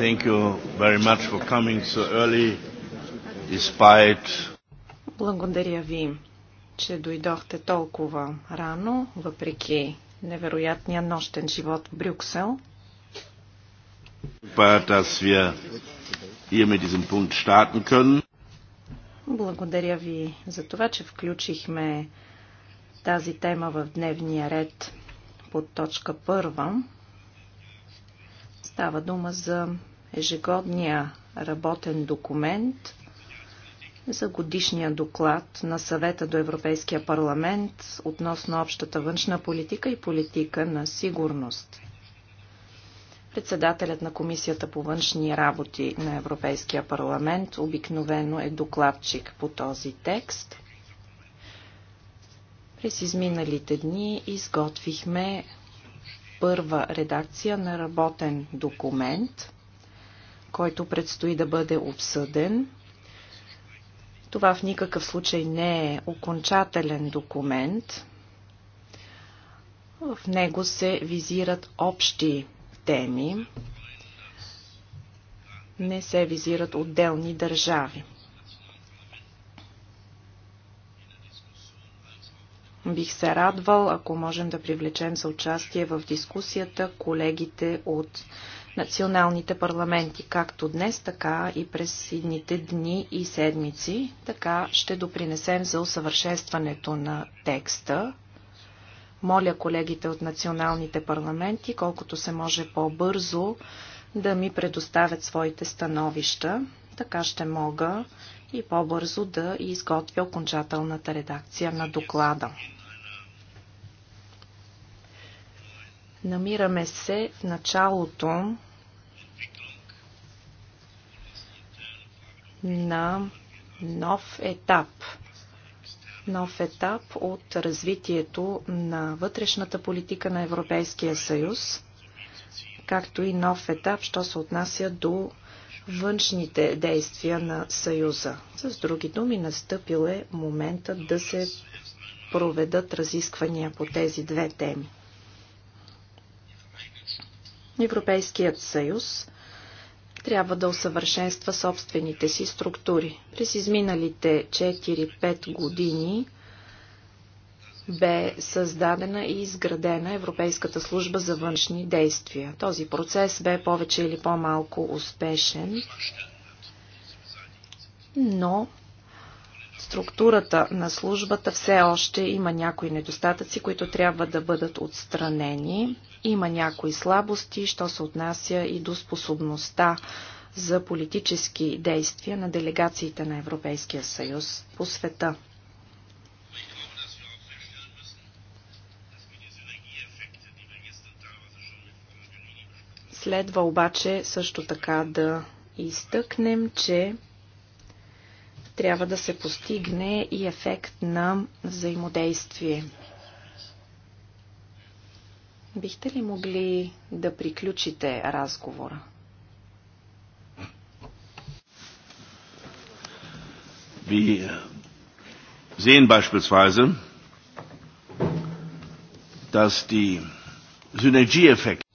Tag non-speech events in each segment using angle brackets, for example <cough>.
Thank you very much for coming so early, despite... Благодаря ви, че дойдохте толкова рано, въпреки невероятния нощен живот в Брюксел. Благодаря ви за това, че включихме тази тема в дневния ред под точка първа. Става дума за ежегодния работен документ за годишния доклад на съвета до Европейския парламент относно общата външна политика и политика на сигурност. Председателят на Комисията по външни работи на Европейския парламент обикновено е докладчик по този текст. През изминалите дни изготвихме първа редакция на работен документ – който предстои да бъде обсъден. Това в никакъв случай не е окончателен документ. В него се визират общи теми, не се визират отделни държави. Бих се радвал, ако можем да привлечем за участие в дискусията колегите от националните парламенти, както днес, така и през едните дни и седмици. Така ще допринесем за усъвършенстването на текста. Моля колегите от националните парламенти, колкото се може по-бързо, да ми предоставят своите становища. Така ще мога и по-бързо да изготвя окончателната редакция на доклада. Намираме се в началото на нов етап. Нов етап от развитието на вътрешната политика на Европейския съюз, както и нов етап, що се отнася до външните действия на Съюза. С други думи, настъпил е моментът да се проведат разисквания по тези две теми. Европейският съюз трябва да усъвършенства собствените си структури. През изминалите 4-5 години бе създадена и изградена Европейската служба за външни действия. Този процес бе повече или по-малко успешен, но структурата на службата все още има някои недостатъци, които трябва да бъдат отстранени. Има някои слабости, що се отнася и до способността за политически действия на делегациите на Европейския съюз по света. Следва обаче също така да изтъкнем, че трябва да се постигне и ефект на взаимодействие Бихте ли могли да приключите разговора? Wir sehen beispielsweise, dass die Synergieeffekte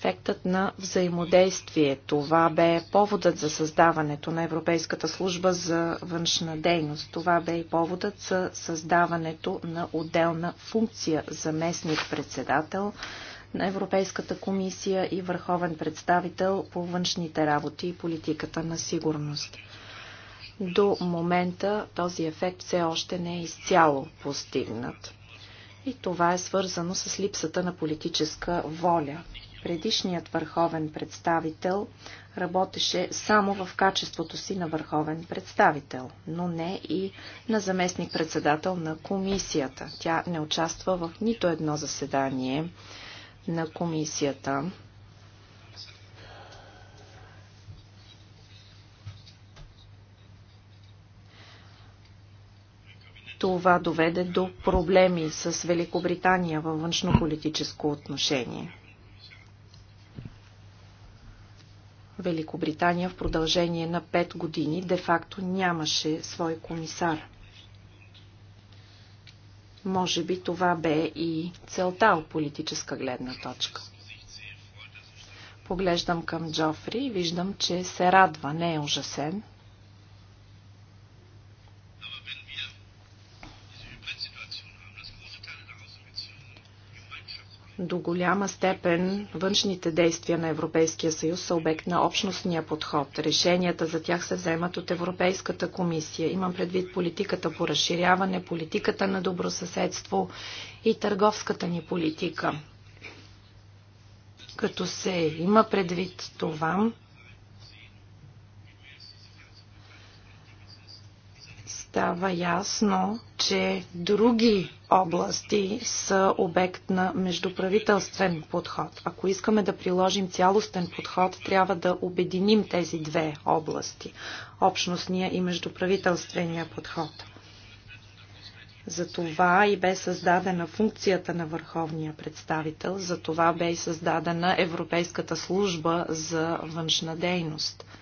ефектът на взаимодействие. Това бе поводът за създаването на Европейската служба за външна дейност. Това бе и поводът за създаването на отделна функция заместник-председател на Европейската комисия и върховен представител по външните работи и политиката на сигурност. До момента този ефект все още не е изцяло постигнат. И това е свързано с липсата на политическа воля. Предишният върховен представител работеше само в качеството си на върховен представител, но не и на заместник-председател на комисията. Тя не участва в нито едно заседание на комисията. Това доведе до проблеми с Великобритания във външно-политическо отношение. Великобритания в продължение на 5 години де-факто нямаше свой комисар. Може би това бе и целта от политическа гледна точка. Поглеждам към Джофри и виждам, че се радва, не е ужасен – До голяма степен външните действия на Европейския съюз са обект на общностния подход. Решенията за тях се вземат от Европейската комисия. Имам предвид политиката по разширяване, политиката на добросъседство и търговската ни политика. Като се има предвид това, става ясно, че други области са обект на междуправителствен подход. Ако искаме да приложим цялостен подход, трябва да обединим тези две области общностния и междуправителствения подход. За това и бе създадена функцията на върховния представител, за това бе и създадена Европейската служба за външна дейност –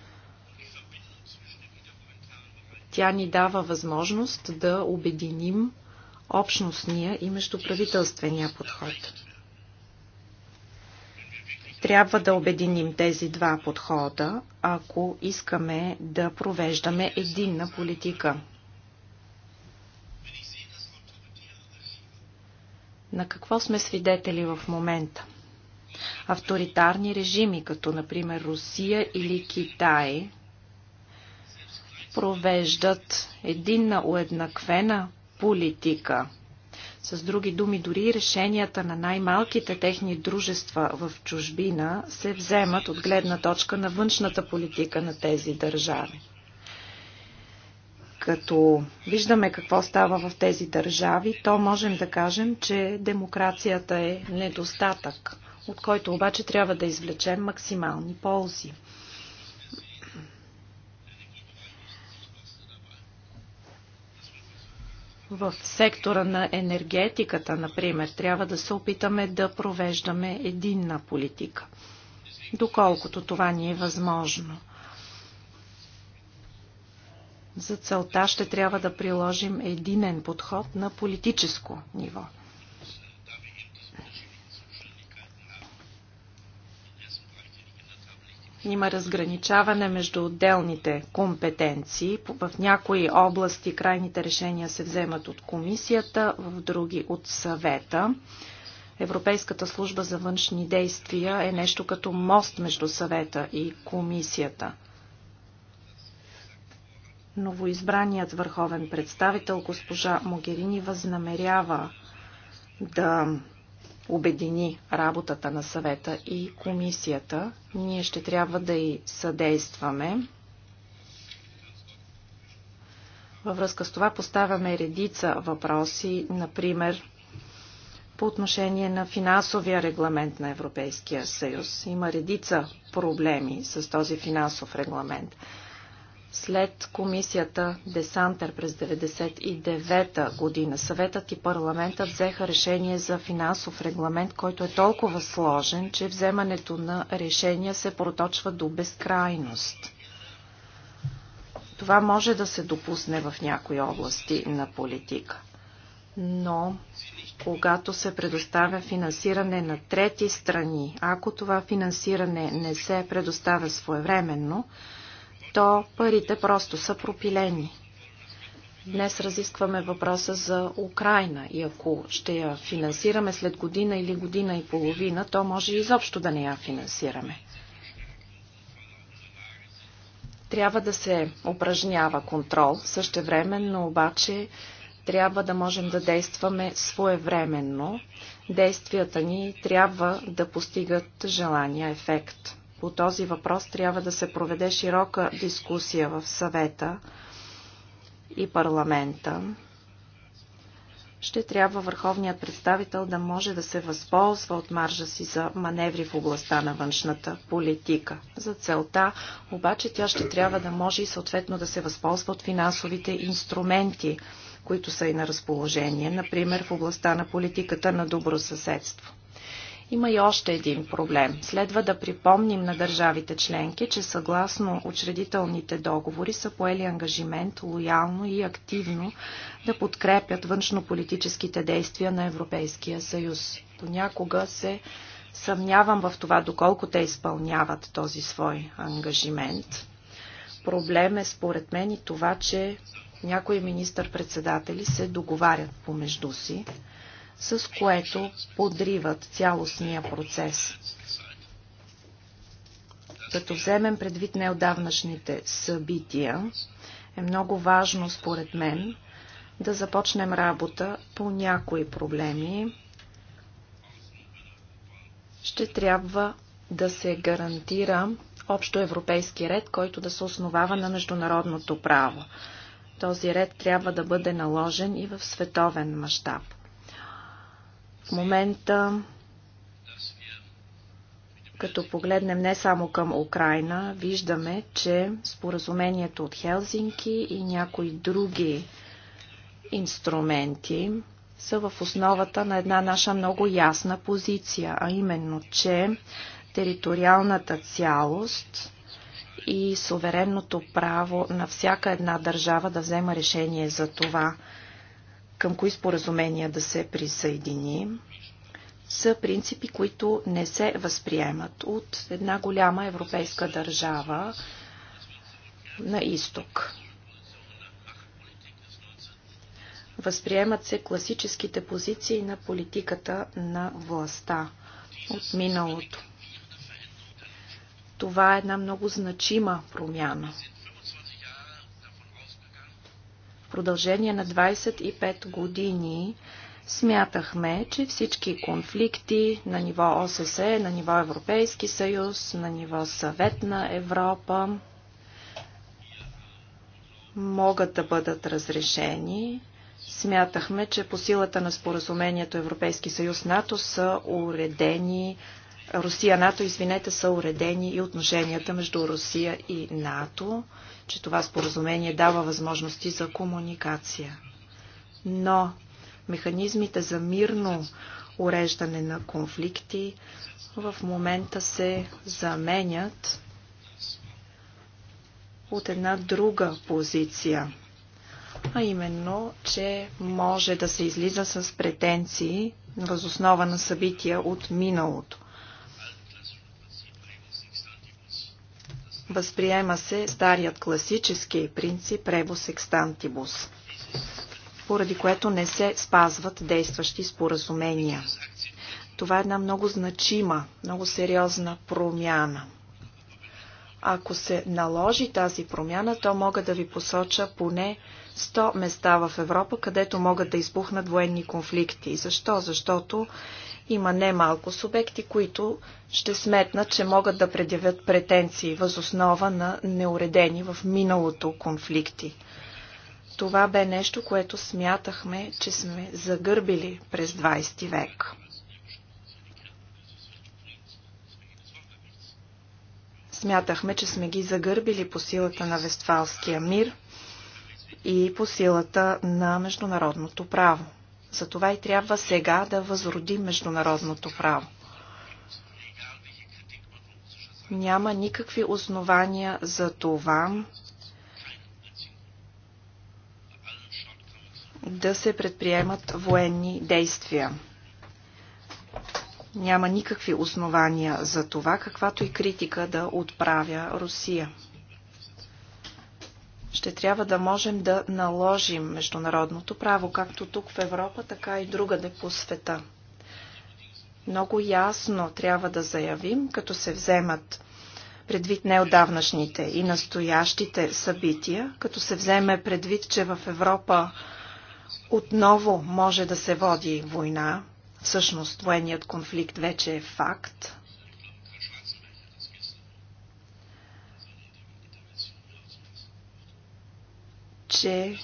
тя ни дава възможност да обединим общностния и междуправителствения подход. Трябва да обединим тези два подхода, ако искаме да провеждаме единна политика. На какво сме свидетели в момента? Авторитарни режими, като например Русия или Китай, провеждат единна уеднаквена политика. С други думи, дори решенията на най-малките техни дружества в чужбина се вземат от гледна точка на външната политика на тези държави. Като виждаме какво става в тези държави, то можем да кажем, че демокрацията е недостатък, от който обаче трябва да извлечем максимални ползи. В сектора на енергетиката, например, трябва да се опитаме да провеждаме единна политика, доколкото това ни е възможно. За целта ще трябва да приложим единен подход на политическо ниво – Има разграничаване между отделните компетенции. В някои области крайните решения се вземат от комисията, в други от съвета. Европейската служба за външни действия е нещо като мост между съвета и комисията. Новоизбраният върховен представител госпожа Могерини възнамерява да обедини работата на съвета и комисията. Ние ще трябва да й съдействаме. Във връзка с това поставяме редица въпроси, например по отношение на финансовия регламент на Европейския съюз. Има редица проблеми с този финансов регламент. След комисията Десантер през 99-та година, съветът и парламентът взеха решение за финансов регламент, който е толкова сложен, че вземането на решения се проточва до безкрайност. Това може да се допусне в някои области на политика. Но когато се предоставя финансиране на трети страни, ако това финансиране не се предоставя своевременно, то парите просто са пропилени. Днес разискваме въпроса за Украина и ако ще я финансираме след година или година и половина, то може изобщо да не я финансираме. Трябва да се упражнява контрол, същевременно обаче трябва да можем да действаме своевременно. Действията ни трябва да постигат желания ефект. По този въпрос трябва да се проведе широка дискусия в съвета и парламента. Ще трябва върховният представител да може да се възползва от маржа си за маневри в областта на външната политика. За целта обаче тя ще трябва да може и съответно да се възползва от финансовите инструменти, които са и на разположение, например в областта на политиката на добросъседство. Има и още един проблем. Следва да припомним на държавите членки, че съгласно учредителните договори са поели ангажимент лоялно и активно да подкрепят външнополитическите действия на Европейския съюз. Понякога се съмнявам в това, доколко те изпълняват този свой ангажимент. Проблем е според мен и това, че някои министър-председатели се договарят помежду си с което подриват цялостния процес. Като вземем предвид неодавнашните събития, е много важно, според мен, да започнем работа по някои проблеми. Ще трябва да се гарантира общо европейски ред, който да се основава на международното право. Този ред трябва да бъде наложен и в световен мащаб. В момента, като погледнем не само към Украина, виждаме, че споразумението от Хелзинки и някои други инструменти са в основата на една наша много ясна позиция, а именно, че териториалната цялост и суверенното право на всяка една държава да взема решение за това към кои споразумения да се присъедини, са принципи, които не се възприемат от една голяма европейска държава на изток. Възприемат се класическите позиции на политиката на властта от миналото. Това е една много значима промяна продължение на 25 години смятахме, че всички конфликти на ниво ОССЕ, на ниво Европейски съюз, на ниво Съвет на Европа могат да бъдат разрешени. Смятахме, че по силата на споразумението Европейски съюз НАТО са уредени Русия, НАТО, извинете, са уредени и отношенията между Русия и НАТО, че това споразумение дава възможности за комуникация. Но механизмите за мирно уреждане на конфликти в момента се заменят от една друга позиция, а именно, че може да се излиза с претенции възоснова на събития от миналото. Възприема се старият класически принцип ребус екстантибус, поради което не се спазват действащи споразумения. Това е една много значима, много сериозна промяна. Ако се наложи тази промяна, то мога да ви посоча поне 100 места в Европа, където могат да избухнат военни конфликти. Защо? Защото има немалко субекти, които ще сметнат, че могат да предявят претенции възоснова на неуредени в миналото конфликти. Това бе нещо, което смятахме, че сме загърбили през 20 век. Смятахме, че сме ги загърбили по силата на Вестфалския мир – и по силата на международното право. Затова и трябва сега да възродим международното право. Няма никакви основания за това да се предприемат военни действия. Няма никакви основания за това, каквато и критика да отправя Русия ще трябва да можем да наложим международното право, както тук в Европа, така и другаде по света. Много ясно трябва да заявим, като се вземат предвид неодавнашните и настоящите събития, като се вземе предвид, че в Европа отново може да се води война, всъщност военният конфликт вече е факт, че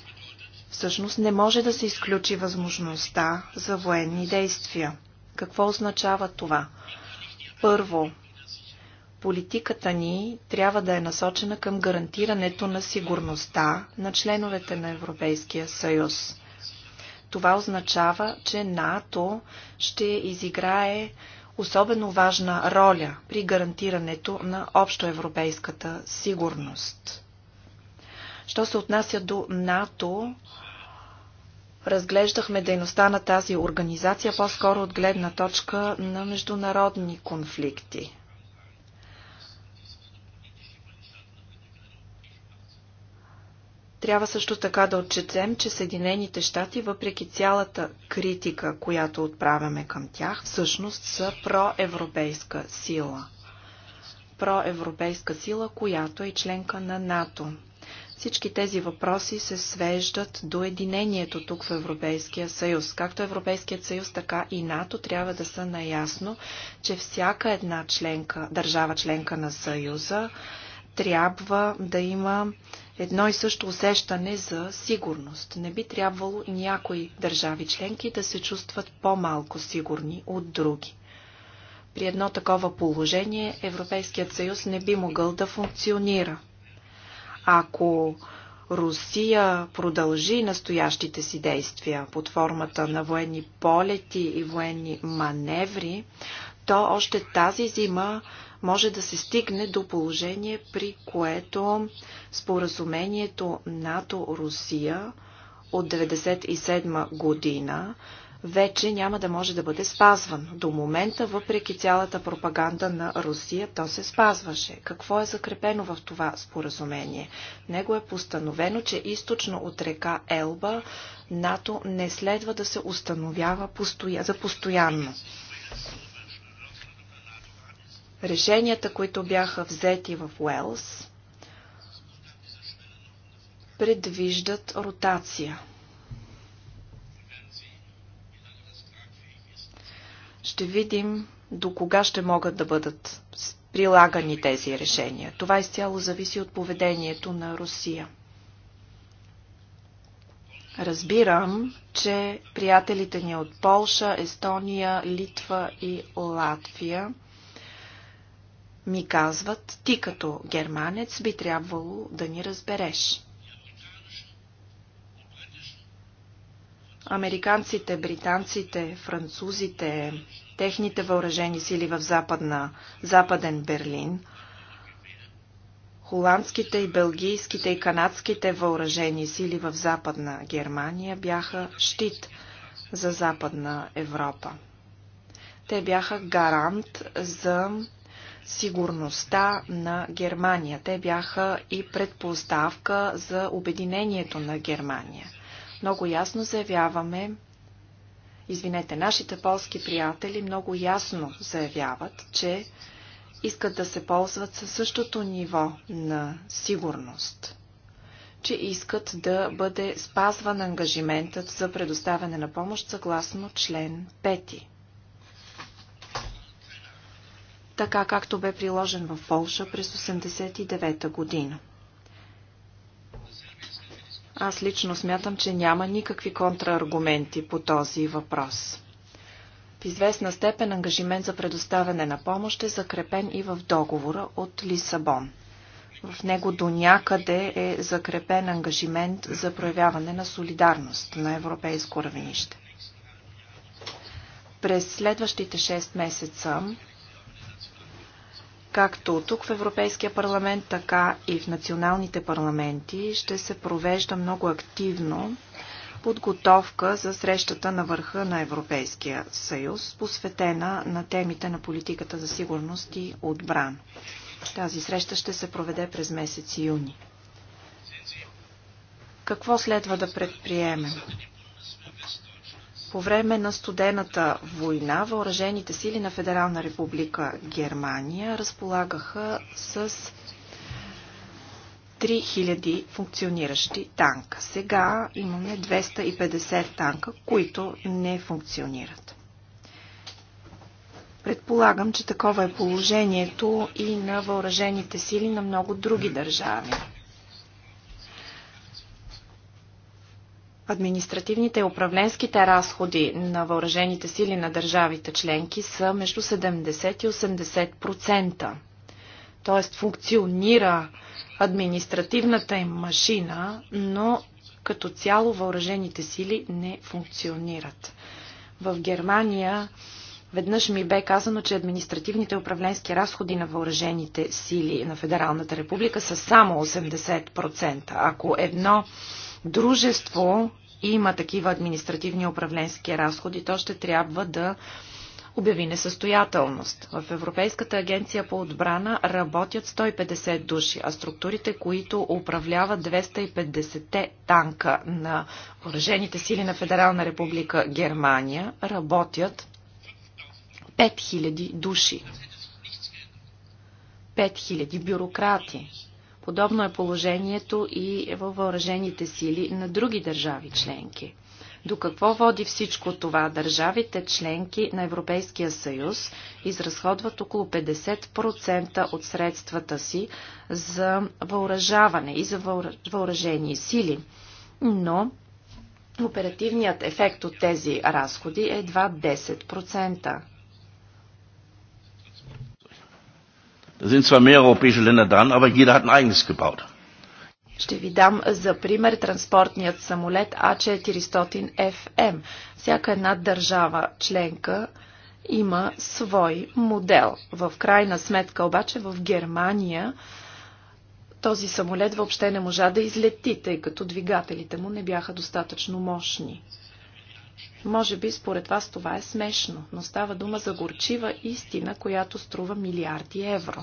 всъщност не може да се изключи възможността за военни действия. Какво означава това? Първо, политиката ни трябва да е насочена към гарантирането на сигурността на членовете на Европейския съюз. Това означава, че НАТО ще изиграе особено важна роля при гарантирането на общоевропейската сигурност. Що се отнася до НАТО, разглеждахме дейността на тази организация по-скоро от гледна точка на международни конфликти. Трябва също така да отчетем, че Съединените щати, въпреки цялата критика, която отправяме към тях, всъщност са проевропейска сила. Проевропейска сила, която е членка на НАТО. Всички тези въпроси се свеждат до единението тук в Европейския съюз. Както Европейският съюз, така и НАТО трябва да са наясно, че всяка една членка, държава членка на съюза трябва да има едно и също усещане за сигурност. Не би трябвало някои държави членки да се чувстват по-малко сигурни от други. При едно такова положение Европейският съюз не би могъл да функционира. Ако Русия продължи настоящите си действия под формата на военни полети и военни маневри, то още тази зима може да се стигне до положение, при което споразумението НАТО-Русия от 1997 година вече няма да може да бъде спазван. До момента, въпреки цялата пропаганда на Русия, то се спазваше. Какво е закрепено в това споразумение? Него е постановено, че източно от река Елба НАТО не следва да се установява постоя... за постоянно. Решенията, които бяха взети в Уелс, предвиждат ротация – Ще видим до кога ще могат да бъдат прилагани тези решения. Това изцяло зависи от поведението на Русия. Разбирам, че приятелите ни от Полша, Естония, Литва и Латвия ми казват, ти като германец би трябвало да ни разбереш. Американците, британците, французите, техните въоръжени сили в западна, западен Берлин, холандските и белгийските и канадските въоръжени сили в западна Германия бяха щит за западна Европа. Те бяха гарант за сигурността на Германия. Те бяха и предпоставка за обединението на Германия. Много ясно заявяваме, извинете, нашите полски приятели много ясно заявяват, че искат да се ползват със същото ниво на сигурност, че искат да бъде спазван ангажиментът за предоставяне на помощ съгласно член 5. Така както бе приложен в Полша през 1989 година. Аз лично смятам, че няма никакви контрааргументи по този въпрос. В известна степен ангажимент за предоставяне на помощ е закрепен и в договора от Лисабон. В него до някъде е закрепен ангажимент за проявяване на солидарност на европейско равнище. През следващите 6 месеца Както тук в Европейския парламент, така и в националните парламенти ще се провежда много активно подготовка за срещата на върха на Европейския съюз, посветена на темите на политиката за сигурност и отбрана. Тази среща ще се проведе през месец юни. Какво следва да предприемем? По време на студената война въоръжените сили на Федерална република Германия разполагаха с 3000 функциониращи танка. Сега имаме 250 танка, които не функционират. Предполагам, че такова е положението и на въоръжените сили на много други държави. Административните и управленските разходи на въоръжените сили на държавите членки са между 70 и 80%. Тоест функционира административната им машина, но като цяло въоръжените сили не функционират. В Германия веднъж ми бе казано, че административните управленски разходи на въоръжените сили на Федералната република са само 80%. Ако едно дружество има такива административни управленски разходи, то ще трябва да обяви несъстоятелност. В Европейската агенция по отбрана работят 150 души, а структурите, които управляват 250-те танка на въоръжените сили на Федерална република Германия, работят 5000 души. 5000 бюрократи. Подобно е положението и във въоръжените сили на други държави членки. До какво води всичко това? Държавите членки на Европейския съюз изразходват около 50% от средствата си за въоръжаване и за въоръжени сили. Но оперативният ефект от тези разходи е едва 10%. Da sind zwar mehr europäische Länder dran, aber jeder hat ein eigenes gebaut. Ще ви дам за пример транспортният самолет А400FM. Всяка една държава членка има свой модел. В крайна сметка обаче в Германия този самолет въобще не можа да излети, тъй като двигателите му не бяха достатъчно мощни. Може би според вас това е смешно, но става дума за горчива истина, която струва милиарди евро.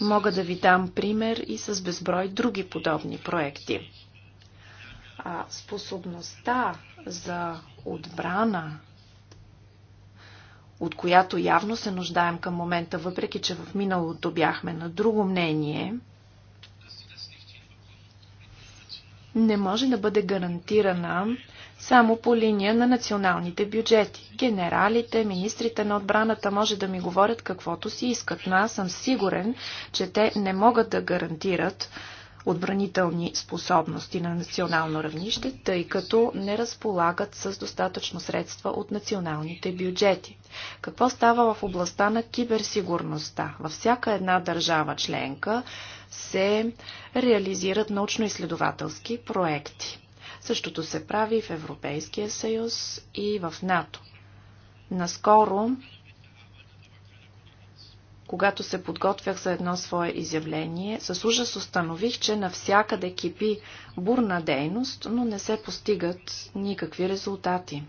Мога да ви дам пример и с безброй други подобни проекти. А способността за отбрана, от която явно се нуждаем към момента, въпреки че в миналото бяхме на друго мнение, не може да бъде гарантирана само по линия на националните бюджети. Генералите, министрите на отбраната може да ми говорят каквото си искат, но аз съм сигурен, че те не могат да гарантират отбранителни способности на национално равнище, тъй като не разполагат с достатъчно средства от националните бюджети. Какво става в областта на киберсигурността? Във всяка една държава членка се реализират научно-изследователски проекти. Същото се прави в Европейския съюз и в НАТО. Наскоро, когато се подготвях за едно свое изявление, с ужас установих, че навсякъде кипи бурна дейност, но не се постигат никакви резултати.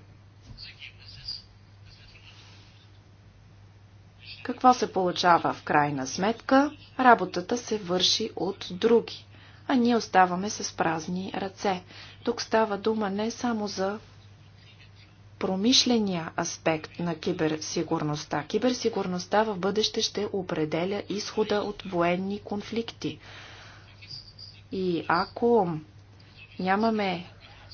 Какво се получава в крайна сметка? Работата се върши от други, а ние оставаме с празни ръце. Тук става дума не само за промишления аспект на киберсигурността. Киберсигурността в бъдеще ще определя изхода от военни конфликти. И ако нямаме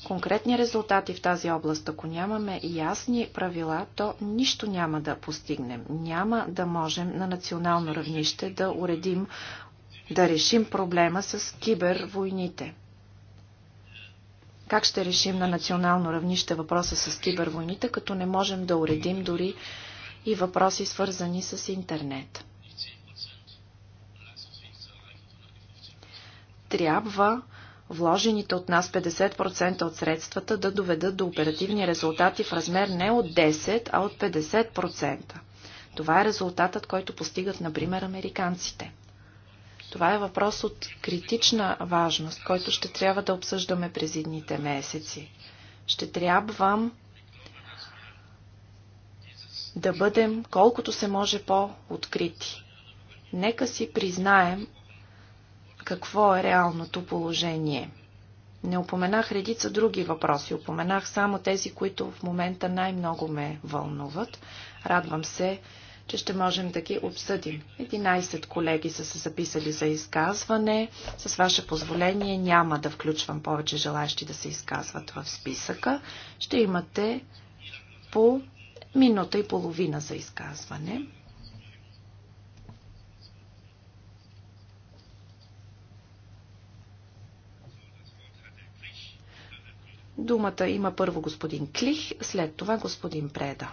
конкретни резултати в тази област, ако нямаме ясни правила, то нищо няма да постигнем. Няма да можем на национално равнище да уредим, да решим проблема с кибервойните. Как ще решим на национално равнище въпроса с кибервойните, като не можем да уредим дори и въпроси свързани с интернет? Трябва вложените от нас 50% от средствата да доведат до оперативни резултати в размер не от 10, а от 50%. Това е резултатът, който постигат, например, американците. Това е въпрос от критична важност, който ще трябва да обсъждаме през едните месеци. Ще трябва да бъдем колкото се може по-открити. Нека си признаем какво е реалното положение. Не упоменах редица други въпроси, упоменах само тези, които в момента най-много ме вълнуват. Радвам се, че ще можем да ги обсъдим. 11 колеги са се записали за изказване. С ваше позволение няма да включвам повече желаящи да се изказват в списъка. Ще имате по минута и половина за изказване. Думата има първо господин Клих, след това господин Преда.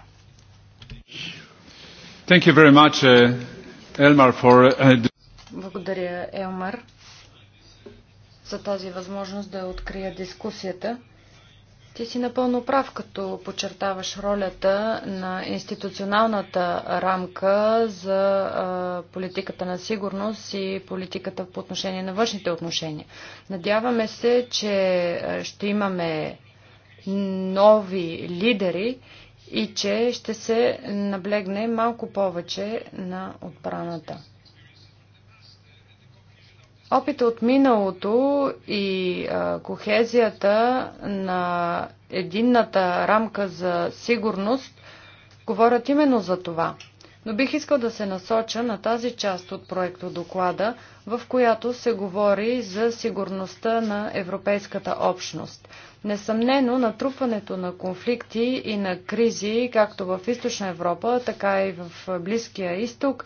Thank you very much, uh, Elmar, for, uh... uh Благодаря, Елмар, за тази възможност да открия дискусията. Ти си напълно прав, като подчертаваш ролята на институционалната рамка за политиката на сигурност и политиката по отношение на външните отношения. Надяваме се, че ще имаме нови лидери и че ще се наблегне малко повече на отбраната. Опита от миналото и а, кохезията на единната рамка за сигурност говорят именно за това. Но бих искал да се насоча на тази част от проекта доклада, в която се говори за сигурността на Европейската общност. Несъмнено, натрупването на конфликти и на кризи, както в Източна Европа, така и в Близкия изток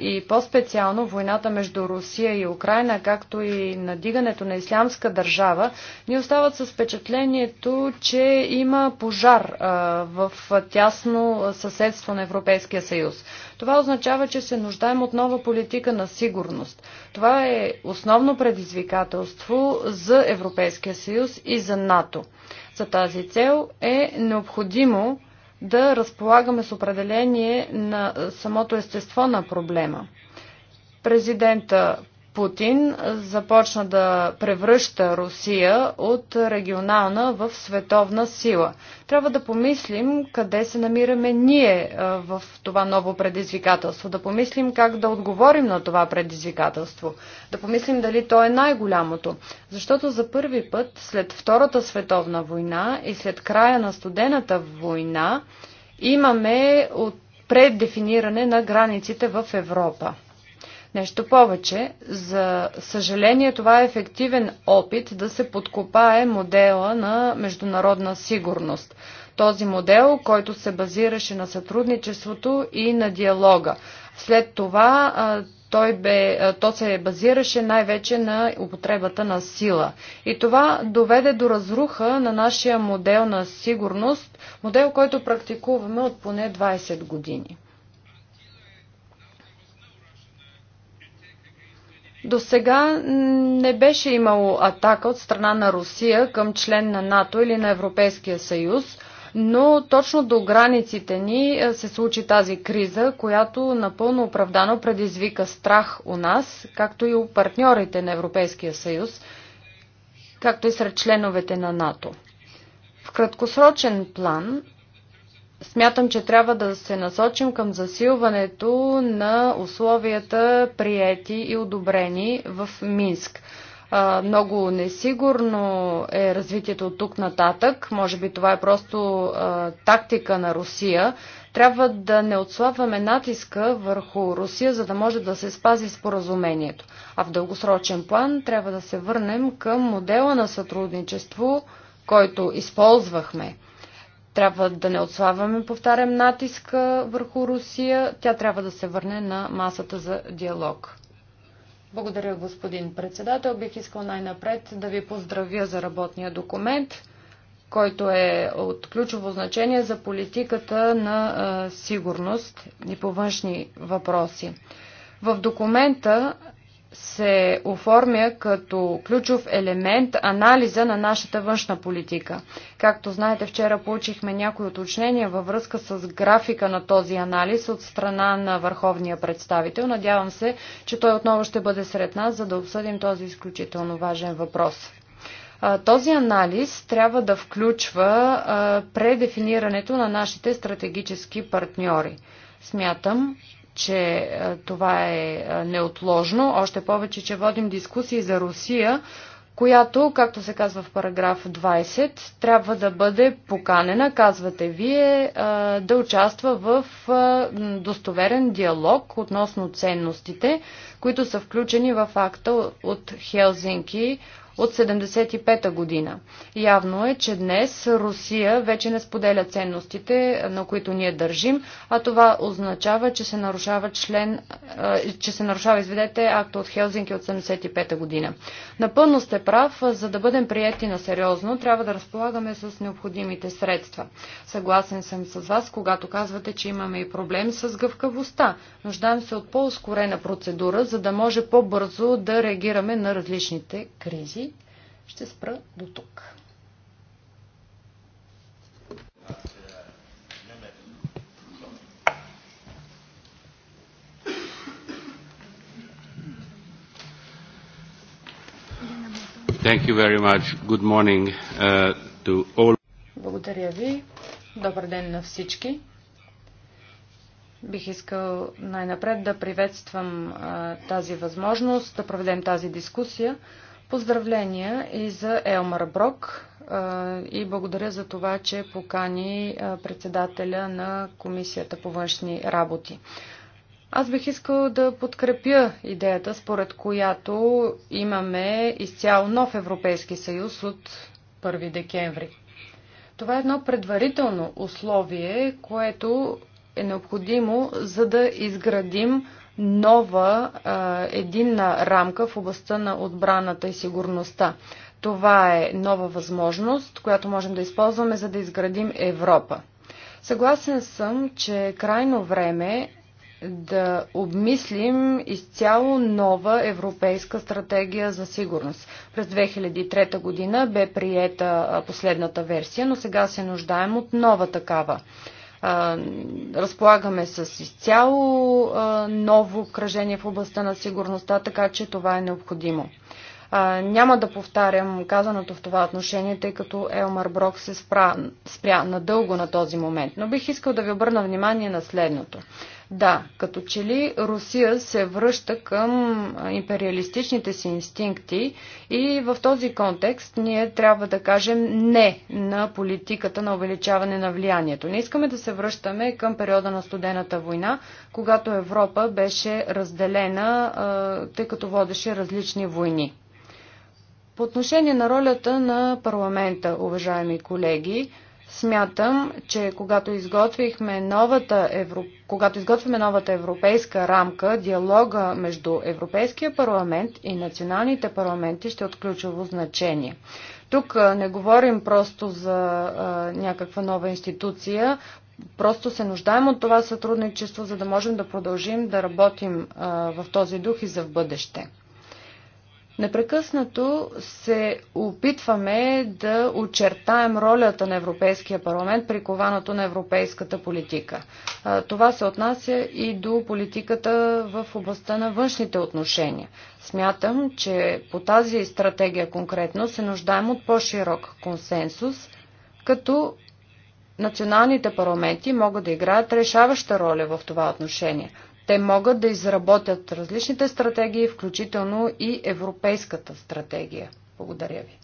и по-специално войната между Русия и Украина, както и надигането на ислямска държава, ни остават с впечатлението, че има пожар в тясно съседство на Европейския съюз. Това означава, че се нуждаем от нова политика на сигурност. Това е основно предизвикателство за Европейския съюз и за НАТО. НАТО. За тази цел е необходимо да разполагаме с определение на самото естество на проблема. Президента Путин започна да превръща Русия от регионална в световна сила. Трябва да помислим къде се намираме ние в това ново предизвикателство, да помислим как да отговорим на това предизвикателство, да помислим дали то е най-голямото. Защото за първи път след Втората световна война и след края на студената война имаме от преддефиниране на границите в Европа. Нещо повече, за съжаление това е ефективен опит да се подкопае модела на международна сигурност. Този модел, който се базираше на сътрудничеството и на диалога. След това той бе, то се базираше най-вече на употребата на сила. И това доведе до разруха на нашия модел на сигурност, модел, който практикуваме от поне 20 години. До сега не беше имало атака от страна на Русия към член на НАТО или на Европейския съюз, но точно до границите ни е, се случи тази криза, която напълно оправдано предизвика страх у нас, както и у партньорите на Европейския съюз, както и сред членовете на НАТО. В краткосрочен план Смятам, че трябва да се насочим към засилването на условията приети и одобрени в Минск много несигурно е развитието от тук нататък. Може би това е просто тактика на Русия. Трябва да не отслабваме натиска върху Русия, за да може да се спази споразумението. А в дългосрочен план трябва да се върнем към модела на сътрудничество, който използвахме. Трябва да не отслабваме, повтарям, натиска върху Русия. Тя трябва да се върне на масата за диалог. Благодаря, господин председател. Бих искал най-напред да ви поздравя за работния документ, който е от ключово значение за политиката на сигурност и по външни въпроси. В документа се оформя като ключов елемент анализа на нашата външна политика. Както знаете, вчера получихме някои уточнения във връзка с графика на този анализ от страна на върховния представител. Надявам се, че той отново ще бъде сред нас, за да обсъдим този изключително важен въпрос. Този анализ трябва да включва предефинирането на нашите стратегически партньори. Смятам, че е, това е, е неотложно, още повече, че водим дискусии за Русия, която, както се казва в параграф 20, трябва да бъде поканена, казвате вие, е, да участва в достоверен диалог относно ценностите, които са включени в акта от Хелзинки от 75-та година. Явно е, че днес Русия вече не споделя ценностите, на които ние държим, а това означава, че се нарушава член, че се нарушава, изведете, акта от Хелзинки от 75-та година. Напълно сте прав, за да бъдем прияти на сериозно, трябва да разполагаме с необходимите средства. Съгласен съм с вас, когато казвате, че имаме и проблем с гъвкавостта. Нуждаем се от по-ускорена процедура, за да може по-бързо да реагираме на различните кризи ще спра до тук. Thank you very much. Good morning uh, to all. Благодаря ви. Добър ден на всички. Бих искал най-напред да приветствам а, тази възможност да проведем тази дискусия. Поздравления и за Елмар Брок и благодаря за това, че покани председателя на Комисията по външни работи. Аз бих искал да подкрепя идеята, според която имаме изцяло нов Европейски съюз от 1 декември. Това е едно предварително условие, което е необходимо, за да изградим нова а, единна рамка в областта на отбраната и сигурността. Това е нова възможност, която можем да използваме, за да изградим Европа. Съгласен съм, че е крайно време да обмислим изцяло нова европейска стратегия за сигурност. През 2003 година бе приета последната версия, но сега се нуждаем от нова такава разполагаме с изцяло ново кръжение в областта на сигурността, така че това е необходимо. Няма да повтарям казаното в това отношение, тъй като Елмар Брок се спря надълго на този момент, но бих искал да ви обърна внимание на следното. Да, като че ли Русия се връща към империалистичните си инстинкти и в този контекст ние трябва да кажем не на политиката на увеличаване на влиянието. Не искаме да се връщаме към периода на студената война, когато Европа беше разделена, тъй като водеше различни войни. По отношение на ролята на парламента, уважаеми колеги, Смятам, че когато изготвихме новата евро... когато изготвяме новата европейска рамка, диалога между Европейския парламент и националните парламенти ще е от ключово значение. Тук не говорим просто за а, някаква нова институция, просто се нуждаем от това сътрудничество, за да можем да продължим да работим а, в този дух и за в бъдеще. Непрекъснато се опитваме да очертаем ролята на Европейския парламент при кованото на европейската политика. Това се отнася и до политиката в областта на външните отношения. Смятам, че по тази стратегия конкретно се нуждаем от по-широк консенсус, като националните парламенти могат да играят решаваща роля в това отношение – те могат да изработят различните стратегии, включително и европейската стратегия. Благодаря ви.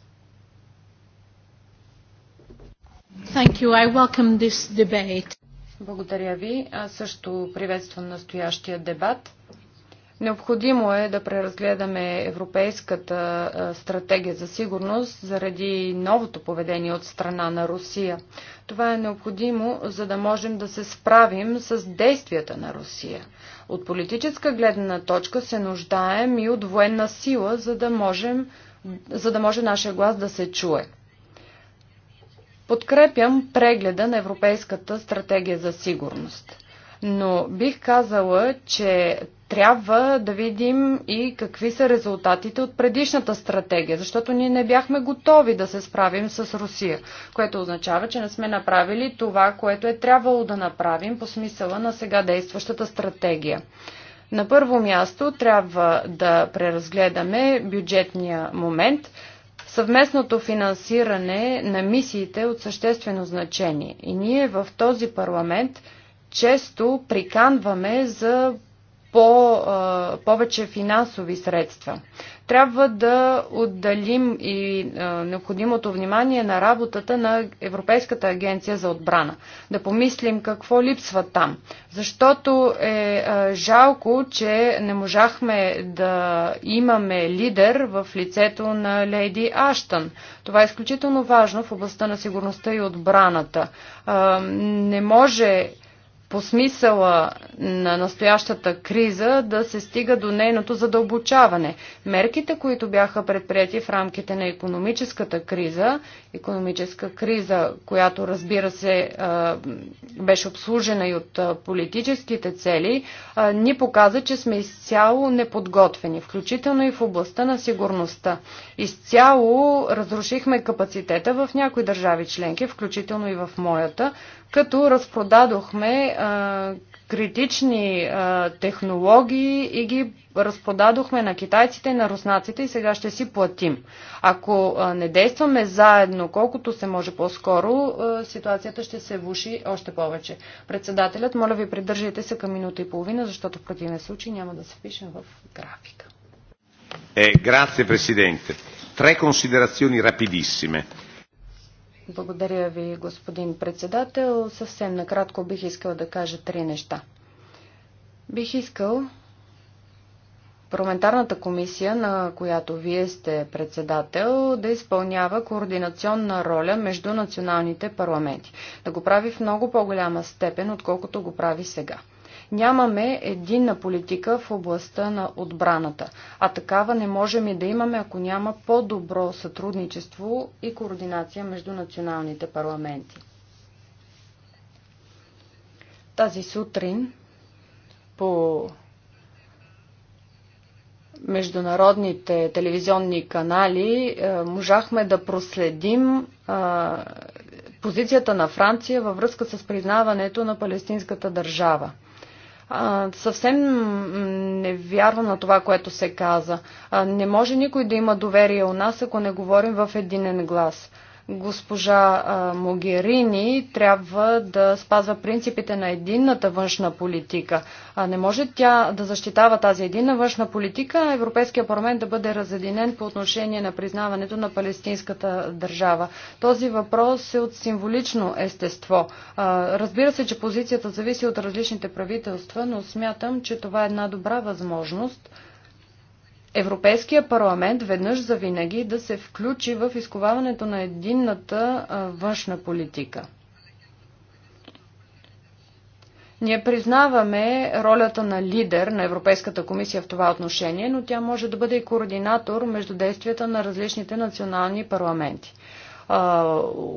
Thank you. I welcome this debate. Благодаря ви. Аз също приветствам настоящия дебат. Необходимо е да преразгледаме европейската стратегия за сигурност заради новото поведение от страна на Русия. Това е необходимо, за да можем да се справим с действията на Русия. От политическа гледна точка се нуждаем и от военна сила, за да, можем, за да може нашия глас да се чуе. Подкрепям прегледа на Европейската стратегия за сигурност но бих казала, че трябва да видим и какви са резултатите от предишната стратегия, защото ние не бяхме готови да се справим с Русия, което означава, че не сме направили това, което е трябвало да направим по смисъла на сега действащата стратегия. На първо място трябва да преразгледаме бюджетния момент. Съвместното финансиране на мисиите е от съществено значение. И ние в този парламент – често приканваме за по, а, повече финансови средства. Трябва да отдалим и а, необходимото внимание на работата на Европейската агенция за отбрана. Да помислим какво липсва там. Защото е а, жалко, че не можахме да имаме лидер в лицето на Лейди Аштън. Това е изключително важно в областта на сигурността и отбраната. А, не може по смисъла на настоящата криза да се стига до нейното задълбочаване. Мерките, които бяха предприяти в рамките на економическата криза, економическа криза, която разбира се беше обслужена и от политическите цели, ни показа, че сме изцяло неподготвени, включително и в областта на сигурността. Изцяло разрушихме капацитета в някои държави членки, включително и в моята, като разпродадохме а, критични а, технологии и ги разпродадохме на китайците и на руснаците и сега ще си платим. Ако а, не действаме заедно, колкото се може по-скоро, ситуацията ще се вуши още повече. Председателят, моля ви, придържайте се към минута и половина, защото в противен случай няма да се пишем в графика. Е, грация, президенте. Три консидерации рапидисиме. Благодаря ви, господин председател. Съвсем накратко бих искал да кажа три неща. Бих искал парламентарната комисия, на която вие сте председател, да изпълнява координационна роля между националните парламенти. Да го прави в много по-голяма степен, отколкото го прави сега. Нямаме единна политика в областта на отбраната, а такава не можем и да имаме, ако няма по-добро сътрудничество и координация между националните парламенти. Тази сутрин по международните телевизионни канали е, можахме да проследим е, позицията на Франция във връзка с признаването на палестинската държава. А, съвсем не вярвам на това, което се каза. А, не може никой да има доверие у нас, ако не говорим в единен глас госпожа Могерини трябва да спазва принципите на единната външна политика. А не може тя да защитава тази единна външна политика, а Европейския парламент да бъде разединен по отношение на признаването на палестинската държава. Този въпрос е от символично естество. Разбира се, че позицията зависи от различните правителства, но смятам, че това е една добра възможност – Европейския парламент веднъж за винаги да се включи в изковаването на единната външна политика. Ние признаваме ролята на лидер на Европейската комисия в това отношение, но тя може да бъде и координатор между действията на различните национални парламенти.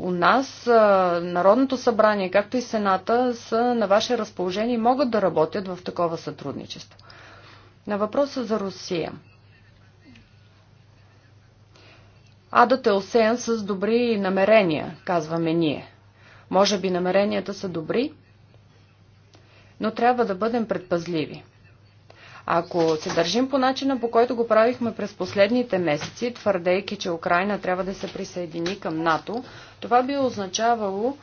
У нас Народното събрание, както и Сената, са на ваше разположение и могат да работят в такова сътрудничество. На въпроса за Русия. Адът е осеян с добри намерения, казваме ние. Може би намеренията са добри, но трябва да бъдем предпазливи. Ако се държим по начина, по който го правихме през последните месеци, твърдейки, че Украина трябва да се присъедини към НАТО, това би означавало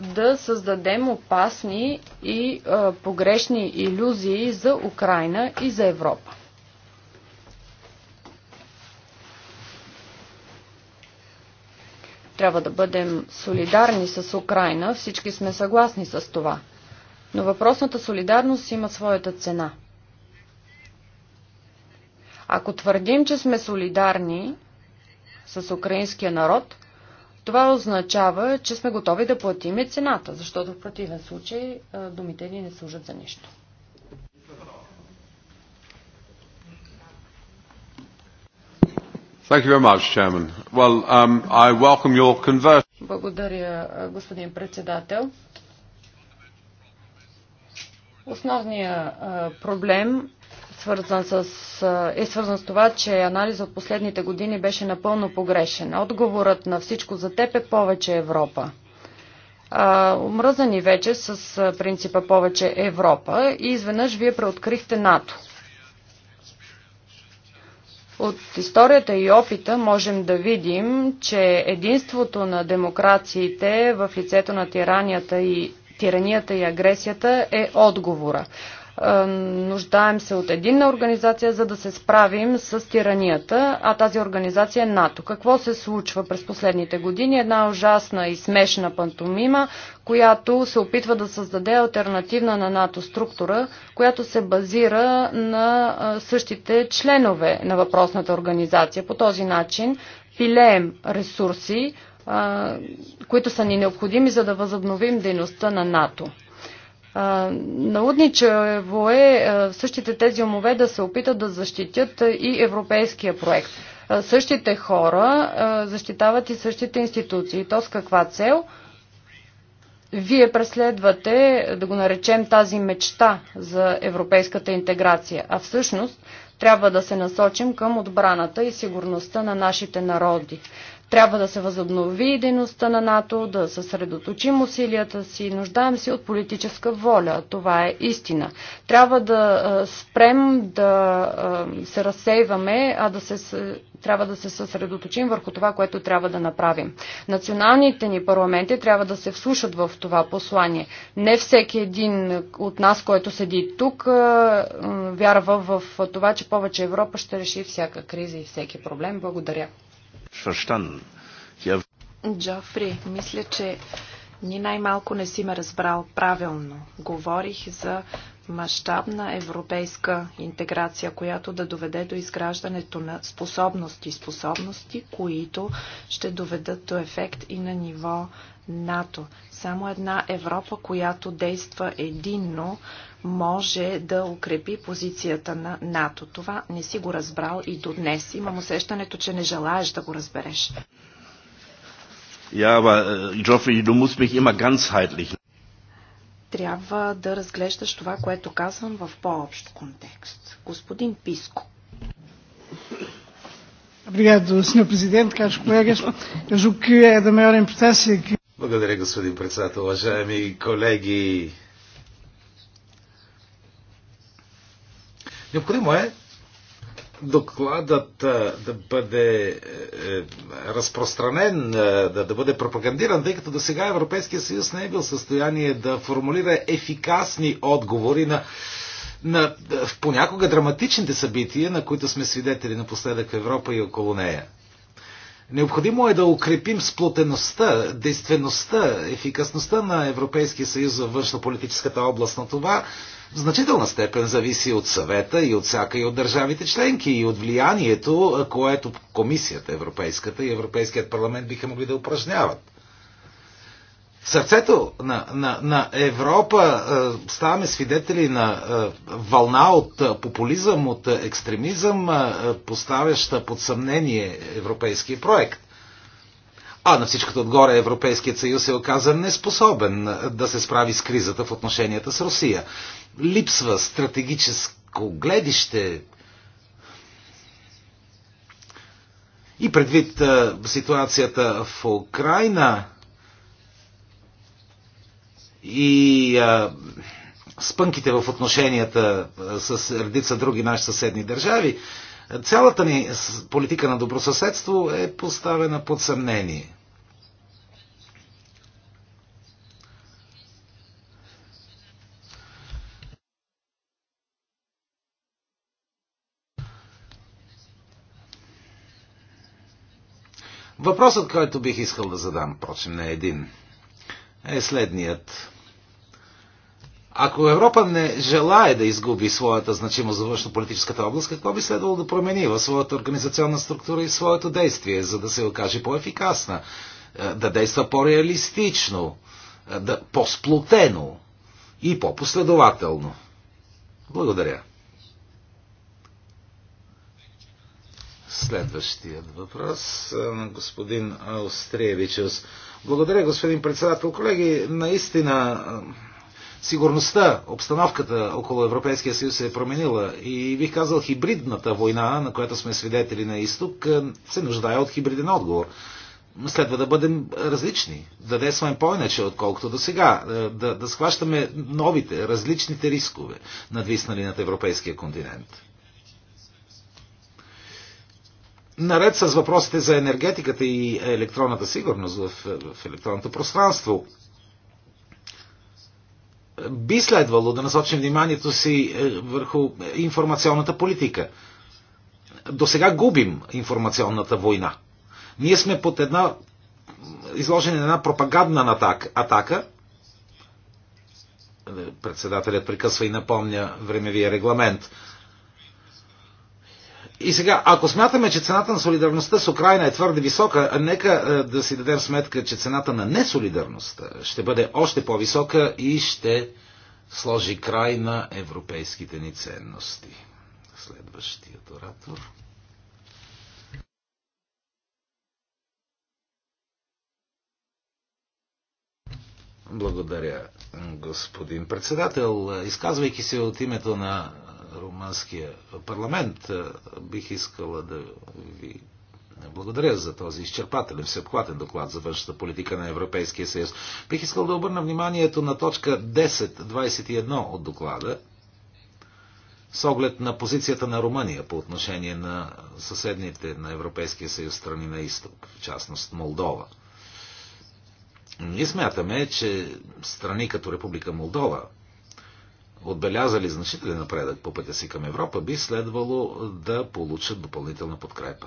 да създадем опасни и погрешни иллюзии за Украина и за Европа. Трябва да бъдем солидарни с Украина, всички сме съгласни с това. Но въпросната солидарност има своята цена. Ако твърдим, че сме солидарни с украинския народ, това означава, че сме готови да платим и цената, защото в противен случай думите ни не служат за нищо. Thank you very much, Chairman. Well, um, I welcome your conversion. Благодаря, господин председател. Основният проблем свързан с, е свързан с това, че анализът от последните години беше напълно погрешен. Отговорът на всичко за теб е повече Европа. Омръзани вече с принципа повече Европа и изведнъж вие преоткрихте НАТО. От историята и опита можем да видим, че единството на демокрациите в лицето на тиранията и, тиранията и агресията е отговора. Е, нуждаем се от единна организация, за да се справим с тиранията, а тази организация е НАТО. Какво се случва през последните години? Една ужасна и смешна пантомима, която се опитва да създаде альтернативна на НАТО структура, която се базира на е, същите членове на въпросната организация. По този начин пилеем ресурси, е, които са ни необходими, за да възобновим дейността на НАТО. Налудничево е същите тези умове да се опитат да защитят и европейския проект. Същите хора защитават и същите институции. То с каква цел? Вие преследвате, да го наречем, тази мечта за европейската интеграция, а всъщност трябва да се насочим към отбраната и сигурността на нашите народи. Трябва да се възобнови дейността на НАТО, да съсредоточим усилията си, нуждаем се от политическа воля. Това е истина. Трябва да спрем да се разсейваме, а да се, трябва да се съсредоточим върху това, което трябва да направим. Националните ни парламенти трябва да се вслушат в това послание. Не всеки един от нас, който седи тук, вярва в това, че повече Европа ще реши всяка криза и всеки проблем. Благодаря verstanden. Джофри, мисля, че ни най-малко не си ме разбрал правилно. Говорих за мащабна европейска интеграция, която да доведе до изграждането на способности. Способности, които ще доведат до ефект и на ниво НАТО. Само една Европа, която действа единно, може да укрепи позицията на НАТО. Това не си го разбрал и до днес. Имам усещането, че не желаеш да го разбереш. Äh, Трябва да разглеждаш това, което казвам в по-общ контекст. Господин Писко. Obrigado, Sr. Presidente, caros colegas. Eu julgo que é da maior importância que. Благодаря, господин председател. Уважаеми колеги, необходимо е докладът да бъде е, е, разпространен, да, бъде пропагандиран, тъй като до сега Европейския съюз не е бил в състояние да формулира ефикасни отговори на на понякога драматичните събития, на които сме свидетели напоследък в Европа и около нея. Необходимо е да укрепим сплотеността, действеността, ефикасността на Европейския съюз във външно-политическата област, на това в значителна степен зависи от съвета и от всяка и от държавите членки и от влиянието, което комисията Европейската и Европейският парламент биха могли да упражняват сърцето на, на, на Европа е, ставаме свидетели на е, вълна от е, популизъм, от екстремизъм, поставяща под съмнение европейския проект. А на всичкото отгоре Европейският съюз е оказан неспособен да се справи с кризата в отношенията с Русия. Липсва стратегическо гледище, И предвид ситуацията в Украина, и а, спънките в отношенията с редица други наши съседни държави, цялата ни политика на добросъседство е поставена под съмнение. Въпросът, който бих искал да задам, прочим не е един – е следният. Ако Европа не желае да изгуби своята значимост за външно-политическата област, какво би следвало да промени в своята организационна структура и своето действие, за да се окаже по-ефикасна, е, да действа по-реалистично, е, да, по сплутено и по-последователно? Благодаря. Следващият въпрос е, на господин Остриевич. Благодаря, господин председател. Колеги, наистина е, сигурността, обстановката около Европейския съюз се е променила и бих казал хибридната война, на която сме свидетели на изток, е, се нуждае от хибриден отговор. Следва да бъдем различни, да действаме по-иначе, отколкото до сега, да, да схващаме новите, различните рискове, надвиснали над европейския континент наред с въпросите за енергетиката и електронната сигурност в, в електронното пространство, би следвало да насочим вниманието си е, върху информационната политика. До сега губим информационната война. Ние сме под една изложени на една пропагандна атака. Председателят прекъсва и напомня времевия регламент – и сега, ако смятаме, че цената на солидарността с Украина е твърде висока, нека е, да си дадем сметка, че цената на несолидарността е, ще бъде още по-висока и ще сложи край на европейските ни ценности. Следващият оратор. Благодаря, господин председател. Изказвайки се от името на румънския парламент. Бих искала да ви благодаря за този изчерпателен, всеобхватен доклад за външната политика на Европейския съюз. Бих искал да обърна вниманието на точка 10.21 от доклада с оглед на позицията на Румъния по отношение на съседните на Европейския съюз страни на изток, в частност Молдова. Ние смятаме, че страни като Република Молдова, отбелязали значителен напредък по пътя си към Европа, би следвало да получат допълнителна подкрепа.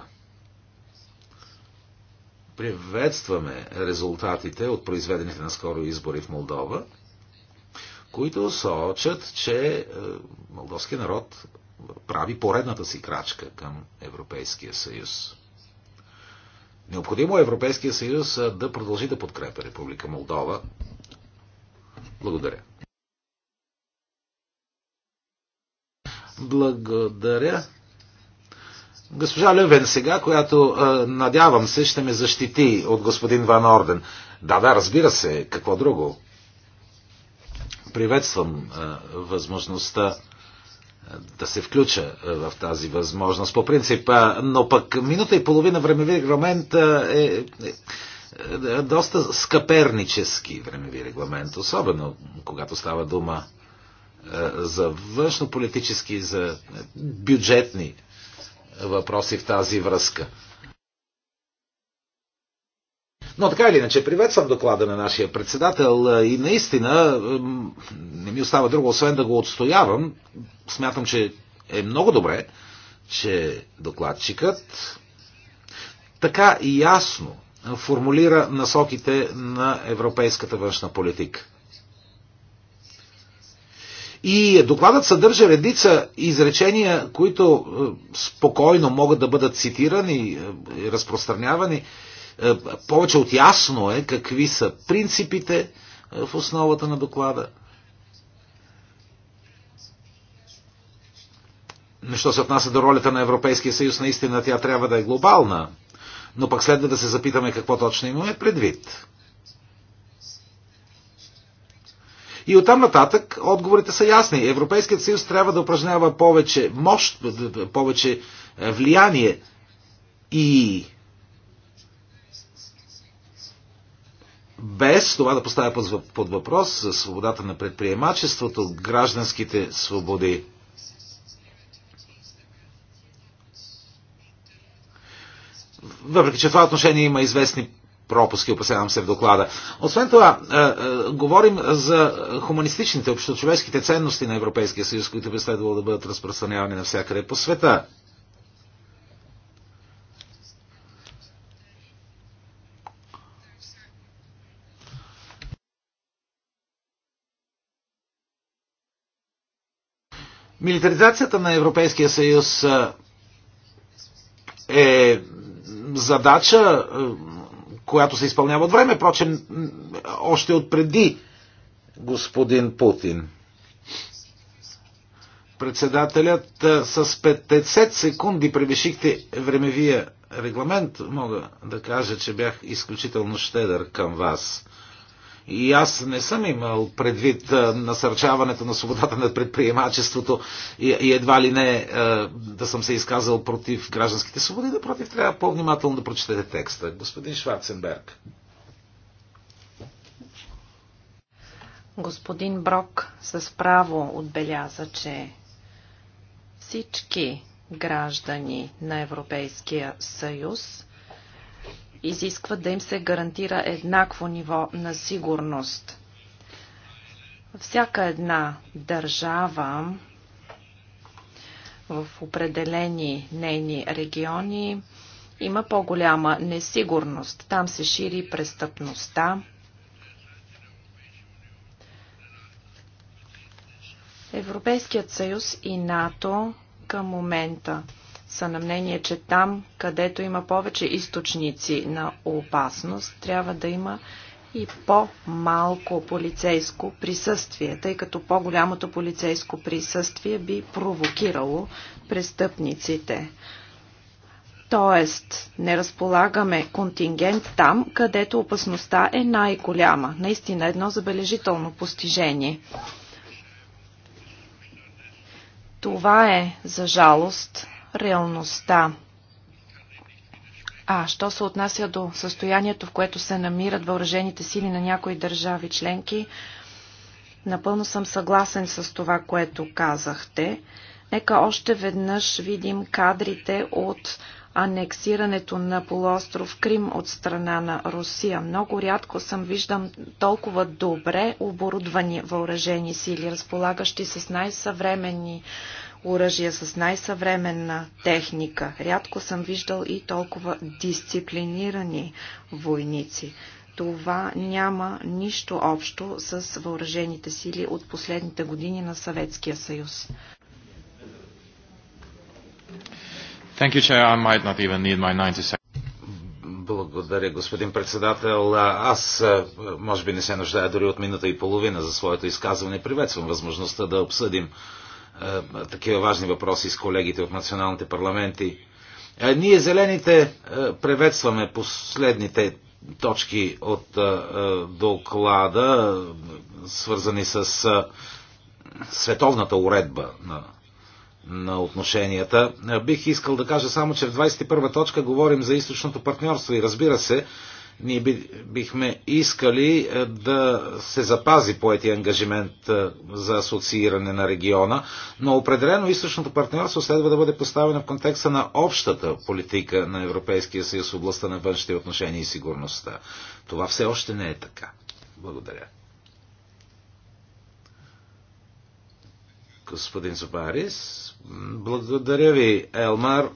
Приветстваме резултатите от произведените наскоро избори в Молдова, които сочат, че е, молдовския народ прави поредната си крачка към Европейския съюз. Необходимо е Европейския съюз е, да продължи да подкрепя Република Молдова. Благодаря. Благодаря. Госпожа Левен сега, която надявам се ще ме защити от господин Ван Орден. Да, да, разбира се, какво друго. Приветствам възможността да се включа в тази възможност по принцип, но пък минута и половина времеви регламент е, е, е доста скъпернически времеви регламент, особено когато става дума е, за външнополитически, за бюджетни въпроси в тази връзка. Но така или иначе, приветствам доклада на нашия председател е, и наистина не ми остава друго, освен да го отстоявам. Смятам, че е много добре, че докладчикът така ясно формулира насоките на европейската външна политика. И докладът съдържа редица изречения, които е, спокойно могат да бъдат цитирани, е, и разпространявани. Е, повече от ясно е какви са принципите в основата на доклада. Нещо се отнася до ролята на Европейския съюз, наистина тя трябва да е глобална, но пък следва да се запитаме какво точно имаме предвид. И оттам нататък отговорите са ясни. Европейският съюз трябва да упражнява повече мощ, повече е, влияние и без това да поставя под въпрос свободата на предприемачеството, гражданските свободи. Въпреки, че в това отношение има известни пропуски, опасявам се в доклада. Освен това, е, е, говорим за хуманистичните, общочовешките ценности на Европейския съюз, които би следвало да бъдат разпространявани навсякъде по света. Милитаризацията на Европейския съюз е, е задача, е, която се изпълнява от време, прочен още от преди господин Путин. Председателят с 50 секунди превишихте времевия регламент. Мога да кажа, че бях изключително щедър към вас. И аз не съм имал предвид насърчаването на свободата на предприемачеството и едва ли не да съм се изказал против гражданските свободи, да против трябва по-внимателно да прочетете текста. Господин Шварценберг. Господин Брок с право отбеляза, че всички граждани на Европейския съюз изискват да им се гарантира еднакво ниво на сигурност. Всяка една държава в определени нейни региони има по-голяма несигурност. Там се шири престъпността. Европейският съюз и НАТО към момента са на мнение, че там, където има повече източници на опасност, трябва да има и по-малко полицейско присъствие, тъй като по-голямото полицейско присъствие би провокирало престъпниците. Тоест, не разполагаме контингент там, където опасността е най-голяма. Наистина едно забележително постижение. Това е, за жалост, реалността. А, що се отнася до състоянието, в което се намират въоръжените сили на някои държави членки, напълно съм съгласен с това, което казахте. Нека още веднъж видим кадрите от анексирането на полуостров Крим от страна на Русия. Много рядко съм виждам толкова добре оборудвани въоръжени сили, разполагащи с най-съвременни оръжия с най-съвременна техника. Рядко съм виждал и толкова дисциплинирани войници. Това няма нищо общо с въоръжените сили от последните години на Съветския съюз. Thank you, Chair. I might not even need my 90 seconds. Благодаря, господин председател. Аз, може би, не се нуждая дори от минута и половина за своето изказване. Приветствам възможността да обсъдим е, такива важни въпроси с колегите от националните парламенти. Е, ние, зелените, е, приветстваме последните точки от доклада, свързани с световната уредба на, на отношенията. Бих искал да кажа само, че в 21 точка говорим за източното партньорство и разбира се, ние бихме искали е, да се запази поети ангажимент е, за асоцииране на региона, но определено източното партньорство следва да бъде поставено в контекста на общата политика на Европейския съюз в областта на външните отношения и сигурността. Това все още не е така. Благодаря. Господин Зубарис, благодаря ви, Елмар.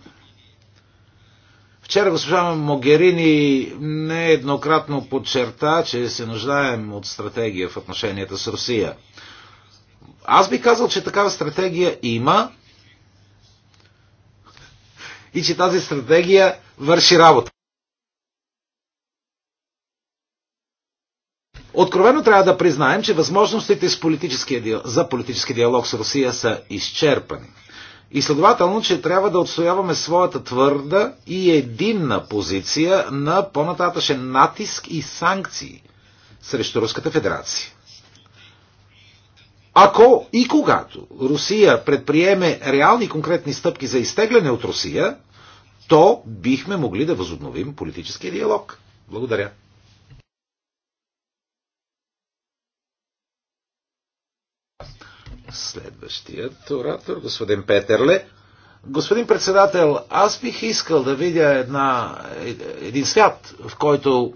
Вчера госпожа Могерини нееднократно подчерта, че се нуждаем от стратегия в отношенията с Русия. Аз би казал, че такава стратегия има и че тази стратегия върши работа. Откровено трябва да признаем, че възможностите за политически диалог с Русия са изчерпани. И следователно, че трябва да отстояваме своята твърда и единна позиция на по-нататъчен натиск и санкции срещу Руската федерация. Ако и когато Русия предприеме реални конкретни стъпки за изтегляне от Русия, то бихме могли да възобновим политическия диалог. Благодаря. Следващият оратор, господин Петерле. Господин председател, аз бих искал да видя една, един свят, в който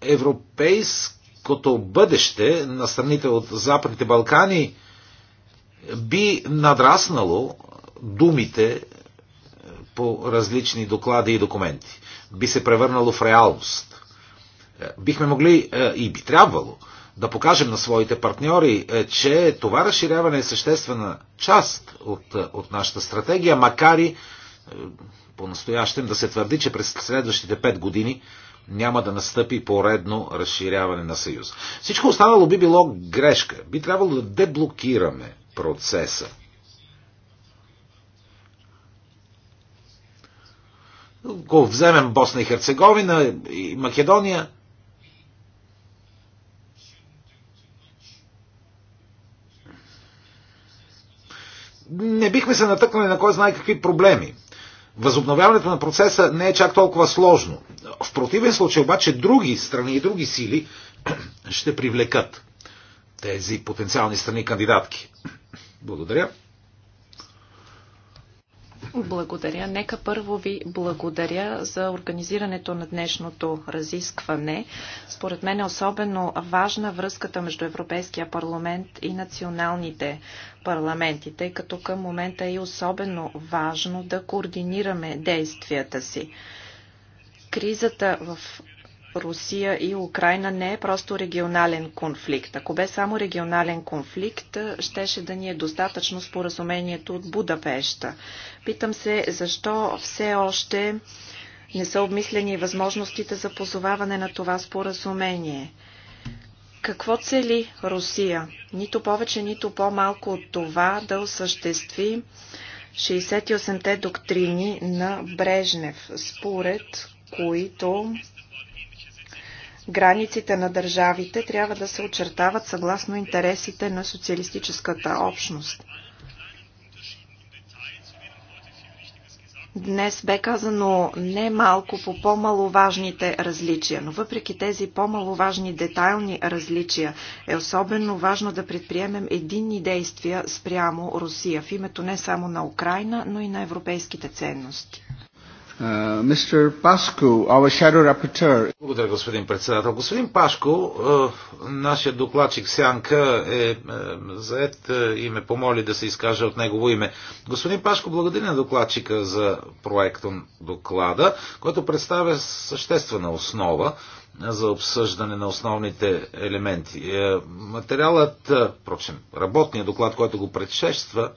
европейското бъдеще на страните от Западните Балкани би надраснало думите по различни доклади и документи. Би се превърнало в реалност. Бихме могли е, и би трябвало да покажем на своите партньори, е, че това разширяване е съществена част от, е, от нашата стратегия, макар и е, по-настоящем да се твърди, че през следващите 5 години няма да настъпи поредно разширяване на Съюз. Всичко останало би било грешка. Би трябвало да деблокираме процеса. Ако вземем Босна и Херцеговина и Македония, не бихме се натъкнали на кой знае какви проблеми. Възобновяването на процеса не е чак толкова сложно. В противен случай обаче други страни и други сили <clears throat> ще привлекат тези потенциални страни кандидатки. Благодаря. Благодаря. Нека първо ви благодаря за организирането на днешното разискване. Според мен е особено важна връзката между Европейския парламент и националните парламенти, тъй като към момента е особено важно да координираме действията си кризата в Русия и Украина не е просто регионален конфликт. Ако бе само регионален конфликт, щеше да ни е достатъчно споразумението от Будапешта. Питам се, защо все още не са обмислени възможностите за позоваване на това споразумение. Какво цели Русия? Нито повече, нито по-малко от това да осъществи 68-те доктрини на Брежнев, според които Границите на държавите трябва да се очертават съгласно интересите на социалистическата общност. Днес бе казано не малко по по-маловажните различия, но въпреки тези по-маловажни детайлни различия е особено важно да предприемем единни действия спрямо Русия в името не само на Украина, но и на европейските ценности. Мистер uh, Благодаря, господин председател. Господин Пашко, е, нашия докладчик Сянка е, е заед е, и ме помоли да се изкаже от негово име. Господин Пашко, благодаря на докладчика за проектом доклада, който представя съществена основа за обсъждане на основните елементи. Материалът, впрочем, работният доклад, който го предшества,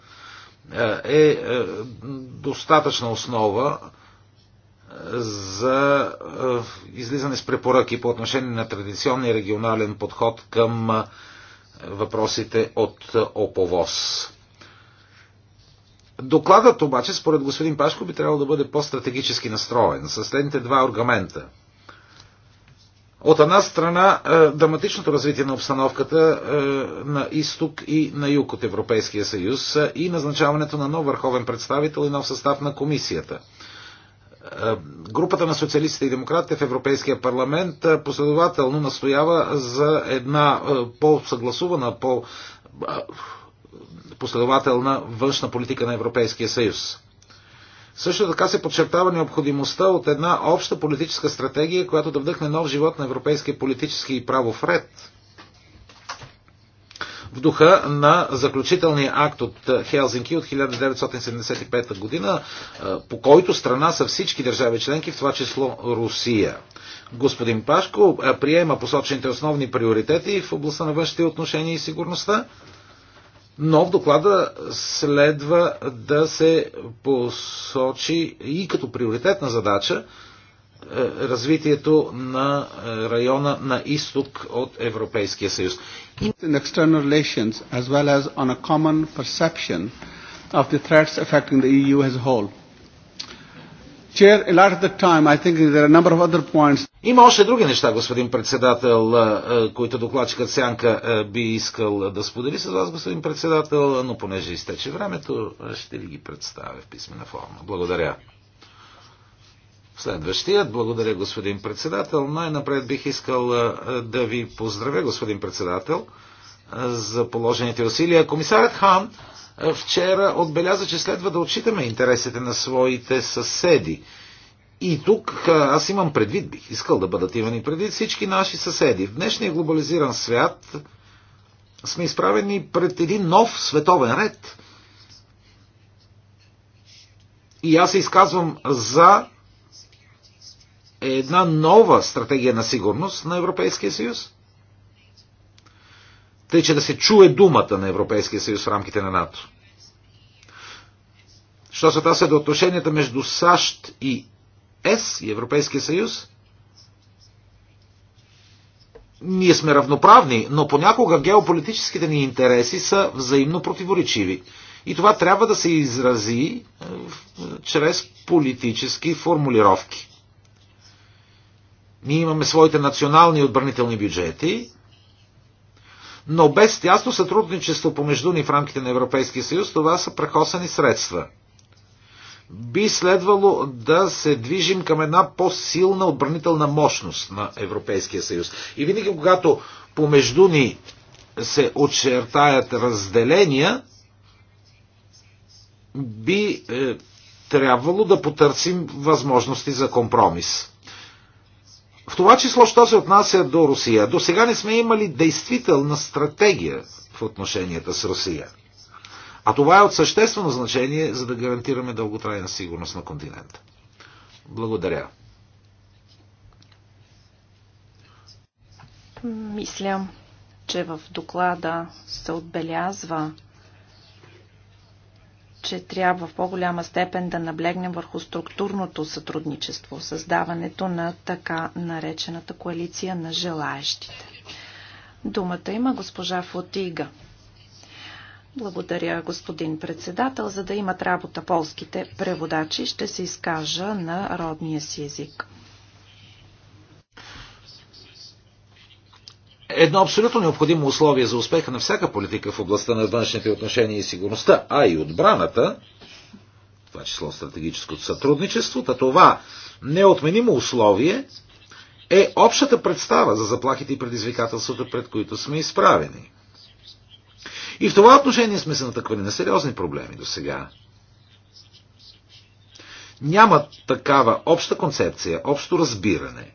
е достатъчна основа за е, излизане с препоръки по отношение на традиционния регионален подход към е, въпросите от е, ОПОВОз. Докладът обаче, според господин Пашко, би трябвало да бъде по-стратегически настроен, със следните два аргумента. От една страна, драматичното развитие на обстановката на изток и на юг от Европейския съюз и назначаването на нов върховен представител и нов състав на комисията – е, групата на социалистите и демократите в Европейския парламент е, последователно настоява за една е, по-съгласувана, по-последователна външна политика на Европейския съюз. Също така се подчертава необходимостта от една обща политическа стратегия, която да вдъхне нов живот на европейския политически и правов ред, в духа на заключителния акт от е, Хелзинки от 1975 година, е, по който страна са всички държави членки, в това число Русия. Господин Пашко е, приема посочените основни приоритети в областта на външните отношения и сигурността, но в доклада следва да се посочи и като приоритетна задача е, развитието на е, района на изток от Европейския съюз. In external relations as well as on a common perception of the threats affecting the EU as a whole. Chair, a lot of the time I think there are a number of other points. Има още други неща, господин председател, е, които докладчикът Сянка би искал да сподели с вас, господин председател, но понеже изтече времето, ще ви ги представя в писмена форма. Благодаря. Следващият, благодаря господин председател. Най-напред бих искал да ви поздравя, господин председател, за положените усилия. Комисарят Хан вчера отбеляза, че следва да отчитаме интересите на своите съседи. И тук аз имам предвид, бих искал да бъдат имани предвид всички наши съседи. В днешния глобализиран свят сме изправени пред един нов световен ред. И аз се изказвам за е една нова стратегия на сигурност на Европейския съюз. Тъй, че да се чуе думата на Европейския съюз в рамките на НАТО. Що се отнася до отношенията между САЩ и ЕС и Европейския съюз, ние сме равноправни, но понякога геополитическите ни интереси са взаимно противоречиви. И това трябва да се изрази е, чрез политически формулировки. Ние имаме своите национални отбранителни бюджети, но без тясно сътрудничество помежду ни в рамките на Европейския съюз, това са прехосани средства. Би следвало да се движим към една по-силна отбранителна мощност на Европейския съюз. И винаги, когато помежду ни се очертаят разделения, би е, трябвало да потърсим възможности за компромис. В това число, що се отнася до Русия, до сега не сме имали действителна стратегия в отношенията с Русия. А това е от съществено значение, за да гарантираме дълготрайна сигурност на континента. Благодаря. Мисля, че в доклада се отбелязва че трябва в по-голяма степен да наблегнем върху структурното сътрудничество, създаването на така наречената коалиция на желаящите. Думата има госпожа Фотига. Благодаря, господин председател. За да имат работа полските преводачи, ще се изкажа на родния си език. едно абсолютно необходимо условие за успеха на всяка политика в областта на външните отношения и сигурността, а и отбраната, това число стратегическото сътрудничество, та това неотменимо условие е общата представа за заплахите и предизвикателствата, пред които сме изправени. И в това отношение сме се натъквали на сериозни проблеми до сега. Няма такава обща концепция, общо разбиране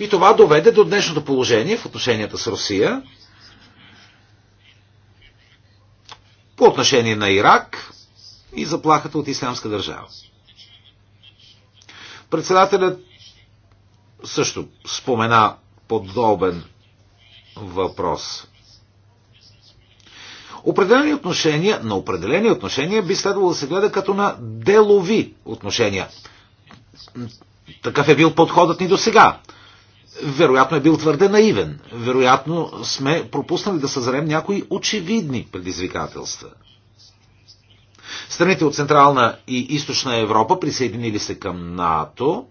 И това доведе до днешното положение в отношенията с Русия. По отношение на Ирак и заплахата от ислямска държава. Председателят също спомена подобен въпрос. Определени отношения, на определени отношения би следвало да се гледа като на делови отношения. Такъв е бил подходът ни до сега вероятно е бил твърде наивен. Вероятно сме пропуснали да съзрем някои очевидни предизвикателства. Страните от Централна и Източна Европа присъединили се към НАТО.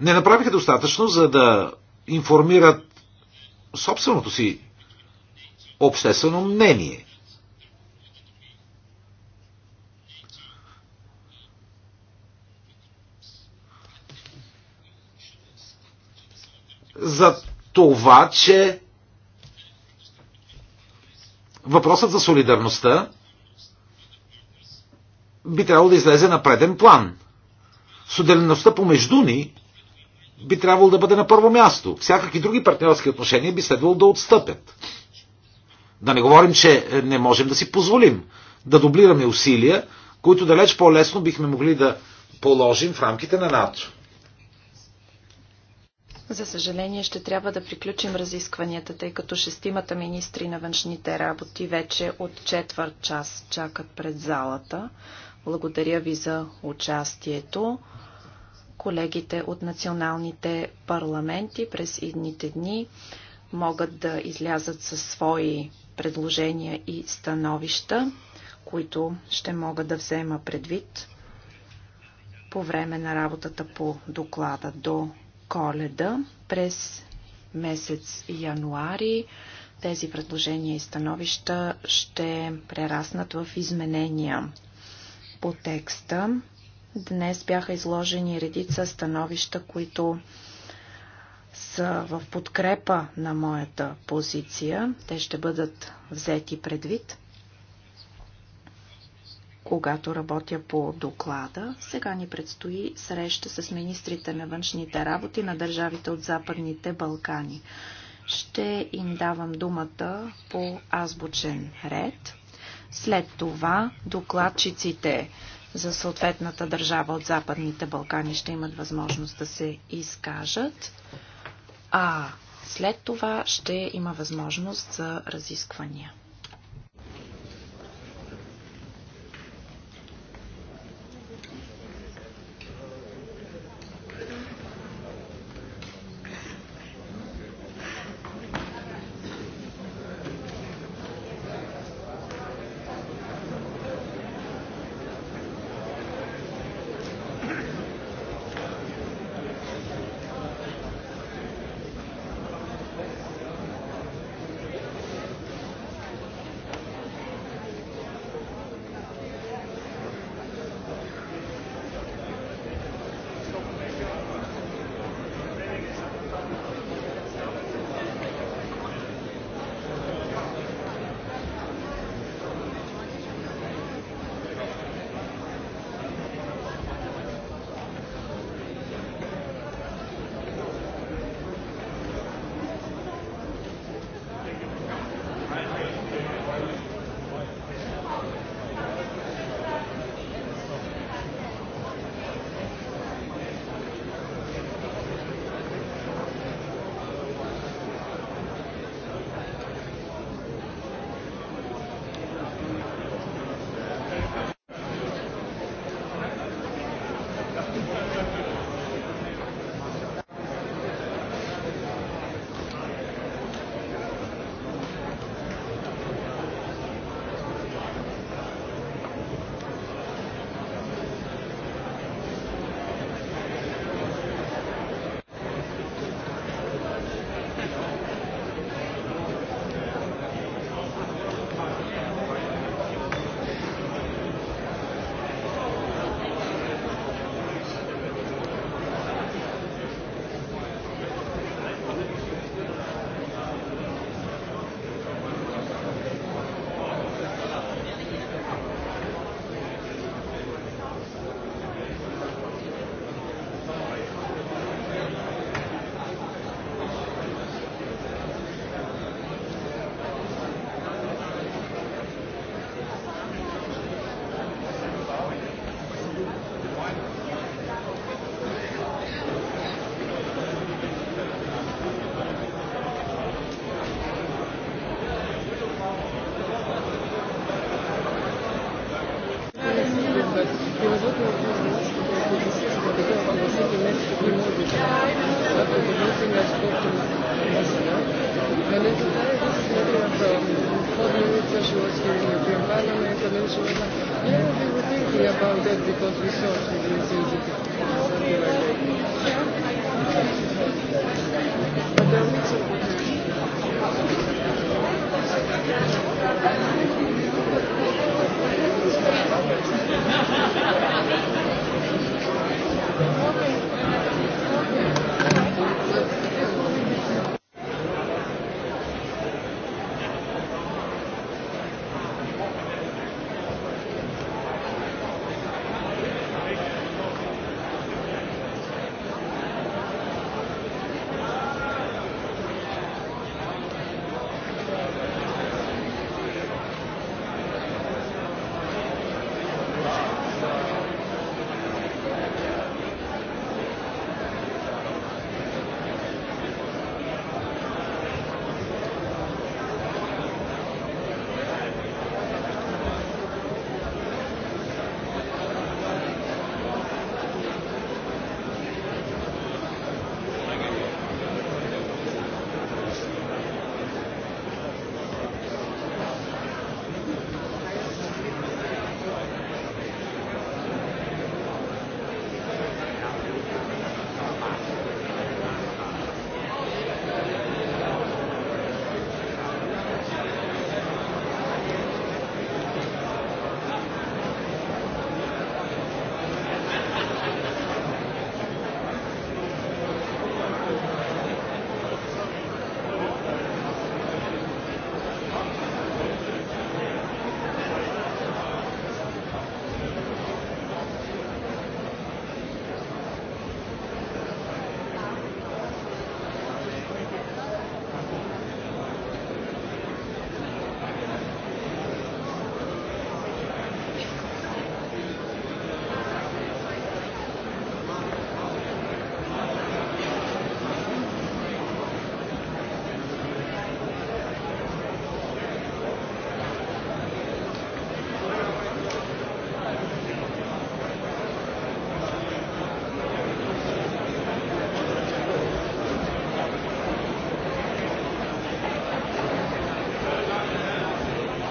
Не направиха достатъчно, за да информират собственото си обществено мнение. за това, че въпросът за солидарността би трябвало да излезе на преден план. Солидарността помежду ни би трябвало да бъде на първо място. Всякакви други партньорски отношения би следвало да отстъпят. Да не говорим, че не можем да си позволим да дублираме усилия, които далеч по-лесно бихме могли да положим в рамките на НАТО. За съжаление ще трябва да приключим разискванията, тъй като шестимата министри на външните работи вече от четвърт час чакат пред залата. Благодаря ви за участието. Колегите от националните парламенти през идните дни могат да излязат със свои предложения и становища, които ще мога да взема предвид по време на работата по доклада до коледа през месец януари тези предложения и становища ще прераснат в изменения по текста. Днес бяха изложени редица становища, които са в подкрепа на моята позиция. Те ще бъдат взети предвид когато работя по доклада. Сега ни предстои среща с министрите на външните работи на държавите от Западните Балкани. Ще им давам думата по азбучен ред. След това докладчиците за съответната държава от Западните Балкани ще имат възможност да се изкажат, а след това ще има възможност за разисквания.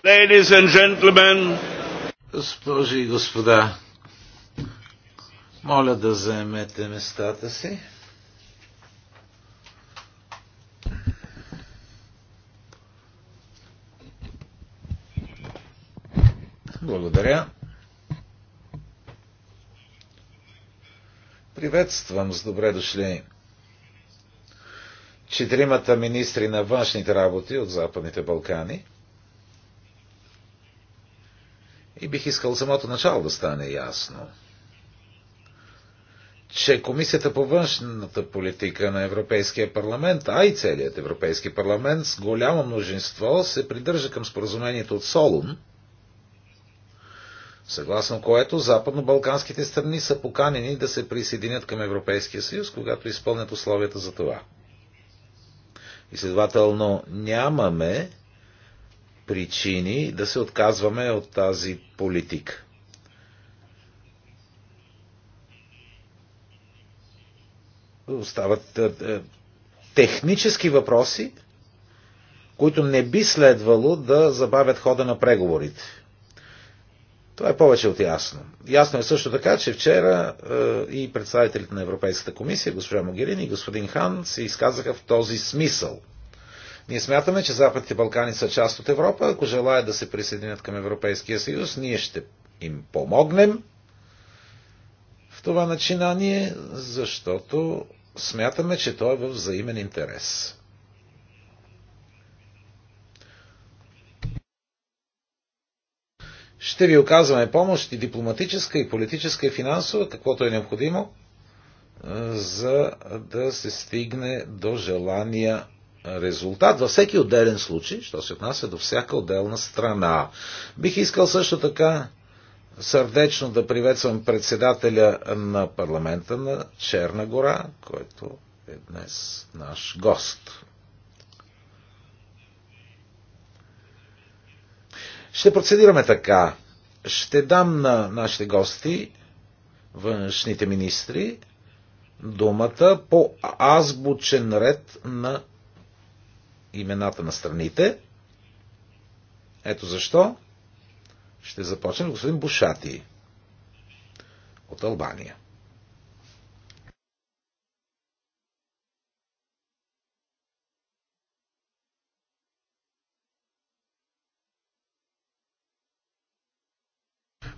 Ladies and gentlemen. Госпожи и господа, моля да заемете местата си. Благодаря. Приветствам с добре дошли четиримата министри на външните работи от Западните Балкани – И бих искал самото начало да стане ясно, че Комисията по външната политика на Европейския парламент, а и целият Европейски парламент с голямо множество се придържа към споразумението от Солун, съгласно което западно-балканските страни са поканени да се присъединят към Европейския съюз, когато изпълнят условията за това. И следователно нямаме причини да се отказваме от тази политика. Остават е, е, технически въпроси, които не би следвало да забавят хода на преговорите. Това е повече от ясно. Ясно е също така, че вчера е, и представителите на Европейската комисия, госпожа Могерин и господин Хан, се изказаха в този смисъл – ние смятаме, че Западните Балкани са част от Европа. Ако желаят да се присъединят към Европейския съюз, ние ще им помогнем в това начинание, защото смятаме, че то е в взаимен интерес. Ще ви оказваме помощ и дипломатическа, и политическа, и финансова, каквото е необходимо, за да се стигне до желания резултат във всеки отделен случай, що се отнася до всяка отделна страна. Бих искал също така сърдечно да приветствам председателя на парламента на Черна гора, който е днес наш гост. Ще процедираме така. Ще дам на нашите гости, външните министри, думата по азбучен ред на имената на страните. Ето защо ще започнем господин Бушати от Албания.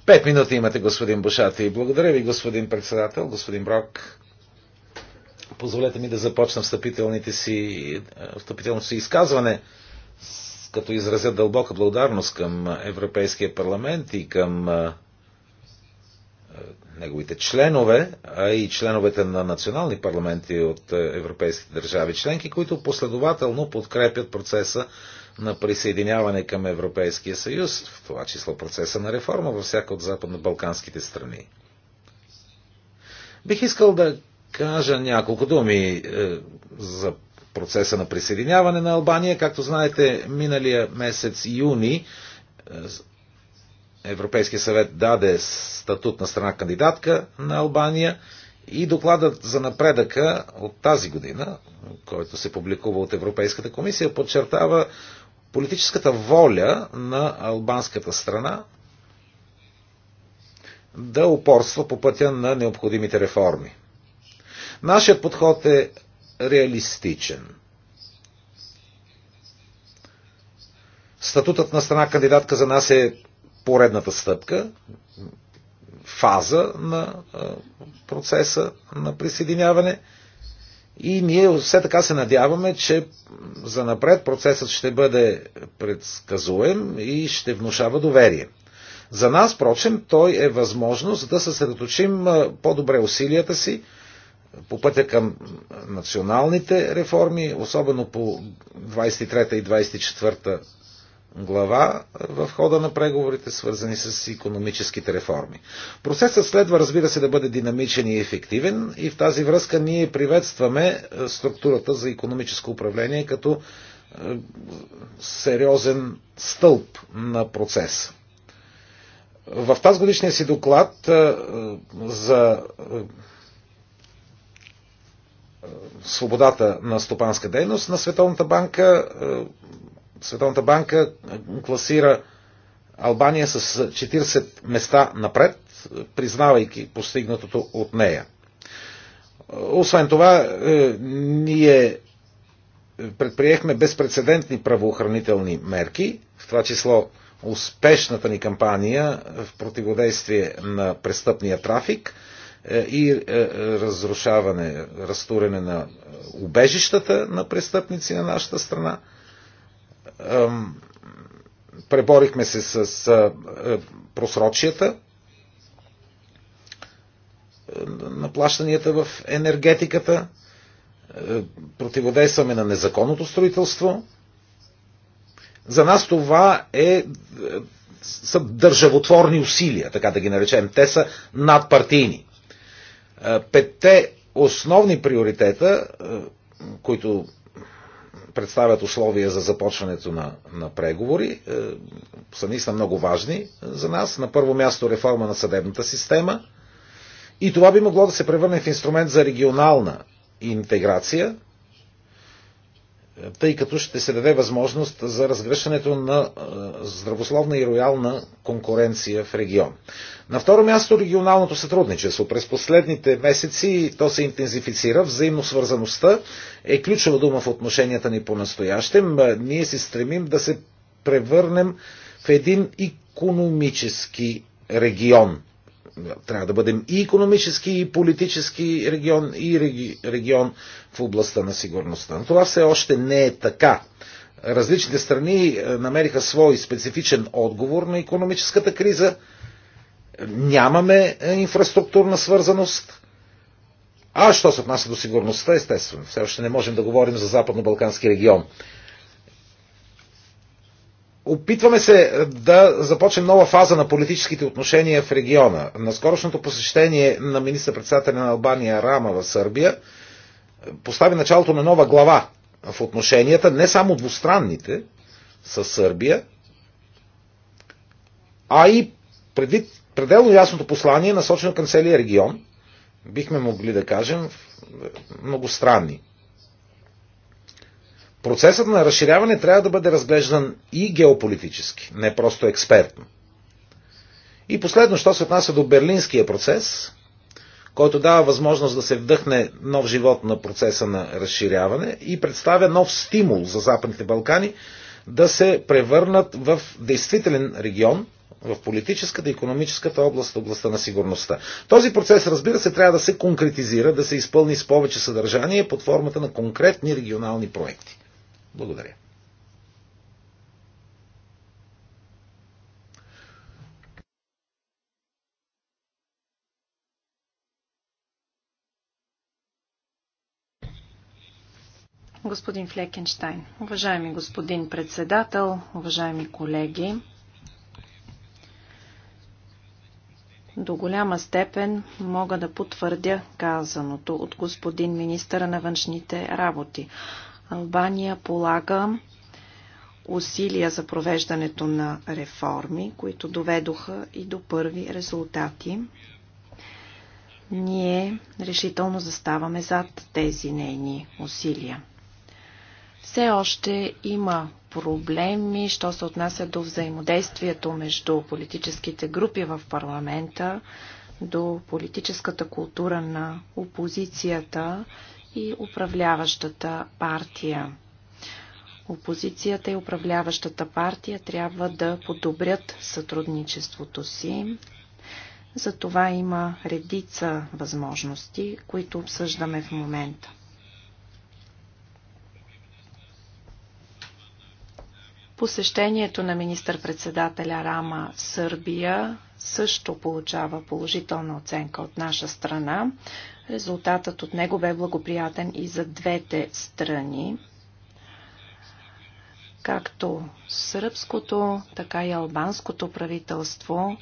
Пет минути имате, господин Бушати. Благодаря ви, господин председател, господин Брок. Позволете ми да започна встъпителните си, е, встъпителното си изказване, като изразя дълбока благодарност към Европейския парламент и към е, е, неговите членове, а и членовете на национални парламенти от европейските държави членки, които последователно подкрепят процеса на присъединяване към Европейския съюз, в това число процеса на реформа във всяка от западно-балканските страни. Бих искал да кажа няколко думи е, за процеса на присъединяване на Албания. Както знаете, миналия месец юни е, Европейския съвет даде статут на страна кандидатка на Албания и докладът за напредъка от тази година, който се публикува от Европейската комисия, подчертава политическата воля на албанската страна да упорства по пътя на необходимите реформи. Нашият подход е реалистичен. Статутът на страна кандидатка за нас е поредната стъпка, фаза на процеса на присъединяване. И ние все така се надяваме, че за напред процесът ще бъде предсказуем и ще внушава доверие. За нас, прочем, той е възможност да съсредоточим по-добре усилията си по пътя към националните реформи, особено по 23 и 24 глава в хода на преговорите, свързани с економическите реформи. Процесът следва, разбира се, да бъде динамичен и ефективен и в тази връзка ние приветстваме е, структурата за економическо управление като е, сериозен стълб на процеса. В тази годишния си доклад е, за свободата на стопанска дейност на Световната банка. Е, Световната банка класира Албания с 40 места напред, признавайки постигнатото от нея. Освен това, е, ние предприехме безпредседентни правоохранителни мерки, в това число успешната ни кампания в противодействие на престъпния трафик – е, и е, е, разрушаване, разтурене на убежищата на престъпници на нашата страна. Преборихме се с просрочията на плащанията в енергетиката, противодействаме на незаконното строителство. За нас това е са държавотворни усилия, така да ги наречем. Те са надпартийни. Петте основни приоритета, които представят условия за започването на, на преговори, са наистина много важни за нас. На първо място реформа на съдебната система. И това би могло да се превърне в инструмент за регионална интеграция, тъй като ще се даде възможност за разгръщането на здравословна и роялна конкуренция в регион. На второ място регионалното сътрудничество. През последните месеци то се интензифицира. взаимосвързаността е ключова дума в отношенията ни по-настоящем. Ние си стремим да се превърнем в един икономически регион – трябва да бъдем и економически, и политически регион, и реги, регион в областта на сигурността. Но това все още не е така. Различните страни е, намериха свой специфичен отговор на економическата криза. Нямаме е, инфраструктурна свързаност. А що се отнася до сигурността, естествено, все още не можем да говорим за Западно-Балкански регион. Опитваме се е, да започнем нова фаза на политическите отношения в региона. На скорошното посещение на министър-председателя на Албания Рама в Сърбия е, постави началото на нова глава в отношенията, не само двустранните с Сърбия, а и предвид пределно ясното послание, насочено към целия регион, бихме могли да кажем е, многостранни процесът на разширяване трябва да бъде разглеждан и геополитически, не просто експертно. И последно, що се отнася до берлинския процес, който дава възможност да се вдъхне нов живот на процеса на разширяване и представя нов стимул за Западните Балкани да се превърнат в действителен регион в политическата, економическата област, областта на сигурността. Този процес, разбира се, трябва да се конкретизира, да се изпълни с повече съдържание под формата на конкретни регионални проекти. Благодаря. Господин Флекенштайн, уважаеми господин председател, уважаеми колеги, до голяма степен мога да потвърдя казаното от господин министъра на външните работи. Албания полага усилия за провеждането на реформи, които доведоха и до първи резултати. Ние решително заставаме зад тези нейни усилия. Все още има проблеми, що се отнася до взаимодействието между политическите групи в парламента, до политическата култура на опозицията и управляващата партия. Опозицията и управляващата партия трябва да подобрят сътрудничеството си. За това има редица възможности, които обсъждаме в момента. Посещението на министър-председателя Рама в Сърбия също получава положителна оценка от наша страна. Резултатът от него бе благоприятен и за двете страни. Както сръбското, така и албанското правителство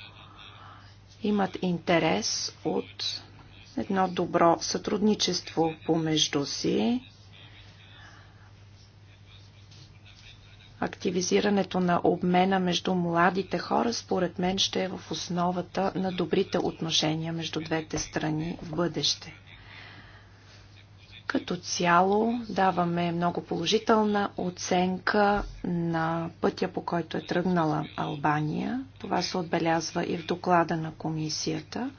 имат интерес от едно добро сътрудничество помежду си. активизирането на обмена между младите хора, според мен, ще е в основата на добрите отношения между двете страни в бъдеще. Като цяло даваме много положителна оценка на пътя, по който е тръгнала Албания. Това се отбелязва и в доклада на комисията.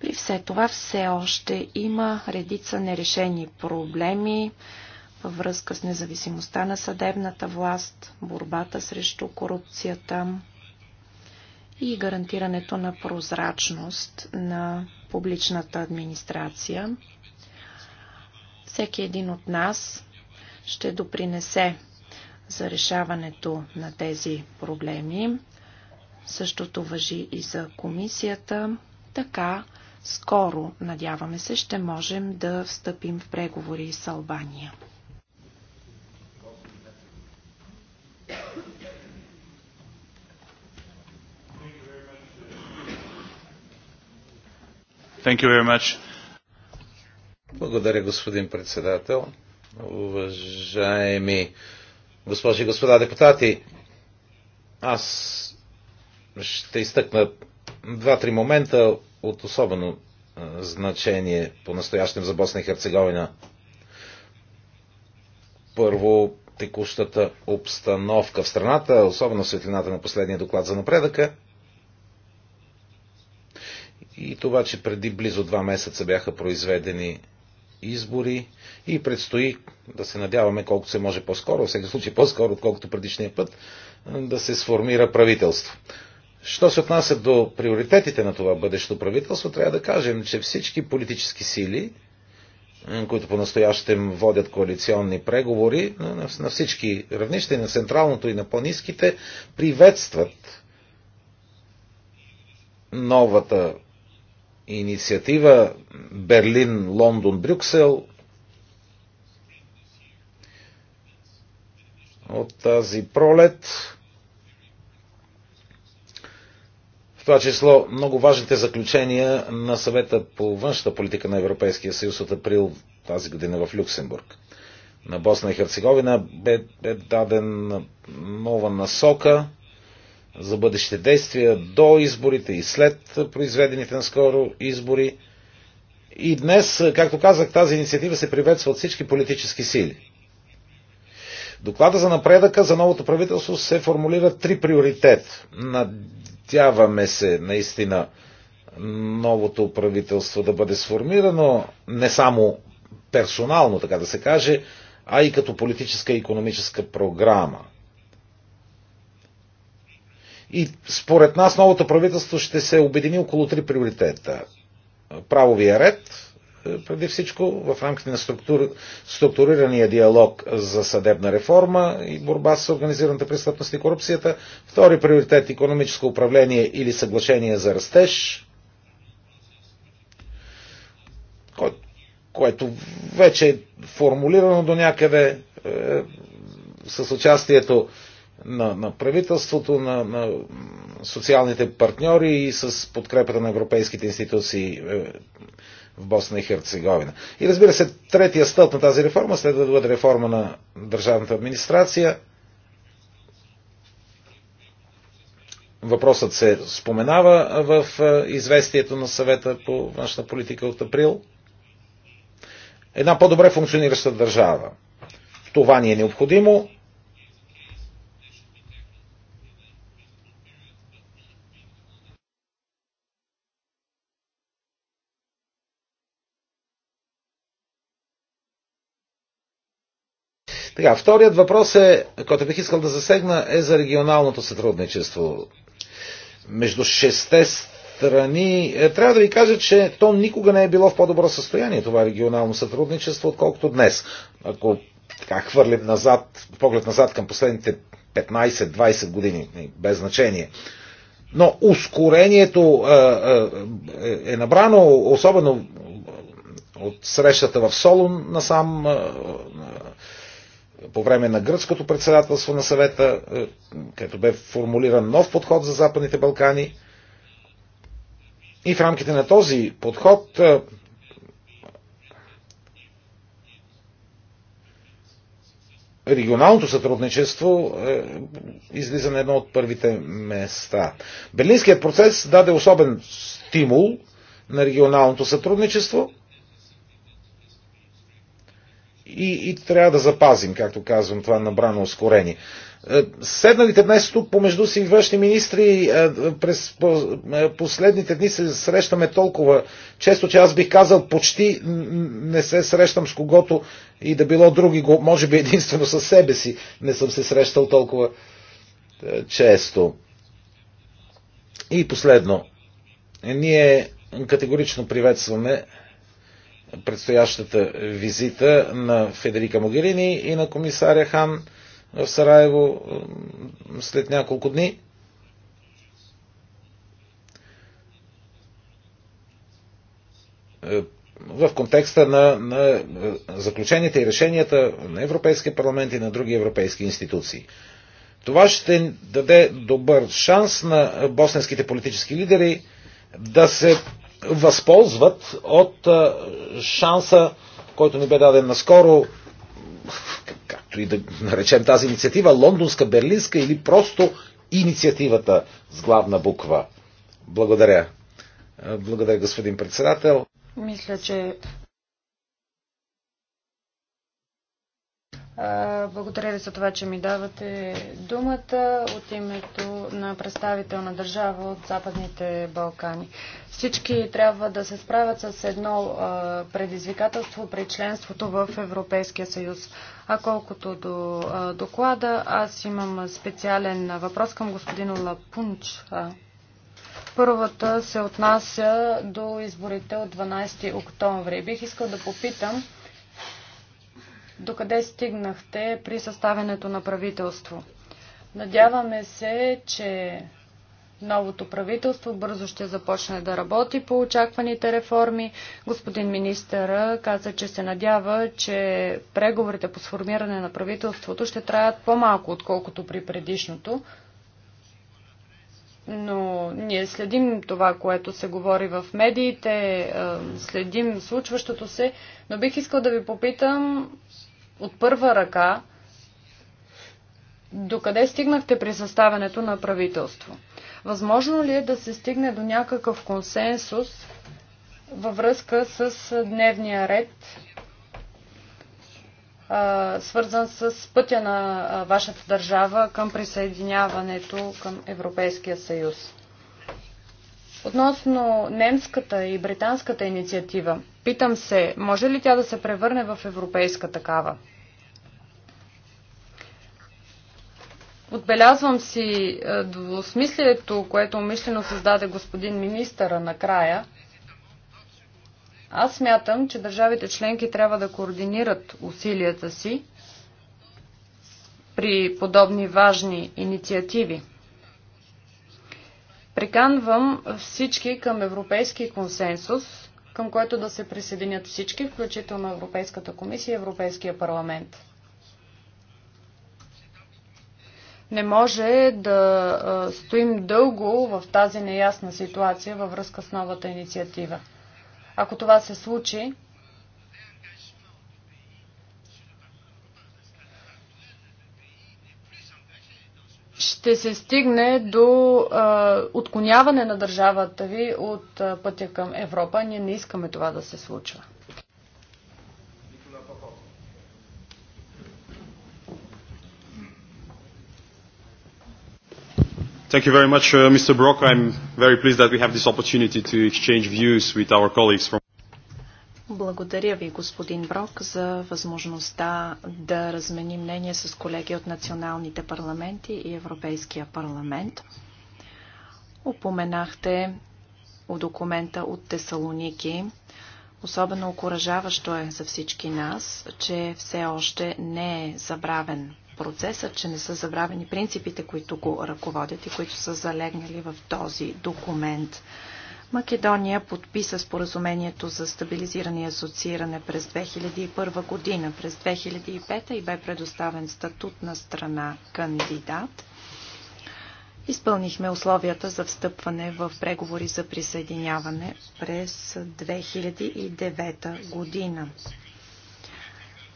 При все това все още има редица нерешени проблеми, във връзка с независимостта на съдебната власт, борбата срещу корупцията и гарантирането на прозрачност на публичната администрация. Всеки един от нас ще допринесе за решаването на тези проблеми. Същото въжи и за комисията. Така, скоро, надяваме се, ще можем да встъпим в преговори с Албания. Thank you very much. Благодаря, господин председател. Уважаеми госпожи и господа депутати, аз ще изтъкна два-три момента от особено е, значение по-настоящем за Босна и Херцеговина. Първо, текущата обстановка в страната, особено светлината на последния доклад за напредъка – и това, че преди близо два месеца бяха произведени избори и предстои да се надяваме колкото се може по-скоро, в всеки случай по-скоро, отколкото предишния път, да се сформира правителство. Що се отнася до приоритетите на това бъдещо правителство, трябва да кажем, че всички политически сили, които по-настоящем водят коалиционни преговори на всички равнища, и на централното, и на по-низките, приветстват новата инициатива Берлин, Лондон, Брюксел. От тази пролет. В това число много важните заключения на съвета по външната политика на Европейския съюз от април тази година в Люксембург. На Босна и Херцеговина бе, бе даден нова насока за бъдещите действия до изборите и след произведените наскоро избори. И днес, както казах, тази инициатива се приветства от всички политически сили. Доклада за напредъка за новото правителство се формулира три приоритет. Надяваме се наистина новото правителство да бъде сформирано не само персонално, така да се каже, а и като политическа и економическа програма. И според нас новото правителство ще се обедини около три приоритета. Правовия ред, е, преди всичко в рамките на структур... структурирания диалог за съдебна реформа и борба с организираната престъпност и корупцията. Втори приоритет – економическо управление или съглашение за растеж, което вече е формулирано до някъде е, с участието на, на правителството, на, на социалните партньори и с подкрепата на европейските институции е, в Босна и Херцеговина. И разбира се, третия стълб на тази реформа следва да бъде реформа на държавната администрация. Въпросът се споменава в е, известието на съвета по външна политика от април. Една по-добре функционираща държава. Това ни е необходимо Така, вторият въпрос е, който бих искал да засегна, е за регионалното сътрудничество. Между шесте страни. Е, трябва да ви кажа, че то никога не е било в по-добро състояние, това регионално сътрудничество, отколкото днес. Ако така хвърлим назад, поглед назад към последните 15-20 години, без значение. Но ускорението е, е, е, е набрано, особено от срещата в Солун насам, е, по време на гръцкото председателство на съвета, е, където бе формулиран нов подход за Западните Балкани. И в рамките на този подход е, регионалното сътрудничество е, излиза на едно от първите места. Берлинският процес даде особен стимул на регионалното сътрудничество и, и трябва да запазим, както казвам, това набрано ускорение. Е, седналите днес тук помежду си външни министри е, през е, последните дни се срещаме толкова често, че аз бих казал почти не се срещам с когото и да било други, може би единствено със себе си не съм се срещал толкова често. И последно, ние категорично приветстваме предстоящата визита на Федерика Могерини и на комисаря Хан в Сараево след няколко дни. Е, в контекста на, на е, заключенията и решенията на Европейския парламент и на други европейски институции. Това ще даде добър шанс на босненските политически лидери да се възползват от шанса, който ни бе даден наскоро, както и да наречем тази инициатива, лондонска, берлинска или просто инициативата с главна буква. Благодаря. Благодаря, господин председател. Мисля, че Благодаря ви за това, че ми давате думата от името на представител на държава от Западните Балкани. Всички трябва да се справят с едно предизвикателство при членството в Европейския съюз. А колкото до доклада, аз имам специален въпрос към господин Лапунч. Първата се отнася до изборите от 12 октомври. Бих искал да попитам докъде стигнахте при съставянето на правителство. Надяваме се, че новото правителство бързо ще започне да работи по очакваните реформи. Господин министър каза, че се надява, че преговорите по сформиране на правителството ще траят по-малко, отколкото при предишното. Но ние следим това, което се говори в медиите, следим случващото се, но бих искал да ви попитам от първа ръка докъде стигнахте при съставянето на правителство. Възможно ли е да се стигне до някакъв консенсус във връзка с дневния ред, свързан с пътя на вашата държава към присъединяването към Европейския съюз? Относно немската и британската инициатива, питам се, може ли тя да се превърне в европейска такава? Отбелязвам си е, двусмислието, което умишлено създаде господин министъра накрая. Аз смятам, че държавите членки трябва да координират усилията си при подобни важни инициативи. Приканвам всички към европейски консенсус, към който да се присъединят всички, включително Европейската комисия и Европейския парламент. Не може да стоим дълго в тази неясна ситуация във връзка с новата инициатива. Ако това се случи, ще се стигне до а, отклоняване на държавата ви от а, пътя към Европа. Ние не искаме това да се случва. Thank you very much, uh, Mr. Brock. I'm very pleased that we have this opportunity to exchange views with our colleagues from благодаря ви, господин Брок, за възможността да размени мнение с колеги от националните парламенти и Европейския парламент. Опоменахте от документа от Тесалоники. Особено окоръжаващо е за всички нас, че все още не е забравен процесът, че не са забравени принципите, които го ръководят и които са залегнали в този документ. Македония подписа споразумението за стабилизиране и асоцииране през 2001 година. През 2005 и бе предоставен статут на страна кандидат. Изпълнихме условията за встъпване в преговори за присъединяване през 2009 година.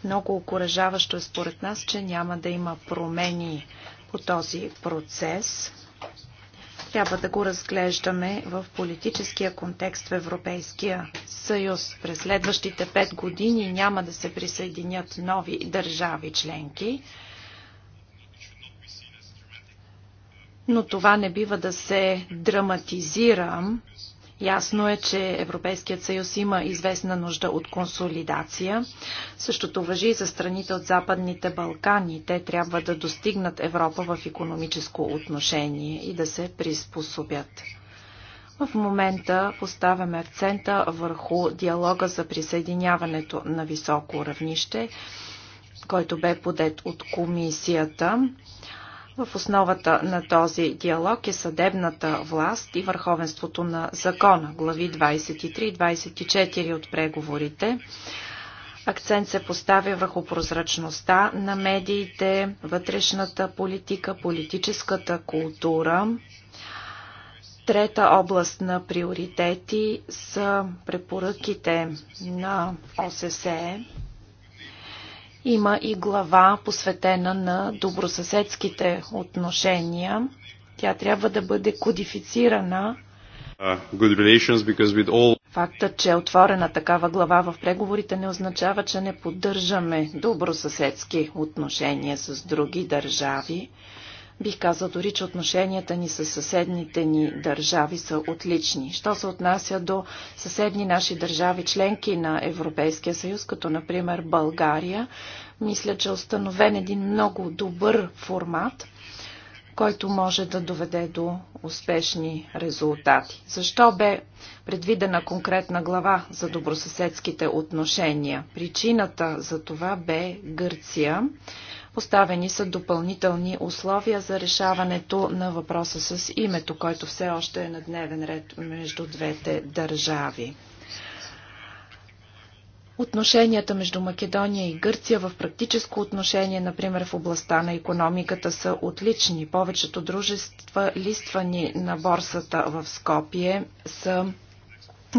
Много окоръжаващо е според нас, че няма да има промени по този процес трябва да го разглеждаме в политическия контекст в Европейския съюз. През следващите пет години няма да се присъединят нови държави членки, но това не бива да се драматизира Ясно е, че Европейският съюз има известна нужда от консолидация. Същото въжи и за страните от Западните Балкани. Те трябва да достигнат Европа в економическо отношение и да се приспособят. В момента поставяме акцента върху диалога за присъединяването на високо равнище, който бе подет от комисията. В основата на този диалог е съдебната власт и върховенството на закона, глави 23 и 24 от преговорите. Акцент се поставя върху прозрачността на медиите, вътрешната политика, политическата култура. Трета област на приоритети са препоръките на ОССЕ има и глава посветена на добросъседските отношения. Тя трябва да бъде кодифицирана. Uh, Факта, че е отворена такава глава в преговорите не означава, че не поддържаме добросъседски отношения с други държави. Бих казал дори, че отношенията ни с съседните ни държави са отлични. Що се отнася до съседни наши държави, членки на Европейския съюз, като например България, мисля, че е установен един много добър формат, който може да доведе до успешни резултати. Защо бе предвидена конкретна глава за добросъседските отношения? Причината за това бе Гърция Поставени са допълнителни условия за решаването на въпроса с името, който все още е на дневен ред между двете държави. Отношенията между Македония и Гърция в практическо отношение, например в областта на економиката, са отлични. Повечето дружества, листвани на борсата в Скопие, са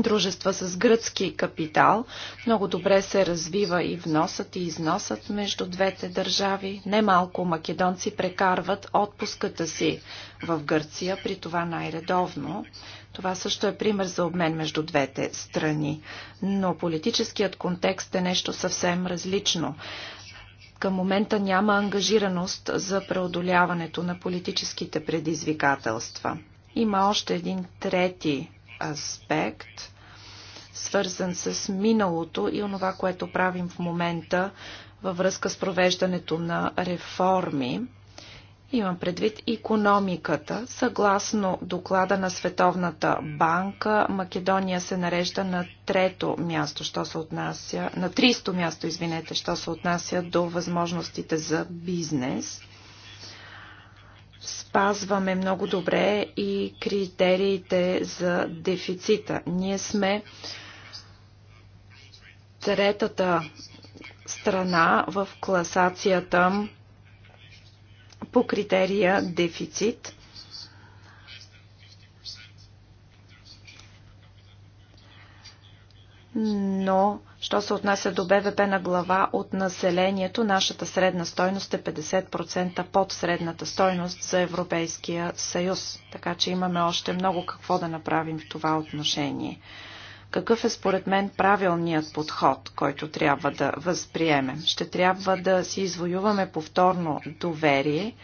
дружества с гръцки капитал. Много добре се развива и вносът и износът между двете държави. Немалко македонци прекарват отпуската си в Гърция, при това най-редовно. Това също е пример за обмен между двете страни. Но политическият контекст е нещо съвсем различно. Към момента няма ангажираност за преодоляването на политическите предизвикателства. Има още един трети аспект, свързан с миналото и онова, което правим в момента във връзка с провеждането на реформи. Имам предвид економиката. Съгласно доклада на Световната банка, Македония се нарежда на трето място, що се отнася, на 300 място, извинете, що се отнася до възможностите за бизнес спазваме много добре и критериите за дефицита. Ние сме третата страна в класацията по критерия дефицит. Но Що се отнася до БВП на глава от населението, нашата средна стойност е 50% под средната стойност за Европейския съюз. Така че имаме още много какво да направим в това отношение. Какъв е според мен правилният подход, който трябва да възприемем? Ще трябва да си извоюваме повторно доверие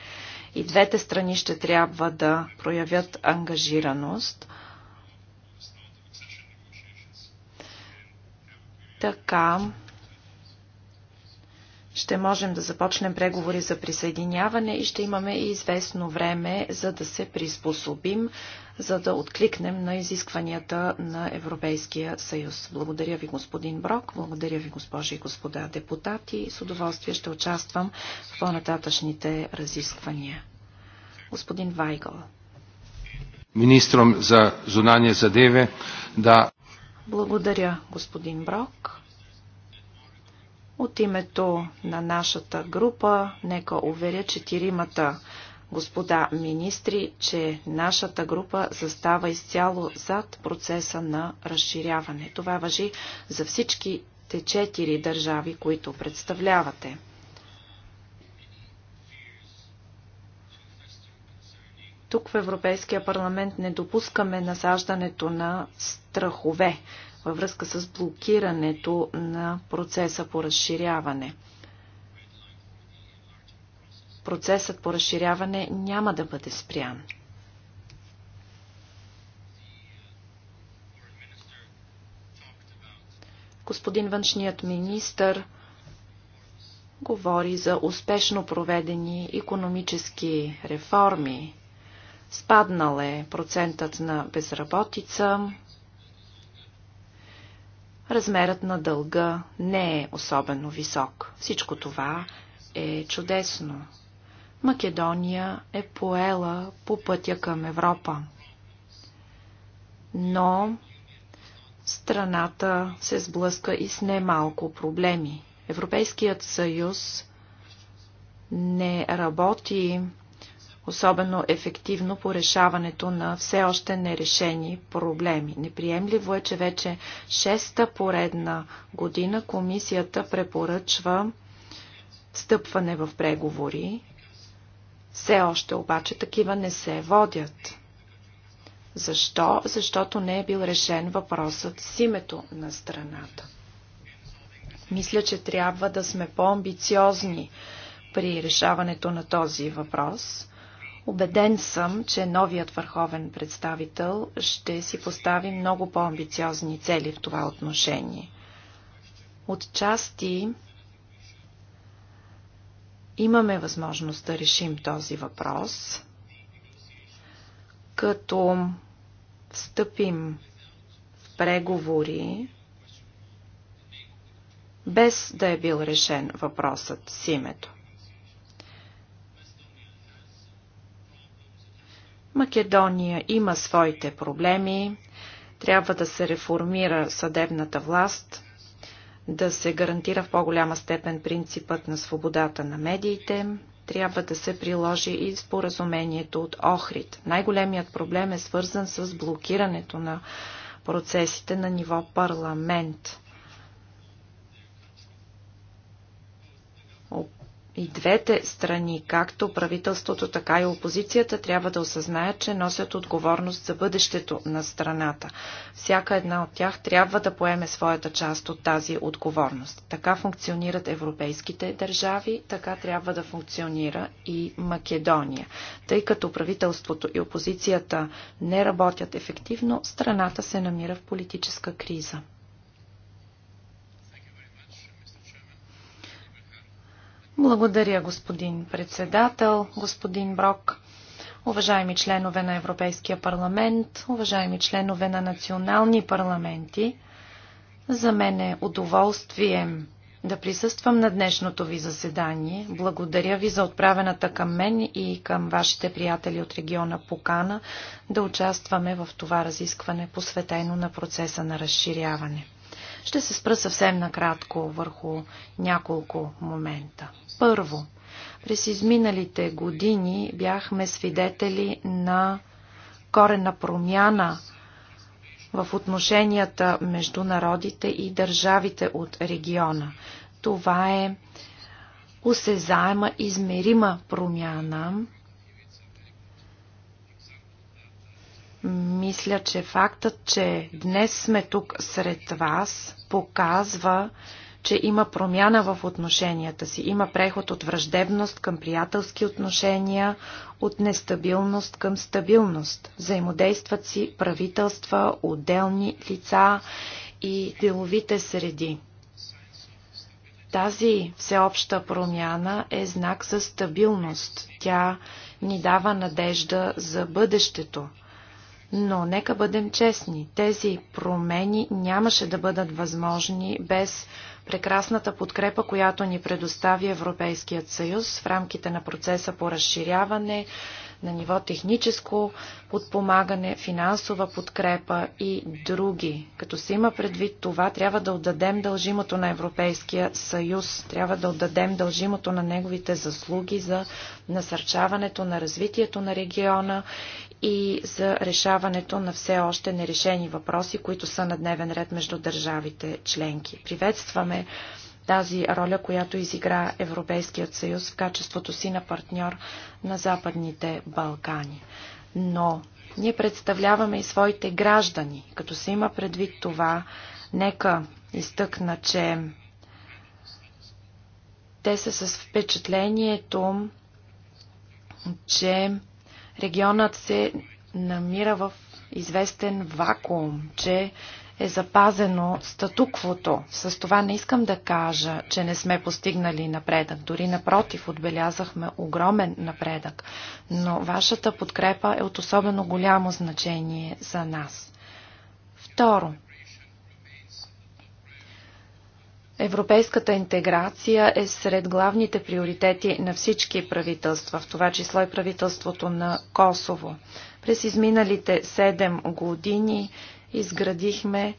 и двете страни ще трябва да проявят ангажираност – Така ще можем да започнем преговори за присъединяване и ще имаме и известно време, за да се приспособим, за да откликнем на изискванията на Европейския съюз. Благодаря ви, господин Брок, благодаря ви, госпожи и господа депутати. С удоволствие ще участвам в по-нататъчните разисквания. Господин Вайгъл. Министром за за деве да благодаря, господин Брок. От името на нашата група, нека уверя четиримата господа министри, че нашата група застава изцяло зад процеса на разширяване. Това въжи за всичките четири държави, които представлявате. Тук в Европейския парламент не допускаме насаждането на страхове във връзка с блокирането на процеса по разширяване. Процесът по разширяване няма да бъде спрян. Господин външният министр говори за успешно проведени економически реформи, Спаднал е процентът на безработица. Размерът на дълга не е особено висок. Всичко това е чудесно. Македония е поела по пътя към Европа. Но страната се сблъска и с немалко проблеми. Европейският съюз не работи особено ефективно по решаването на все още нерешени проблеми. Неприемливо е, че вече шеста поредна година комисията препоръчва стъпване в преговори. Все още обаче такива не се водят. Защо? Защото не е бил решен въпросът с името на страната. Мисля, че трябва да сме по-амбициозни при решаването на този въпрос. Обеден съм, че новият върховен представител ще си постави много по-амбициозни цели в това отношение. Отчасти имаме възможност да решим този въпрос, като встъпим в преговори, без да е бил решен въпросът с името. Македония има своите проблеми, трябва да се реформира съдебната власт, да се гарантира в по-голяма степен принципът на свободата на медиите, трябва да се приложи и споразумението от Охрид. Най-големият проблем е свързан с блокирането на процесите на ниво парламент. И двете страни, както правителството, така и опозицията, трябва да осъзнаят, че носят отговорност за бъдещето на страната. Всяка една от тях трябва да поеме своята част от тази отговорност. Така функционират европейските държави, така трябва да функционира и Македония. Тъй като правителството и опозицията не работят ефективно, страната се намира в политическа криза. Благодаря, господин председател, господин Брок, уважаеми членове на Европейския парламент, уважаеми членове на национални парламенти. За мен е удоволствие да присъствам на днешното ви заседание. Благодаря ви за отправената към мен и към вашите приятели от региона Покана да участваме в това разискване, посветено на процеса на разширяване. Ще се спра съвсем накратко върху няколко момента. Първо, през изминалите години бяхме свидетели на корена промяна в отношенията между народите и държавите от региона. Това е осезаема, измерима промяна, Мисля, че фактът, че днес сме тук сред вас, показва, че има промяна в отношенията си. Има преход от враждебност към приятелски отношения, от нестабилност към стабилност. Взаимодействат си правителства, отделни лица и деловите среди. Тази всеобща промяна е знак за стабилност. Тя ни дава надежда за бъдещето. Но нека бъдем честни, тези промени нямаше да бъдат възможни без прекрасната подкрепа, която ни предостави Европейският съюз в рамките на процеса по разширяване, на ниво техническо подпомагане, финансова подкрепа и други. Като се има предвид това, трябва да отдадем дължимото на Европейския съюз, трябва да отдадем дължимото на неговите заслуги за насърчаването на развитието на региона и за решаването на все още нерешени въпроси, които са на дневен ред между държавите членки. Приветстваме тази роля, която изигра Европейският съюз в качеството си на партньор на Западните Балкани. Но ние представляваме и своите граждани. Като се има предвид това, нека изтъкна, че те са с впечатлението, че регионът се намира в известен вакуум, че е запазено статуквото. С това не искам да кажа, че не сме постигнали напредък. Дори напротив, отбелязахме огромен напредък. Но вашата подкрепа е от особено голямо значение за нас. Второ, Европейската интеграция е сред главните приоритети на всички правителства, в това число и правителството на Косово. През изминалите 7 години изградихме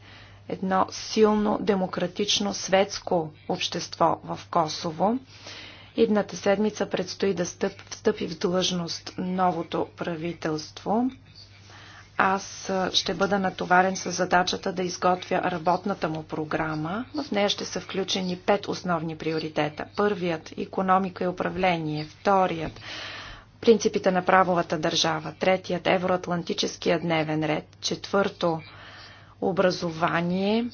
едно силно демократично светско общество в Косово. Идната седмица предстои да встъпи в длъжност новото правителство аз ще бъда натоварен с задачата да изготвя работната му програма. В нея ще са включени пет основни приоритета. Първият – економика и управление. Вторият – принципите на правовата държава. Третият – евроатлантическия дневен ред. Четвърто – образование.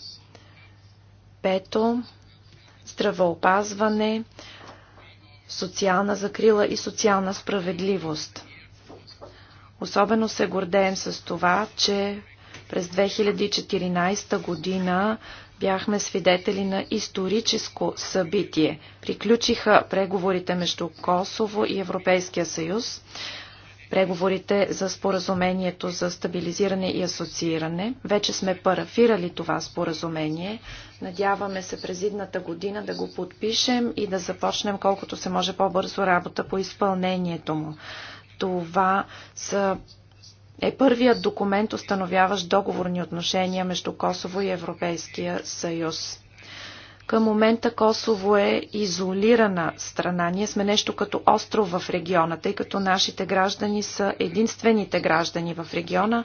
Пето – здравеопазване, социална закрила и социална справедливост. Особено се гордеем с това, че през 2014 година бяхме свидетели на историческо събитие. Приключиха преговорите между Косово и Европейския съюз, преговорите за споразумението за стабилизиране и асоцииране. Вече сме парафирали това споразумение. Надяваме се през идната година да го подпишем и да започнем колкото се може по-бързо работа по изпълнението му. Това са е първият документ, установяващ договорни отношения между Косово и Европейския съюз. Към момента Косово е изолирана страна. Ние сме нещо като остров в региона, тъй като нашите граждани са единствените граждани в региона,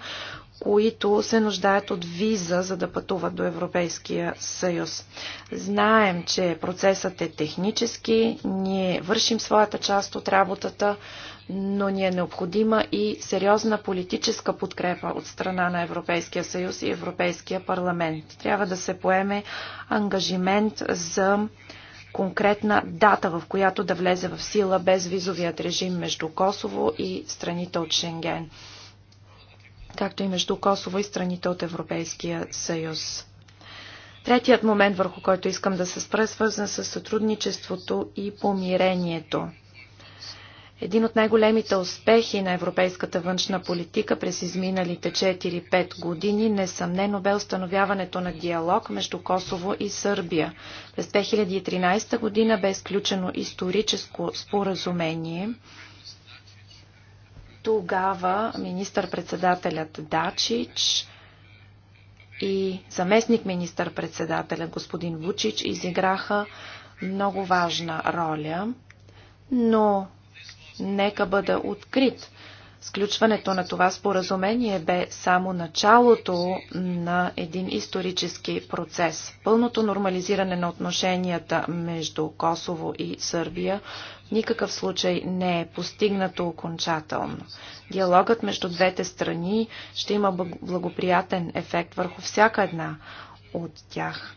които се нуждаят от виза, за да пътуват до Европейския съюз. Знаем, че процесът е технически, ние вършим своята част от работата, но ни е необходима и сериозна политическа подкрепа от страна на Европейския съюз и Европейския парламент. Трябва да се поеме ангажимент за конкретна дата, в която да влезе в сила безвизовият режим между Косово и страните от Шенген както и между Косово и страните от Европейския съюз. Третият момент, върху който искам да се спра, е свързан с сътрудничеството и помирението. Един от най-големите успехи на европейската външна политика през изминалите 4-5 години несъмнено бе установяването на диалог между Косово и Сърбия. През 2013 година бе изключено историческо споразумение, тогава министър-председателят Дачич и заместник министър-председателя господин Вучич изиграха много важна роля, но нека бъда открит. Сключването на това споразумение бе само началото на един исторически процес. Пълното нормализиране на отношенията между Косово и Сърбия никакъв случай не е постигнато окончателно. Диалогът между двете страни ще има благоприятен ефект върху всяка една от тях.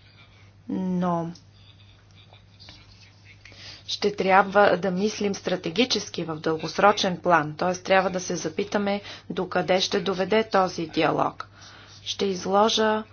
Но ще трябва да мислим стратегически в дългосрочен план, т.е. трябва да се запитаме докъде ще доведе този диалог. Ще изложа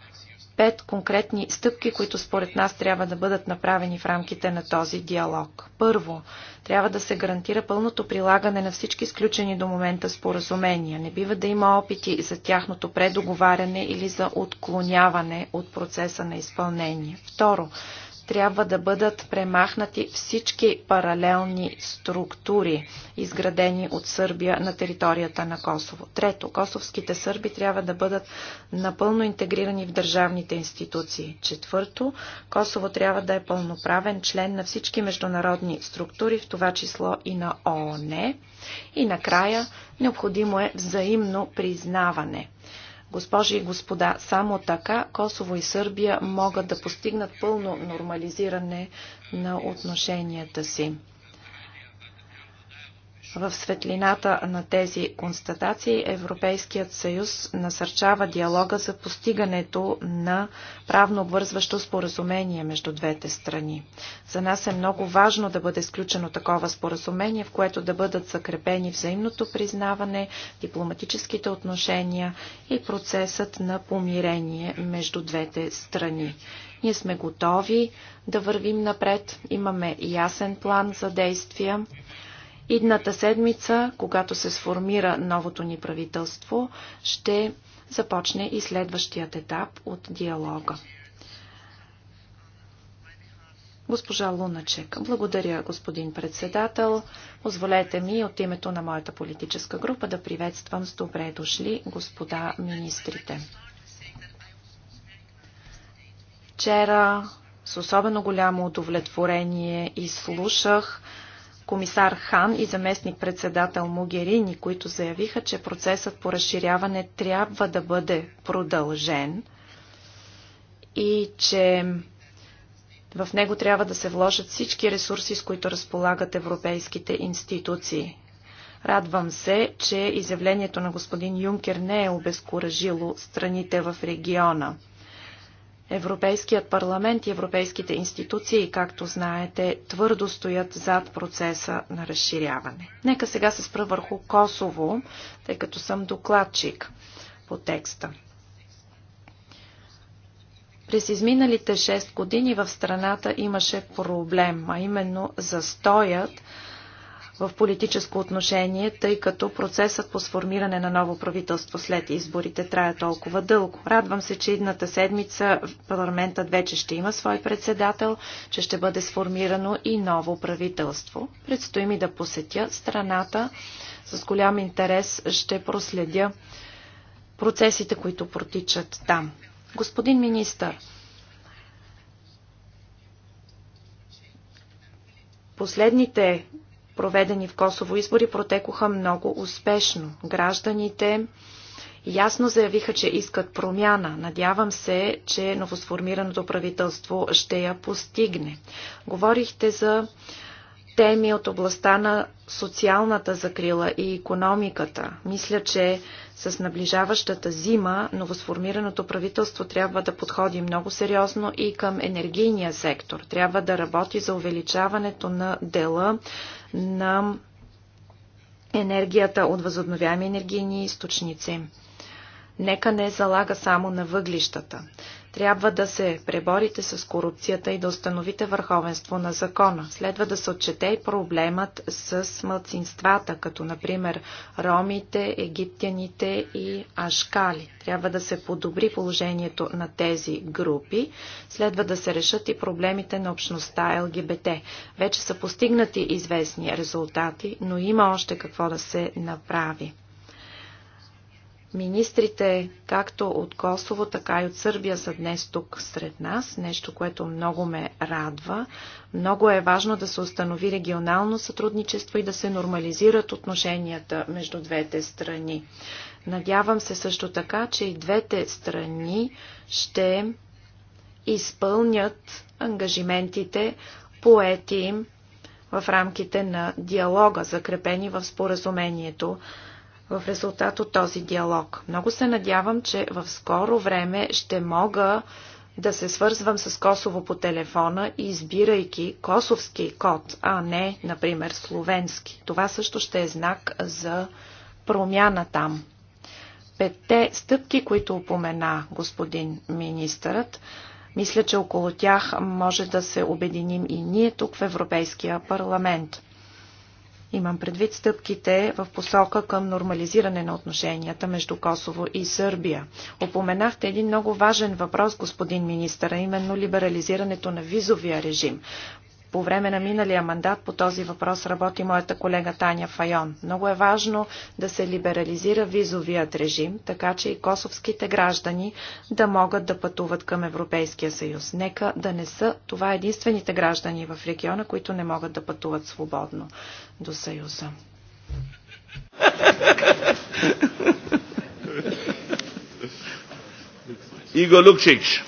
пет конкретни стъпки, които според нас трябва да бъдат направени в рамките на този диалог. Първо, трябва да се гарантира пълното прилагане на всички сключени до момента споразумения. Не бива да има опити за тяхното предоговаряне или за отклоняване от процеса на изпълнение. Второ, трябва да бъдат премахнати всички паралелни структури, изградени от Сърбия на територията на Косово. Трето, косовските сърби трябва да бъдат напълно интегрирани в държавните институции. Четвърто, Косово трябва да е пълноправен член на всички международни структури, в това число и на ООН. И накрая, необходимо е взаимно признаване – Госпожи и господа, само така Косово и Сърбия могат да постигнат пълно нормализиране на отношенията си. В светлината на тези констатации Европейският съюз насърчава диалога за постигането на правно обвързващо споразумение между двете страни. За нас е много важно да бъде сключено такова споразумение, в което да бъдат закрепени взаимното признаване, дипломатическите отношения и процесът на помирение между двете страни. Ние сме готови да вървим напред, имаме ясен план за действия. Идната седмица, когато се сформира новото ни правителство, ще започне и следващият етап от диалога. Госпожа Луначек. Благодаря, господин председател. Позволете ми от името на моята политическа група да приветствам с добре дошли господа министрите. Вчера с особено голямо удовлетворение изслушах слушах комисар Хан и заместник-председател Могерини, които заявиха, че процесът по разширяване трябва да бъде продължен и че в него трябва да се вложат всички ресурси, с които разполагат европейските институции. Радвам се, че изявлението на господин Юнкер не е обезкуражило страните в региона. Европейският парламент и европейските институции, както знаете, твърдо стоят зад процеса на разширяване. Нека сега се спра върху Косово, тъй като съм докладчик по текста. През изминалите 6 години в страната имаше проблем, а именно застоят в политическо отношение, тъй като процесът по сформиране на ново правителство след изборите трае толкова дълго. Радвам се, че идната седмица парламентът вече ще има свой председател, че ще бъде сформирано и ново правителство. Предстои ми да посетя страната. С голям интерес ще проследя процесите, които протичат там. Господин министър, последните проведени в Косово избори протекоха много успешно. Гражданите ясно заявиха, че искат промяна. Надявам се, че новосформираното правителство ще я постигне. Говорихте за теми от областта на социалната закрила и економиката. Мисля, че с наближаващата зима новосформираното правителство трябва да подходи много сериозно и към енергийния сектор. Трябва да работи за увеличаването на дела на енергията от възобновяеми енергийни източници. Нека не залага само на въглищата. Трябва да се преборите с корупцията и да установите върховенство на закона. Следва да се отчете и проблемът с мълцинствата, като например ромите, египтяните и ашкали. Трябва да се подобри положението на тези групи. Следва да се решат и проблемите на общността ЛГБТ. Вече са постигнати известни резултати, но има още какво да се направи. Министрите както от Косово, така и от Сърбия са днес тук сред нас, нещо, което много ме радва. Много е важно да се установи регионално сътрудничество и да се нормализират отношенията между двете страни. Надявам се също така, че и двете страни ще изпълнят ангажиментите поети им в рамките на диалога, закрепени в споразумението в резултат от този диалог. Много се надявам, че в скоро време ще мога да се свързвам с Косово по телефона, избирайки косовски код, а не, например, словенски. Това също ще е знак за промяна там. Петте стъпки, които упомена господин министърът, мисля, че около тях може да се обединим и ние тук в Европейския парламент. Имам предвид стъпките в посока към нормализиране на отношенията между Косово и Сърбия. Опоменахте един много важен въпрос, господин министър, а именно либерализирането на визовия режим. По време на миналия мандат по този въпрос работи моята колега Таня Файон. Много е важно да се либерализира визовият режим, така че и косовските граждани да могат да пътуват към Европейския съюз. Нека да не са това е единствените граждани в региона, които не могат да пътуват свободно до съюза. Иго Lukčić.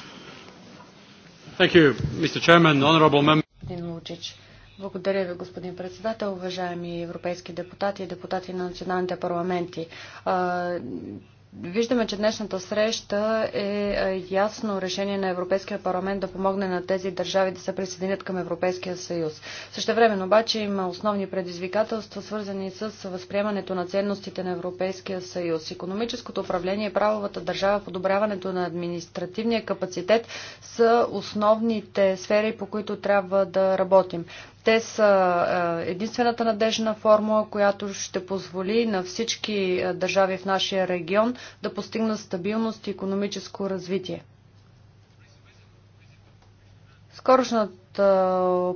Thank you, Mr. Chairman, honorable members господин Лучич. Благодаря ви, господин председател, уважаеми европейски депутати и депутати на националните парламенти. Виждаме, че днешната среща е, е ясно решение на Европейския парламент да помогне на тези държави да се присъединят към Европейския съюз. Също време обаче има основни предизвикателства, свързани с възприемането на ценностите на Европейския съюз. Економическото управление, правовата държава, подобряването на административния капацитет са основните сфери, по които трябва да работим. Те са е, единствената надежна формула, която ще позволи на всички е, държави в нашия регион да постигнат стабилност и економическо развитие. Скорошната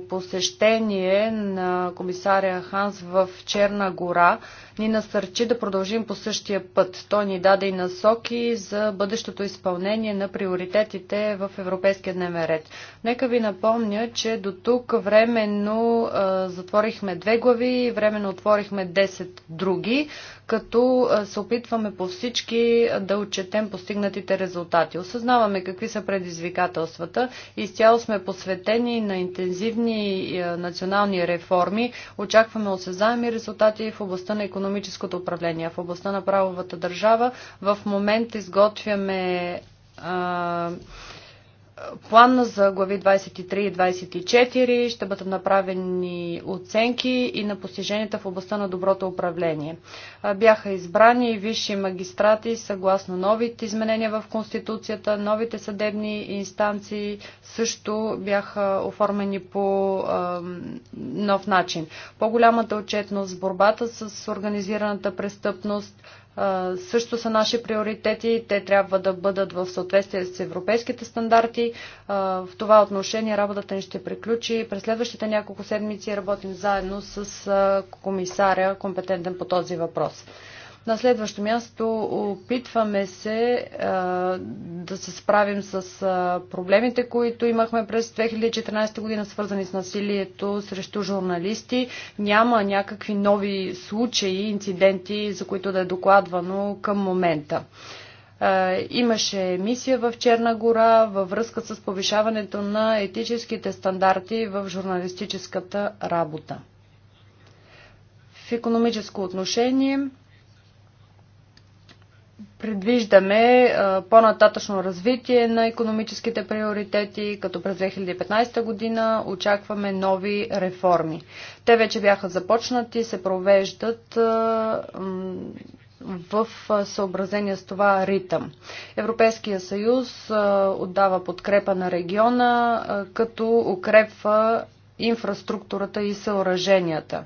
посещение на комисаря Ханс в Черна гора ни насърчи да продължим по същия път. Той ни даде и насоки за бъдещото изпълнение на приоритетите в Европейския дневен ред. Нека ви напомня, че до тук временно затворихме две глави, временно отворихме 10 други, като се опитваме по всички да отчетем постигнатите резултати. Осъзнаваме какви са предизвикателствата и изцяло сме посветени на интензивни е, национални реформи очакваме осезаеми резултати в областта на економическото управление. В областта на правовата държава в момента изготвяме е, план за глави 23 и 24 ще бъдат направени оценки и на постиженията в областта на доброто управление. Бяха избрани висши магистрати съгласно новите изменения в Конституцията, новите съдебни инстанции също бяха оформени по нов начин. По-голямата отчетност, борбата с организираната престъпност, също са наши приоритети. Те трябва да бъдат в съответствие с европейските стандарти. В това отношение работата ни ще приключи. През следващите няколко седмици работим заедно с комисаря, компетентен по този въпрос. На следващо място опитваме се а, да се справим с а, проблемите, които имахме през 2014 година, свързани с насилието срещу журналисти. Няма някакви нови случаи, инциденти, за които да е докладвано към момента имаше мисия в Черна гора във връзка с повишаването на етическите стандарти в журналистическата работа. В економическо отношение Предвиждаме по-нататъчно развитие на економическите приоритети, като през 2015 година очакваме нови реформи. Те вече бяха започнати, се провеждат в съобразение с това ритъм. Европейския съюз отдава подкрепа на региона, като укрепва инфраструктурата и съоръженията.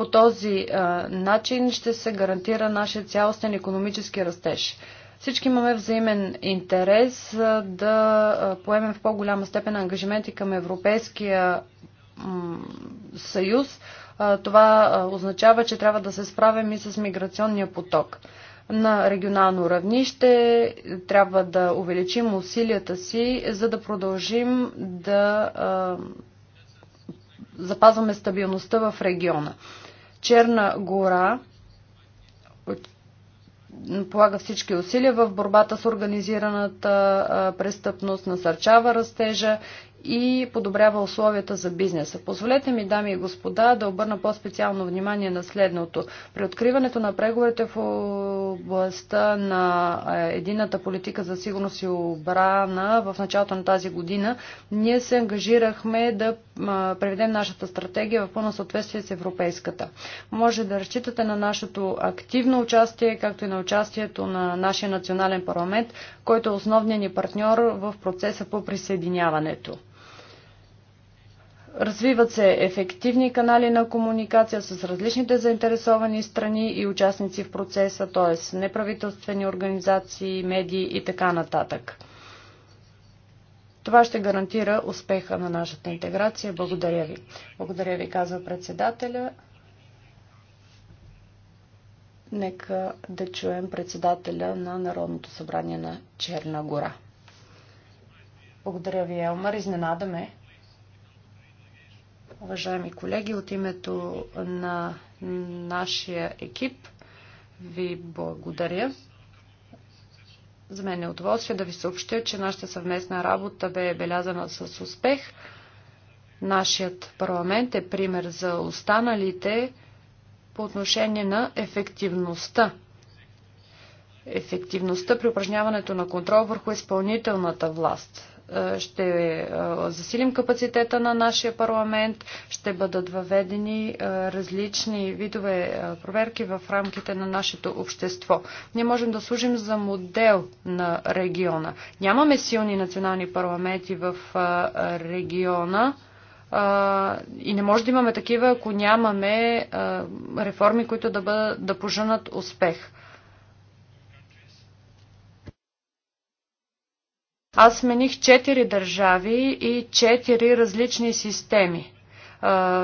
По този а, начин ще се гарантира нашия цялостен економически растеж. Всички имаме взаимен интерес а, да поемем в по-голяма степен ангажименти към Европейския съюз. А, това а, означава, че трябва да се справим и с миграционния поток на регионално равнище. Трябва да увеличим усилията си, за да продължим да а, запазваме стабилността в региона. Черна гора полага всички усилия в борбата с организираната престъпност, насърчава растежа и подобрява условията за бизнеса. Позволете ми, дами и господа, да обърна по-специално внимание на следното. При откриването на преговорите в областта на едината политика за сигурност и обрана в началото на тази година, ние се ангажирахме да преведем нашата стратегия в пълно съответствие с европейската. Може да разчитате на нашето активно участие, както и на участието на нашия национален парламент, който е основният ни партньор в процеса по присъединяването. Развиват се ефективни канали на комуникация с различните заинтересовани страни и участници в процеса, т.е. неправителствени организации, медии и така нататък. Това ще гарантира успеха на нашата интеграция. Благодаря ви. Благодаря ви, казва председателя. Нека да чуем председателя на Народното събрание на Черна гора. Благодаря ви, Елмар. Изненадаме. Уважаеми колеги, от името на нашия екип ви благодаря. За мен е удоволствие да ви съобщя, че нашата съвместна работа бе е белязана с успех. Нашият парламент е пример за останалите по отношение на ефективността. Ефективността при упражняването на контрол върху изпълнителната власт. Е, ще е, засилим капацитета на нашия парламент, ще бъдат въведени е, различни видове проверки в рамките на нашето общество. Ние можем да служим за модел на региона. Нямаме силни национални парламенти в региона и не може да имаме такива, ако нямаме реформи, които да, бъдат, да поженат успех. Аз смених 4 държави и 4 различни системи.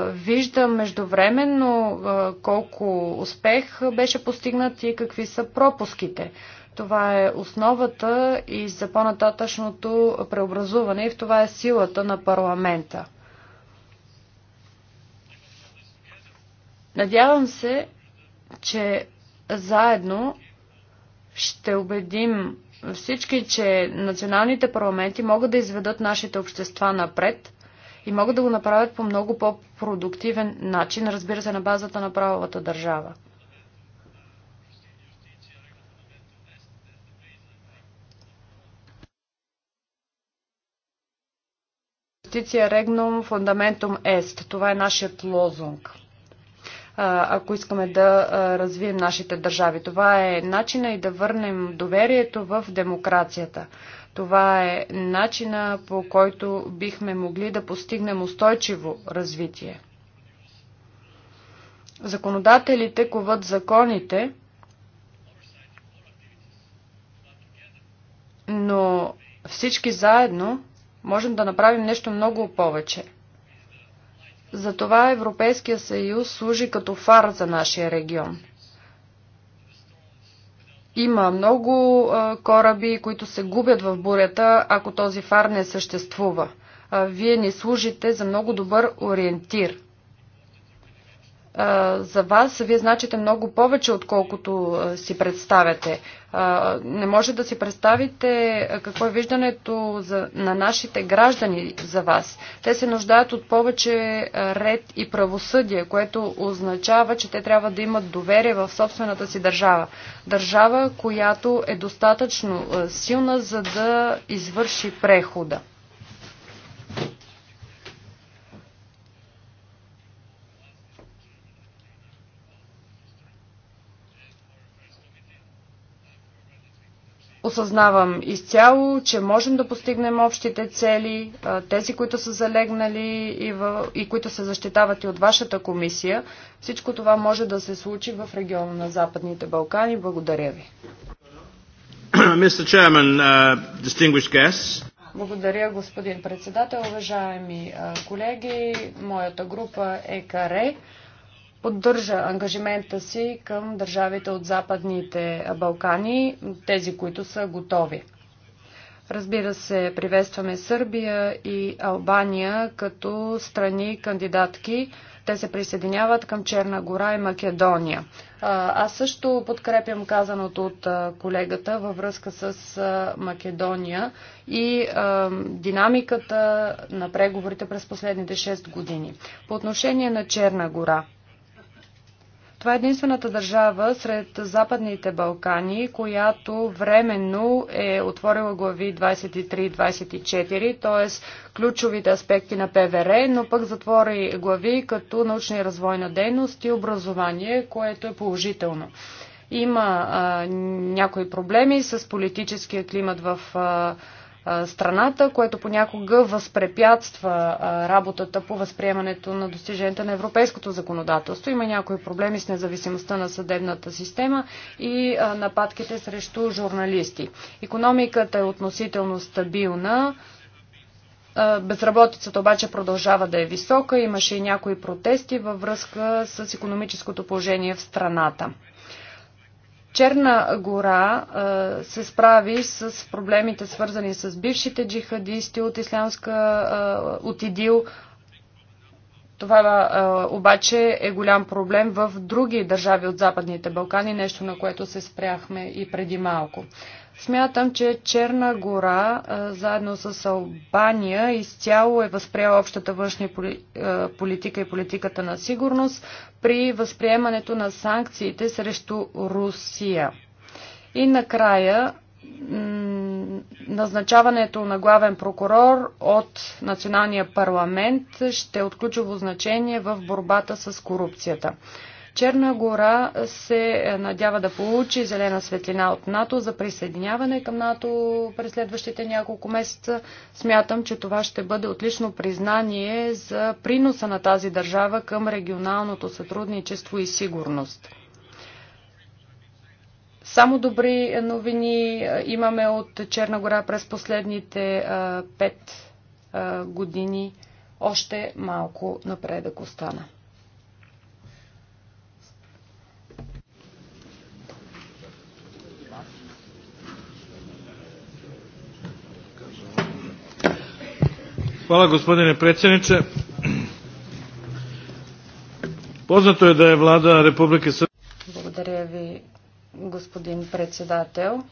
Виждам междувременно колко успех беше постигнат и какви са пропуските. Това е основата и за по-нататъчното преобразуване и в това е силата на парламента. Надявам се, че заедно ще убедим всички, че националните парламенти могат да изведат нашите общества напред и могат да го направят по много по-продуктивен начин, разбира се, на базата на правовата държава. Юстиция Регнум Фундаментум Ест. Това е нашият лозунг ако искаме да развием нашите държави. Това е начина и да върнем доверието в демокрацията. Това е начина по който бихме могли да постигнем устойчиво развитие. Законодателите коват законите, но всички заедно можем да направим нещо много повече – затова Европейския съюз служи като фар за нашия регион. Има много кораби, които се губят в бурята, ако този фар не съществува. Вие ни служите за много добър ориентир – за вас, вие значите много повече, отколкото си представяте. Не може да си представите какво е виждането за, на нашите граждани за вас. Те се нуждаят от повече ред и правосъдие, което означава, че те трябва да имат доверие в собствената си държава. Държава, която е достатъчно силна, за да извърши прехода. Осъзнавам изцяло, че можем да постигнем общите цели, тези, които са залегнали и, в, и които се защитават и от вашата комисия. Всичко това може да се случи в региона на Западните Балкани. Благодаря ви. <coughs> Благодаря, господин председател. Уважаеми колеги, моята група е каре поддържа ангажимента си към държавите от Западните Балкани, тези, които са готови. Разбира се, приветстваме Сърбия и Албания като страни кандидатки. Те се присъединяват към Черна гора и Македония. Аз също подкрепям казаното от колегата във връзка с Македония и динамиката на преговорите през последните 6 години. По отношение на Черна гора – това е единствената държава сред Западните Балкани, която временно е отворила глави 23 24, т.е. ключовите аспекти на ПВР, но пък затвори глави като научна и развойна дейност и образование, което е положително. Има а, някои проблеми с политическия климат в а, страната, което понякога възпрепятства работата по възприемането на достиженията на европейското законодателство. Има някои проблеми с независимостта на съдебната система и нападките срещу журналисти. Економиката е относително стабилна. Безработицата обаче продължава да е висока. Имаше и някои протести във връзка с економическото положение в страната. Черна гора се справи с проблемите свързани с бившите джихадисти от ислямска, от ИДИЛ. Това обаче е голям проблем в други държави от Западните Балкани, нещо на което се спряхме и преди малко. Смятам, че Черна гора, заедно с Албания, изцяло е възприела общата външна политика и политиката на сигурност при възприемането на санкциите срещу Русия. И накрая назначаването на главен прокурор от националния парламент ще отключва значение в борбата с корупцията. Черна гора се надява да получи зелена светлина от НАТО за присъединяване към НАТО през следващите няколко месеца. Смятам, че това ще бъде отлично признание за приноса на тази държава към регионалното сътрудничество и сигурност. Само добри новини имаме от Черна гора през последните пет години. Още малко напредък остана. Hvala gospodine predsjedniče. Poznato je da je vlada Republike Srbije... Благодаря ви, господин председател.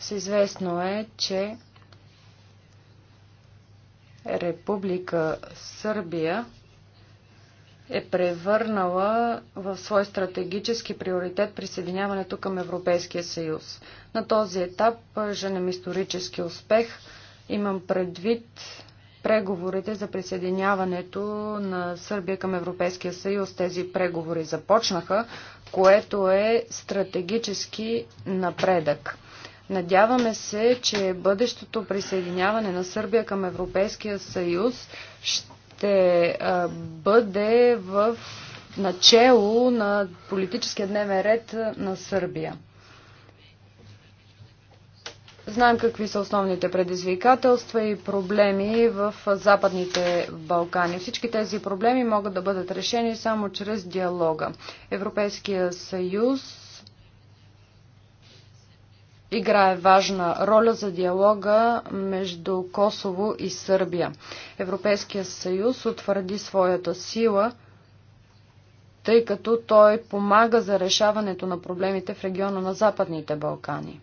Всеизвестно е, че Република Сърбия е превърнала в свой стратегически приоритет присъединяването към Европейския съюз. На този етап женем исторически успех – Имам предвид преговорите за присъединяването на Сърбия към Европейския съюз. Тези преговори започнаха, което е стратегически напредък. Надяваме се, че бъдещото присъединяване на Сърбия към Европейския съюз ще бъде в начало на политическия дневен ред на Сърбия. Знаем какви са основните предизвикателства и проблеми в Западните Балкани. Всички тези проблеми могат да бъдат решени само чрез диалога. Европейския съюз играе важна роля за диалога между Косово и Сърбия. Европейския съюз утвърди своята сила, тъй като той помага за решаването на проблемите в региона на Западните Балкани.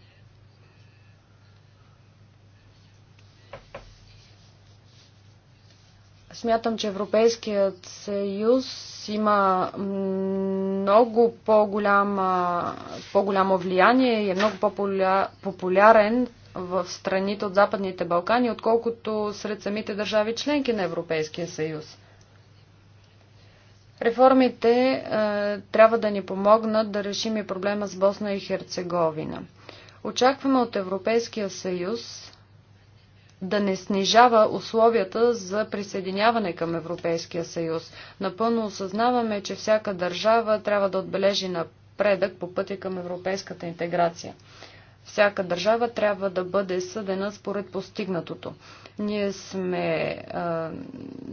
Смятам, че Европейският съюз има много по-голямо по влияние и е много по-популярен в страните от Западните Балкани, отколкото сред самите държави членки на Европейския съюз. Реформите е, трябва да ни помогнат да решим и проблема с Босна и Херцеговина. Очакваме от Европейския съюз да не снижава условията за присъединяване към Европейския съюз. Напълно осъзнаваме, че всяка държава трябва да отбележи напредък по пътя към европейската интеграция. Всяка държава трябва да бъде съдена според постигнатото. Ние сме а,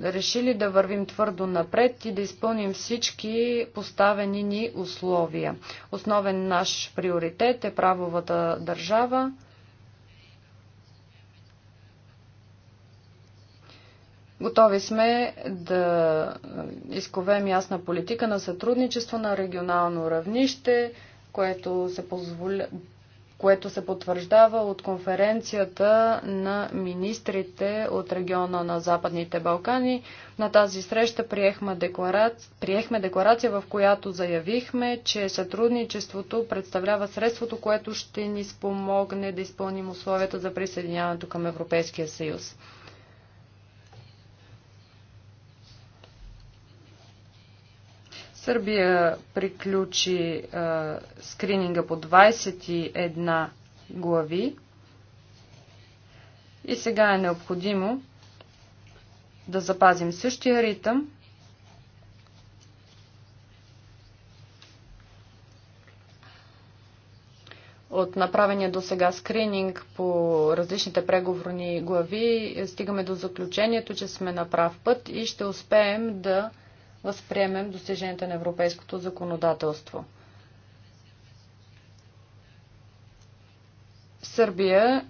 решили да вървим твърдо напред и да изпълним всички поставени ни условия. Основен наш приоритет е правовата държава Готови сме да изковем ясна политика на сътрудничество на регионално равнище, което се, позволя... което се потвърждава от конференцията на министрите от региона на Западните Балкани. На тази среща приехме, декларация, приехме декларация, в която заявихме, че сътрудничеството представлява средството, което ще ни спомогне да изпълним условията за присъединяването към Европейския съюз. Сърбия приключи а, скрининга по 21 глави и сега е необходимо да запазим същия ритъм. От направения до сега скрининг по различните преговорни глави стигаме до заключението, че сме на прав път и ще успеем да възприемем достиженията на европейското законодателство. Сърбия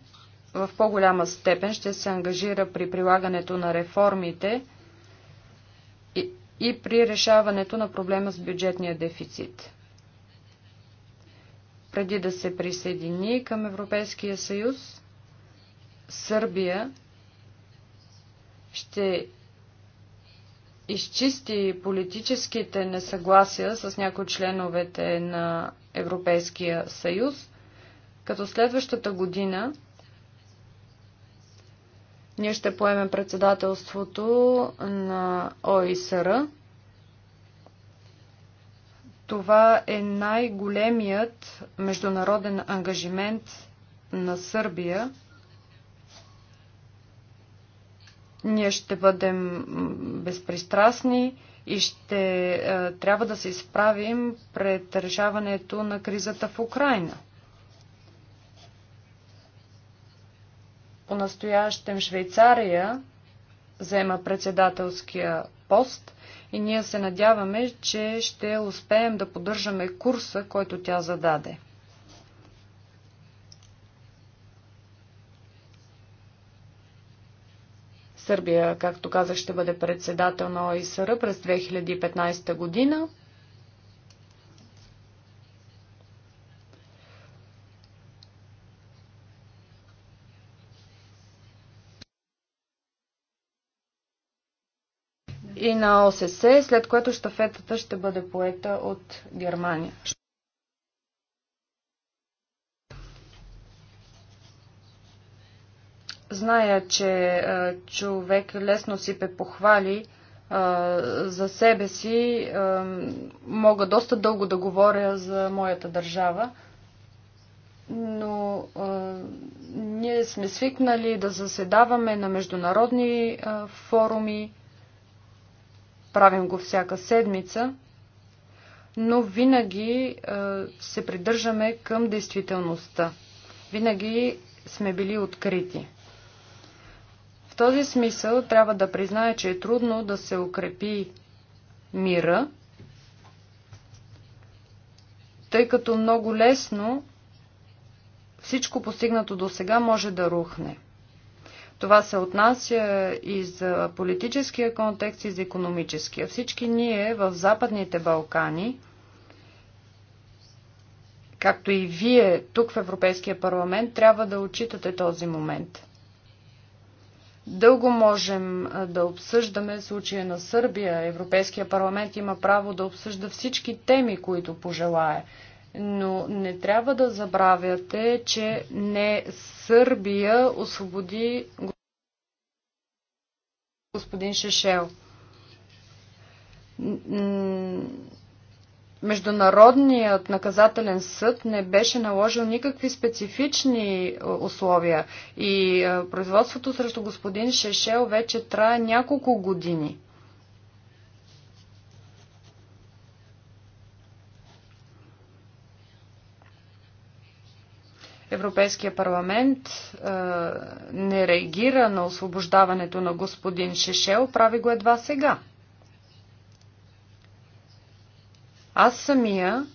в по-голяма степен ще се ангажира при прилагането на реформите и, и при решаването на проблема с бюджетния дефицит. Преди да се присъедини към Европейския съюз, Сърбия ще изчисти политическите несъгласия с някои членовете на Европейския съюз, като следващата година ние ще поемем председателството на ОИСР. Това е най-големият международен ангажимент на Сърбия Ние ще бъдем безпристрастни и ще е, трябва да се изправим пред решаването на кризата в Украина. По-настоящем Швейцария взема председателския пост и ние се надяваме, че ще успеем да поддържаме курса, който тя зададе. Сърбия, както казах, ще бъде председател на ОИСР през 2015 година. и на ОССЕ, след което щафетата ще бъде поета от Германия. Зная, че човек лесно си пе похвали за себе си, мога доста дълго да говоря за моята държава, но ние сме свикнали да заседаваме на международни форуми, правим го всяка седмица, но винаги се придържаме към действителността. Винаги сме били открити този смисъл трябва да призная, че е трудно да се укрепи мира, тъй като много лесно всичко постигнато до сега може да рухне. Това се отнася и за политическия контекст, и за економическия. Всички ние в Западните Балкани, както и вие тук в Европейския парламент, трябва да отчитате този момент. Дълго можем да обсъждаме случая на Сърбия. Европейския парламент има право да обсъжда всички теми, които пожелае. Но не трябва да забравяте, че не Сърбия освободи господин Шешел Международният наказателен съд не беше наложил никакви специфични е, условия и е, производството срещу господин Шешел вече трае няколко години. Европейския парламент е, не реагира на освобождаването на господин Шешел, прави го едва сега. Аз самия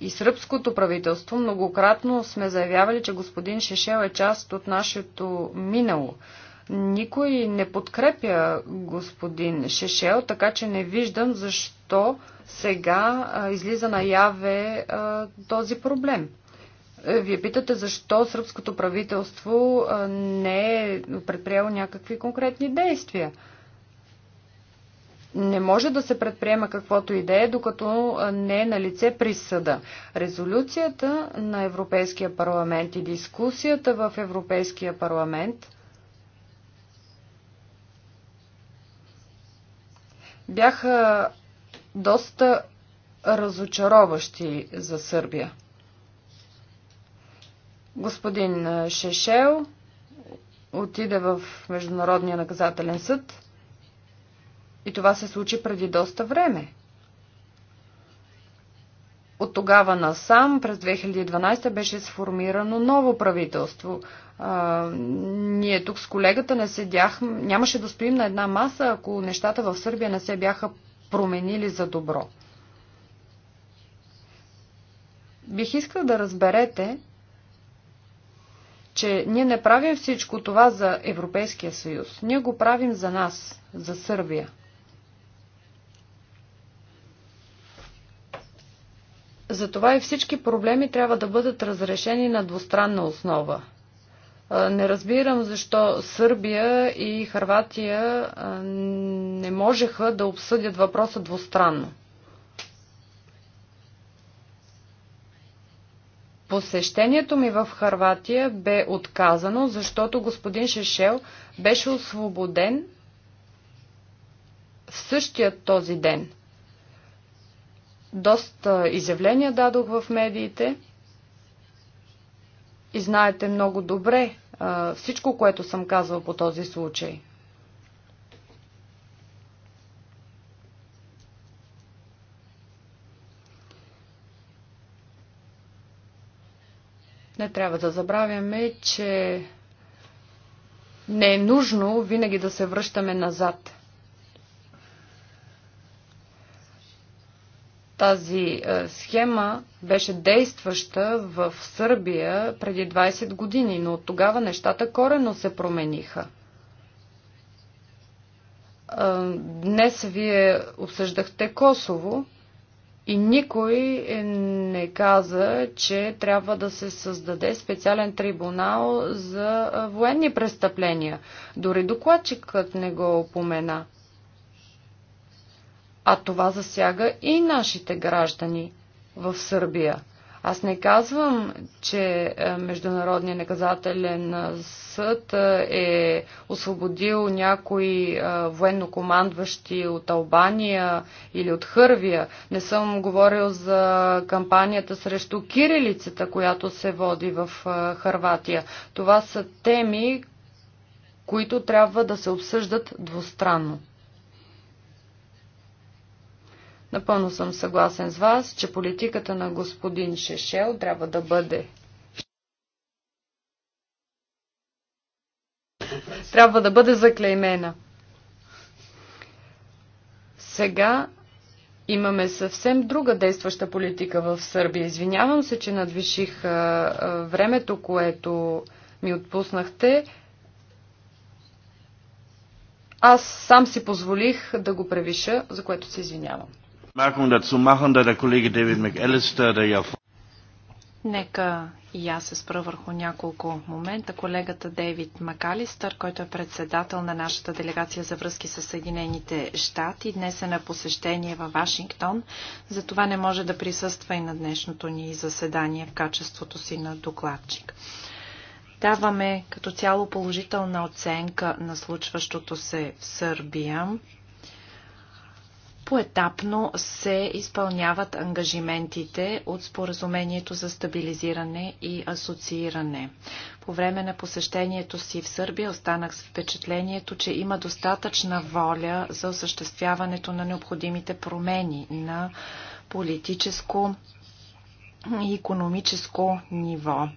и сръбското правителство многократно сме заявявали, че господин Шешел е част от нашето минало. Никой не подкрепя господин Шешел, така че не виждам защо сега а, излиза наяве а, този проблем. Е, вие питате защо сръбското правителство а, не е предприело някакви конкретни действия не може да се предприема каквото и да е, докато не е на лице присъда. Резолюцията на Европейския парламент и дискусията в Европейския парламент бяха доста разочароващи за Сърбия. Господин Шешел отиде в Международния наказателен съд – и това се случи преди доста време. От тогава насам, през 2012, беше сформирано ново правителство. А, ние тук с колегата не седяхме, нямаше да стоим на една маса, ако нещата в Сърбия не се бяха променили за добро. Бих искал да разберете, че ние не правим всичко това за Европейския съюз. Ние го правим за нас, за Сърбия. Затова и всички проблеми трябва да бъдат разрешени на двустранна основа. Не разбирам защо Сърбия и Харватия не можеха да обсъдят въпроса двустранно. Посещението ми в Харватия бе отказано, защото господин Шешел беше освободен в същия този ден – доста изявления дадох в медиите и знаете много добре а, всичко, което съм казвал по този случай. Не трябва да забравяме, че не е нужно винаги да се връщаме назад – Тази е, схема беше действаща в Сърбия преди 20 години, но от тогава нещата корено се промениха. Е, днес вие обсъждахте Косово и никой не каза, че трябва да се създаде специален трибунал за е, военни престъпления. Дори докладчикът не го опомена – а това засяга и нашите граждани в Сърбия. Аз не казвам, че е, Международният наказателен е, съд е, е освободил някои военнокомандващи от Албания или от Хървия. Не съм говорил за кампанията срещу кирилицата, която се води в Харватия. Това са теми, които трябва да се обсъждат двустранно. Напълно съм съгласен с вас, че политиката на господин Шешел трябва да бъде трябва да бъде заклеймена. Сега имаме съвсем друга действаща политика в Сърбия. Извинявам се, че надвиших времето, което ми отпуснахте. Аз сам си позволих да го превиша, за което се извинявам. Нека и аз се спра върху няколко момента. Колегата Дейвид Макалистър, който е председател на нашата делегация за връзки с Съединените щати, днес е на посещение във Вашингтон. Затова не може да присъства и на днешното ни заседание в качеството си на докладчик даваме като цяло положителна оценка на случващото се в Сърбия поетапно се изпълняват ангажиментите от споразумението за стабилизиране и асоцииране. По време на посещението си в Сърбия останах с впечатлението, че има достатъчна воля за осъществяването на необходимите промени на политическо и економическо ниво.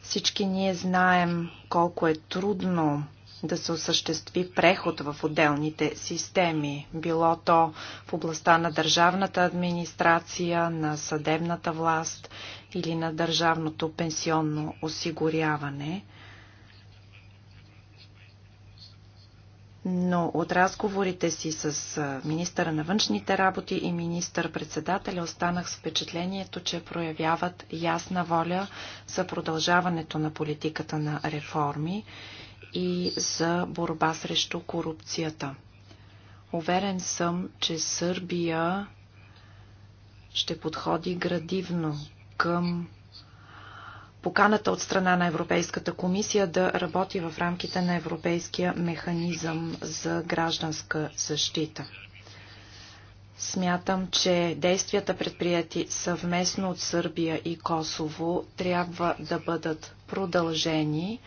Всички ние знаем колко е трудно да се осъществи преход в отделните системи, било то в областта на държавната администрация, на съдебната власт или на държавното пенсионно осигуряване. но от разговорите си с министъра на външните работи и министър-председателя останах с впечатлението, че проявяват ясна воля за продължаването на политиката на реформи и за борба срещу корупцията. Уверен съм, че Сърбия ще подходи градивно към поканата от страна на Европейската комисия да работи в рамките на Европейския механизъм за гражданска защита. Смятам, че действията предприяти съвместно от Сърбия и Косово трябва да бъдат продължени.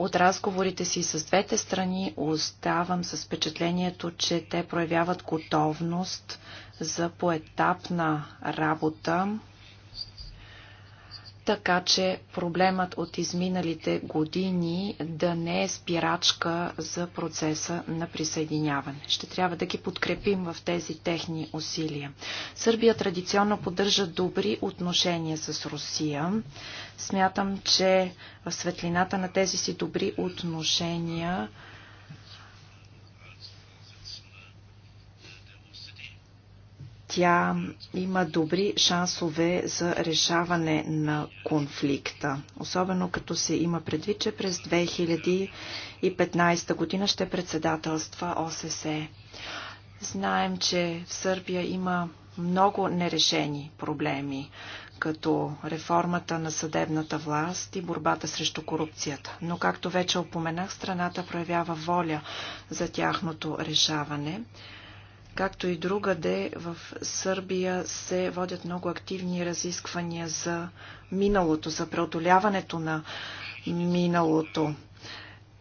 От разговорите си с двете страни оставам с впечатлението, че те проявяват готовност за поетапна работа така че проблемът от изминалите години да не е спирачка за процеса на присъединяване. Ще трябва да ги подкрепим в тези техни усилия. Сърбия традиционно поддържа добри отношения с Русия. Смятам, че в светлината на тези си добри отношения Тя има добри шансове за решаване на конфликта, особено като се има предвид, че през 2015 година ще председателства ОССЕ. Знаем, че в Сърбия има много нерешени проблеми, като реформата на съдебната власт и борбата срещу корупцията. Но, както вече опоменах, страната проявява воля за тяхното решаване. Както и другаде, в Сърбия се водят много активни разисквания за миналото, за преодоляването на миналото.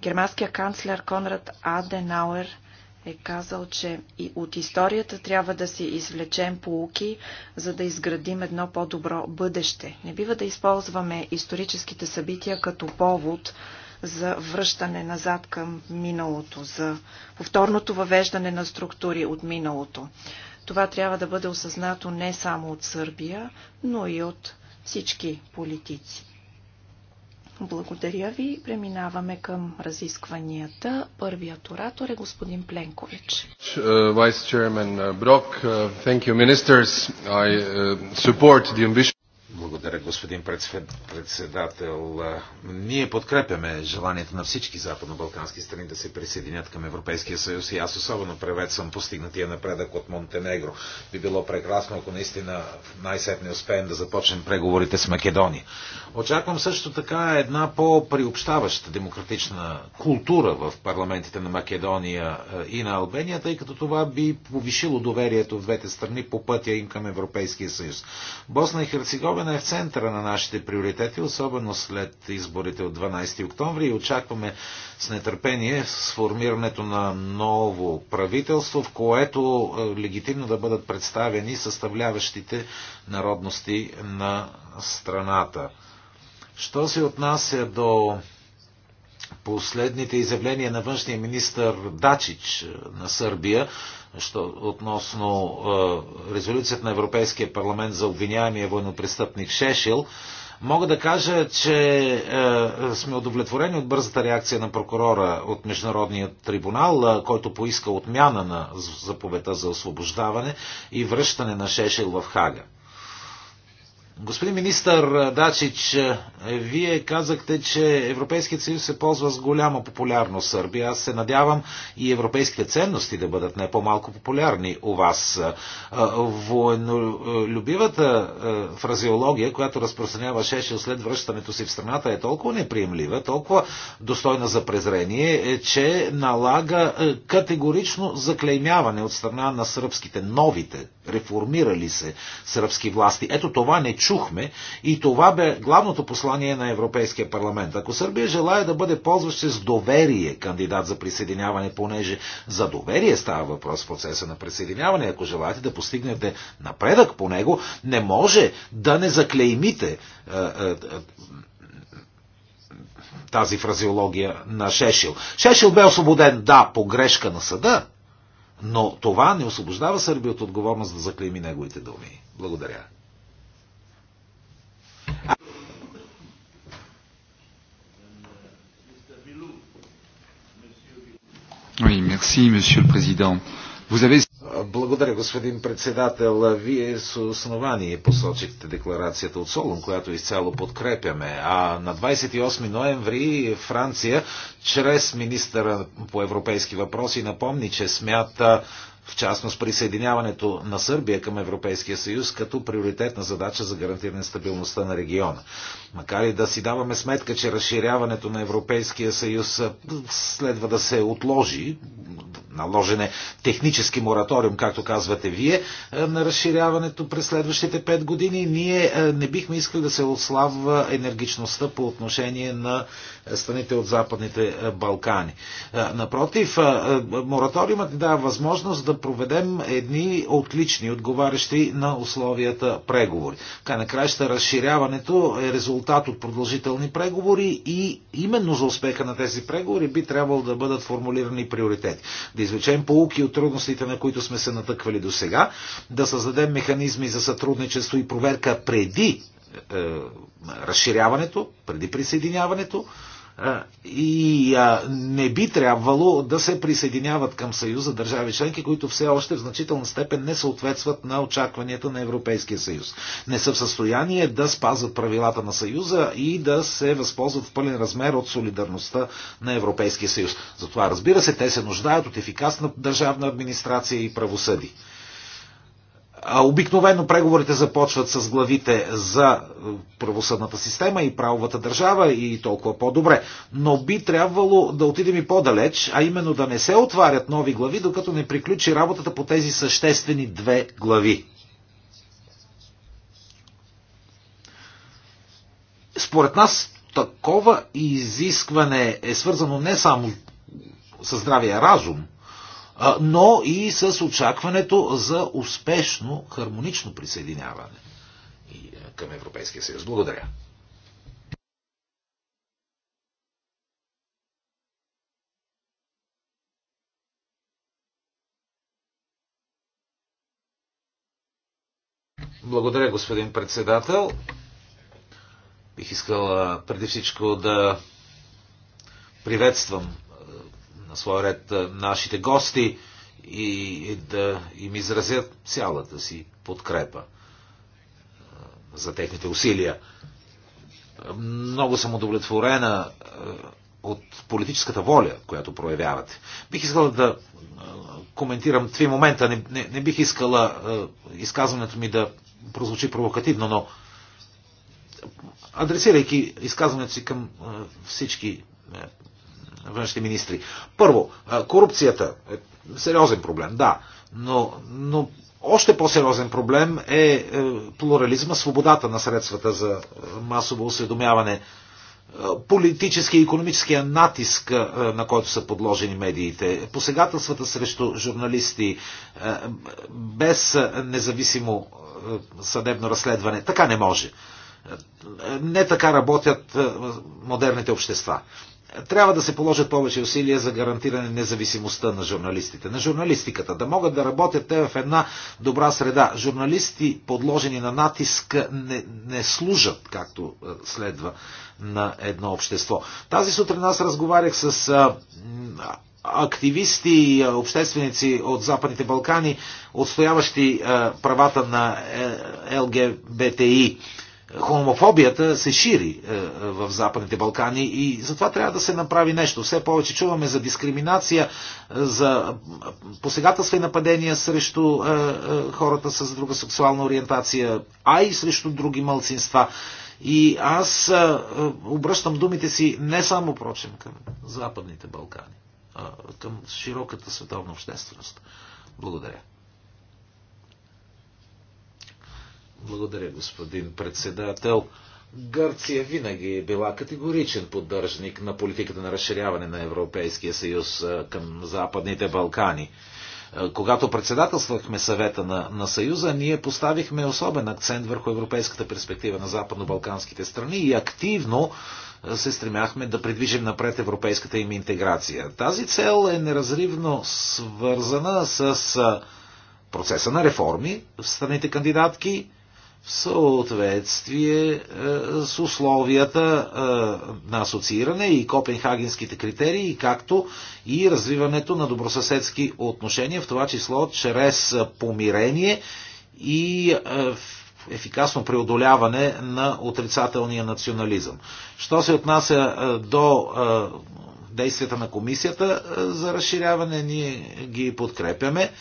Германският канцлер Конрад Аденауер е казал, че и от историята трябва да си извлечем полуки, за да изградим едно по-добро бъдеще. Не бива да използваме историческите събития като повод за връщане назад към миналото, за повторното въвеждане на структури от миналото. Това трябва да бъде осъзнато не само от Сърбия, но и от всички политици. Благодаря ви. Преминаваме към разискванията. Първият оратор е господин Пленкович. Vice Chairman Brock, uh, thank you ministers. I uh, support благодаря, господин председател. Ние подкрепяме желанието на всички западно-балкански страни да се присъединят към Европейския съюз и аз особено приветствам постигнатия напредък от Монтенегро. Би било прекрасно, ако наистина най-сетне успеем да започнем преговорите с Македония. Очаквам също така една по-приобщаваща демократична култура в парламентите на Македония е, и на Албения, тъй като това би повишило доверието в двете страни по пътя им към Европейския съюз. Босна и Херцеговина е в центъра на нашите приоритети, особено след изборите от 12 октомври и очакваме с нетърпение сформирането на ново правителство, в което е, легитимно да бъдат представени съставляващите народности на страната. Що се отнася до последните изявления на външния министр Дачич е, на Сърбия що, относно е, резолюцията на Европейския парламент за обвиняемия военнопрестъпник Шешил, мога да кажа, че е, сме удовлетворени от бързата реакция на прокурора от Международния трибунал, е, който поиска отмяна на заповедта за освобождаване и връщане на Шешил в Хага. Господин министър Дачич, е, вие казахте, че Европейският съюз се ползва с голяма популярност в Сърбия. Аз се надявам и европейските ценности да бъдат не по-малко популярни у вас. Е, Военолюбивата е, фразеология, която разпространява Шешел след връщането си в страната, е толкова неприемлива, толкова достойна за презрение, че налага категорично заклеймяване от страна на сръбските новите реформирали се сръбски власти. Ето това не чухме и това бе главното послание на Европейския парламент. Ако Сърбия желая да бъде ползващ с доверие кандидат за присъединяване, понеже за доверие става въпрос в процеса на присъединяване, ако желаете да постигнете напредък по него, не може да не заклеймите е, е, е, тази фразеология на Шешил. Шешил бе освободен, да, по грешка на съда, но това не освобождава Сърбия от отговорност да заклейми неговите думи. Благодаря. Oui, merci, Monsieur le Président. Vous avez... Благодаря, господин председател. Вие с основание посочихте декларацията от Солун, която изцяло подкрепяме. А на 28 ноември Франция, чрез министъра по европейски въпроси, напомни, че смята в частност присъединяването на Сърбия към Европейския съюз като приоритетна задача за гарантиране стабилността на региона. Макар и да си даваме сметка, че разширяването на Европейския съюз следва да се отложи наложен е технически мораториум, както казвате вие, е, на разширяването през следващите 5 години. Ние е, не бихме искали да се отслабва енергичността по отношение на страните от Западните е, Балкани. Напротив, мораториумът ни дава възможност да проведем едни отлични, отговарящи на условията преговори. Така накрая разширяването е резултат от продължителни преговори и именно за успеха на тези преговори би трябвало да бъдат формулирани приоритети. Да извлечем полуки от трудностите, на които сме се натъквали до сега, да създадем механизми за сътрудничество и проверка преди е, е разширяването, преди присъединяването, и не би трябвало да се присъединяват към Съюза държави членки, които все още в значителна степен не съответстват на очакванията на Европейския съюз. Не са в състояние да спазват правилата на Съюза и да се възползват в пълен размер от солидарността на Европейския съюз. Затова, разбира се, те се нуждаят от ефикасна държавна администрация и правосъди обикновено преговорите започват с главите за правосъдната система и правовата държава и толкова по-добре. Но би трябвало да отидем и по-далеч, а именно да не се отварят нови глави, докато не приключи работата по тези съществени две глави. Според нас такова изискване е свързано не само с здравия разум, но и с очакването за успешно, хармонично присъединяване е, към Европейския съюз. Благодаря. Благодаря, господин председател. Бих искал преди всичко да приветствам на своя ред нашите гости и да им изразят цялата си подкрепа за техните усилия. Много съм удовлетворена от политическата воля, която проявявате. Бих искала да коментирам три момента. Не, не, не бих искала изказването ми да прозвучи провокативно, но адресирайки изказването си към всички външни министри. Първо, корупцията е сериозен проблем, да, но, но още по-сериозен проблем е, е плурализма, свободата на средствата за е, масово осведомяване, е, политически и економическия натиск, на който са подложени медиите, посегателствата срещу журналисти, без независимо съдебно разследване. Така не може. Не така работят модерните общества трябва да се положат повече усилия за гарантиране независимостта на журналистите, на журналистиката, да могат да работят те в една добра среда. Журналисти, подложени на натиск, не, не служат, както е, следва, на едно общество. Тази сутрин аз разговарях с а, е, активисти и е, общественици от Западните Балкани, отстояващи а, правата на ЛГБТИ хомофобията се шири е, е, в Западните Балкани и затова трябва да се направи нещо. Все повече чуваме за дискриминация, е, за посегателства и нападения срещу хората с друга сексуална ориентация, а и срещу други мълцинства. И аз обръщам думите си не само, прочим, към Западните Балкани, а към широката световна общественост. Благодаря. Благодаря, господин председател. Гърция винаги е била категоричен поддържник на политиката на разширяване на Европейския съюз към Западните Балкани. Когато председателствахме съвета на, на Съюза, ние поставихме особен акцент върху европейската перспектива на западно-балканските страни и активно се стремяхме да придвижим напред европейската им интеграция. Тази цел е неразривно свързана с процеса на реформи в страните кандидатки, в съответствие е, с условията е, на асоцииране и копенхагенските критерии, както и развиването на добросъседски отношения, в това число чрез помирение и е, ефикасно преодоляване на отрицателния национализъм. Що се отнася до действията на комисията за разширяване, ние ги подкрепяме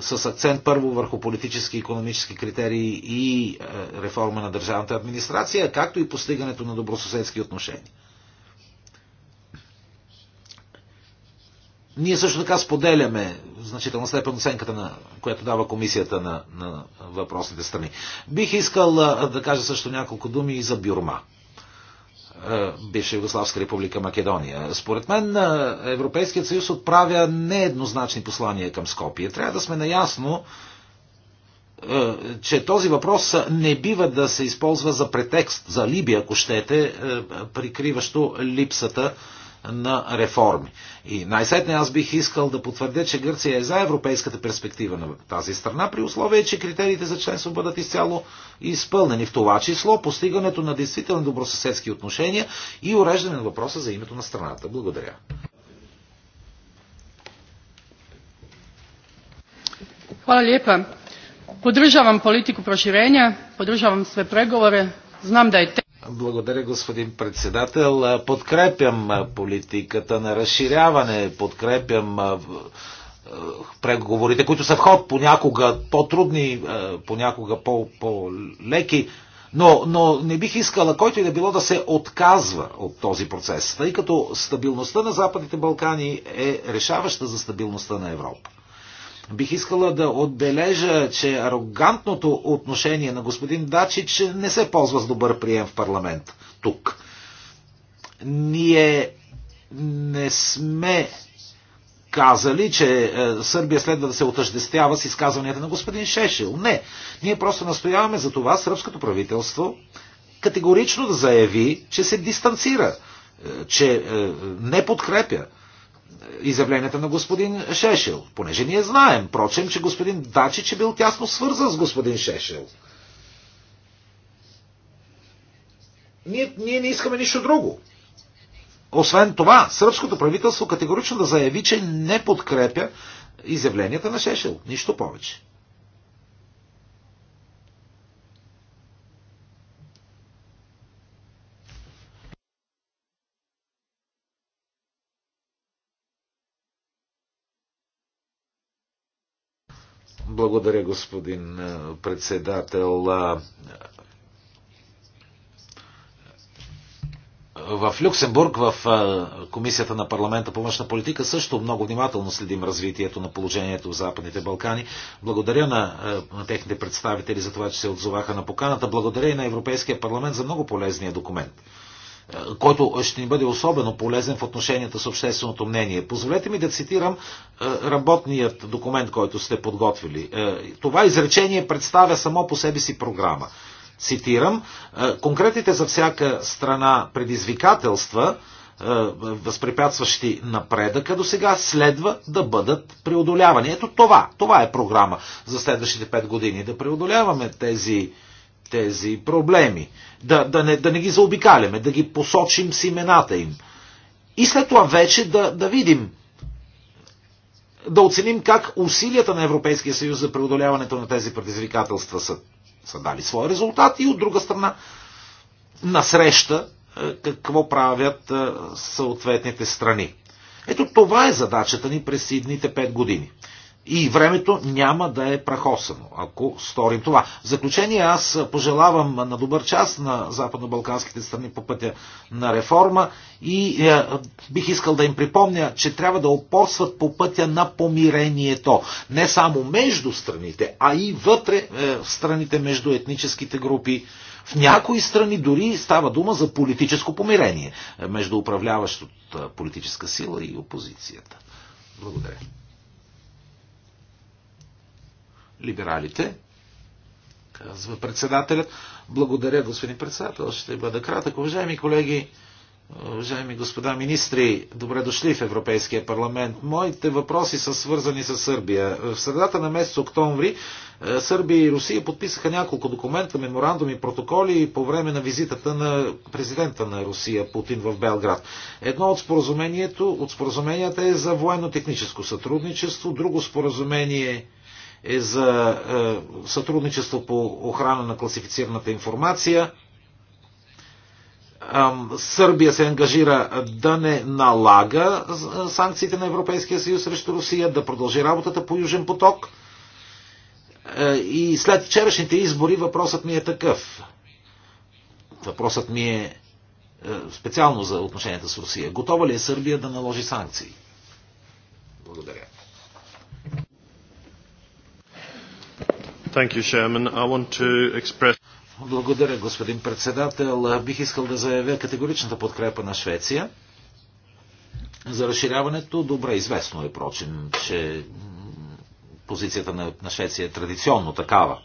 с акцент първо върху политически и економически критерии и е, реформа на държавната администрация, както и постигането на добрососедски отношения. Ние също така споделяме значителна степен оценката, на, която дава комисията на, на въпросните страни. Бих искал е, да кажа също няколко думи и за Бюрма. Е, бивша Югославска република Македония. Според мен е, Европейският съюз отправя нееднозначни послания към Скопие. Трябва да сме наясно, е, че този въпрос не бива да се използва за претекст за Либия, ако щете, прикриващо липсата на реформи. И най-сетне аз бих искал да потвърдя, че Гърция е за европейската перспектива на тази страна, при условие, че критериите за членство бъдат изцяло изпълнени. В това число постигането на действителни добросъседски отношения и уреждане на въпроса за името на страната. Благодаря. Hvala lijepa. Podržavam politiku proširenja, podržavam sve pregovore, znam da je благодаря, господин председател. Подкрепям политиката на разширяване, подкрепям преговорите, които са в ход понякога по-трудни, понякога по-леки, но, но не бих искала който и да било да се отказва от този процес, тъй като стабилността на Западните Балкани е решаваща за стабилността на Европа. Бих искала да отбележа, че арогантното отношение на господин Дачич не се ползва с добър прием в парламент тук. Ние не сме казали, че е, Сърбия следва да се отъждествява с изказванията на господин Шешел. Не. Ние просто настояваме за това сръбското правителство категорично да заяви, че се дистанцира, е, че е, не подкрепя изявленията на господин Шешел. Понеже ние знаем, прочем, че господин Дачич е бил тясно свързан с господин Шешел. Ние, ние не искаме нищо друго. Освен това, сръбското правителство категорично да заяви, че не подкрепя изявленията на Шешел. Нищо повече. Благодаря, господин председател. в Люксембург, в Комисията на парламента по външна политика, също много внимателно следим развитието на положението в Западните Балкани. Благодаря на, на техните представители за това, че се отзоваха на поканата. Благодаря и на Европейския парламент за много полезния документ. Е, който ще ни бъде особено полезен в отношенията с общественото мнение. Позволете ми да цитирам е, работният документ, който сте подготвили. Е, това изречение представя само по себе си програма. Цитирам, конкретите за всяка страна предизвикателства, възпрепятстващи напредъка до сега, следва да бъдат преодолявани. Ето това, това е програма за следващите 5 години. Да преодоляваме тези тези проблеми. Да, да, не, да не ги заобикаляме, да ги посочим с имената им. И след това вече да, да видим, да оценим как усилията на Европейския съюз за преодоляването на тези предизвикателства са, са дали своя резултат и от друга страна насреща е, какво правят е, съответните страни. Ето това е задачата ни през идните пет години. И времето няма да е прахосано, ако сторим това. В заключение аз пожелавам на добър час на западно-балканските страни по пътя на реформа и е, бих искал да им припомня, че трябва да опорстват по пътя на помирението. Не само между страните, а и вътре е, в страните между етническите групи. В някои страни дори става дума за политическо помирение е, между управляващата е, политическа сила и опозицията. Благодаря либералите, казва председателят. Благодаря, господин председател. Ще бъда кратък. Уважаеми колеги, уважаеми господа министри, добре дошли в Европейския парламент. Моите въпроси са свързани с Сърбия. В средата на месец октомври е, Сърбия и Русия подписаха няколко документа, меморандуми, протоколи по време на визитата на президента на Русия Путин в Белград. Едно от, споразумението, от споразуменията е за военно-техническо сътрудничество, друго споразумение е е за е, сътрудничество по охрана на класифицираната информация. Сърбия се ангажира да не налага е, санкциите на Европейския съюз срещу Русия, да продължи работата по Южен поток. Е, и след вчерашните избори въпросът ми е такъв. Въпросът ми е специално за отношенията с Русия. Готова ли е Сърбия да наложи санкции? Благодаря. Благодаря, господин председател. Бих искал да заявя категоричната подкрепа на Швеция за разширяването. Добре известно е, прочим, че позицията на Швеция е традиционно такава.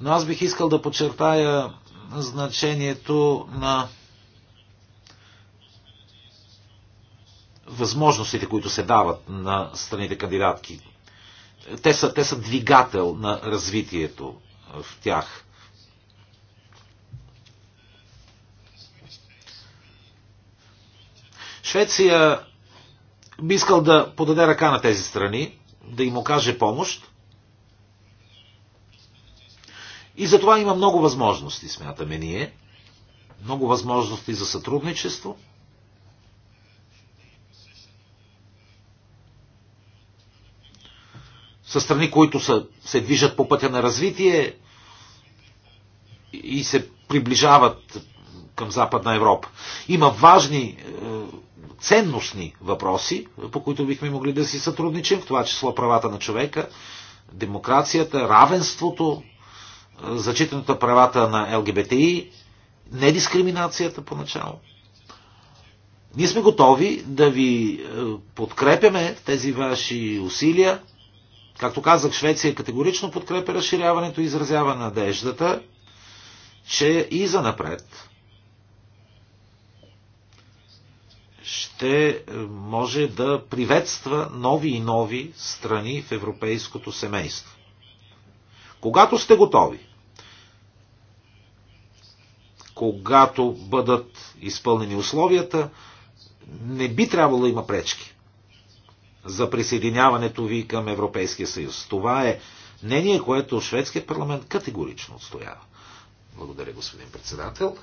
Но аз бих искал да подчертая значението на възможностите, които се дават на страните кандидатки те са, те са двигател на развитието в тях. Швеция би искал да подаде ръка на тези страни, да им окаже помощ. И за това има много възможности, смятаме ние. Много възможности за сътрудничество – са страни, които са, се движат по пътя на развитие и се приближават към Западна Европа. Има важни е, ценностни въпроси, по които бихме могли да си сътрудничим, в това число правата на човека, демокрацията, равенството, е, зачитането на правата на ЛГБТИ, недискриминацията поначало. Ние сме готови да ви е, подкрепяме тези ваши усилия Както казах, Швеция категорично подкрепя разширяването и изразява надеждата, че и за напред ще може да приветства нови и нови страни в европейското семейство. Когато сте готови, когато бъдат изпълнени условията, не би трябвало да има пречки за присъединяването ви към Европейския съюз. Това е мнение, което шведският парламент категорично отстоява. Благодаря, господин председател.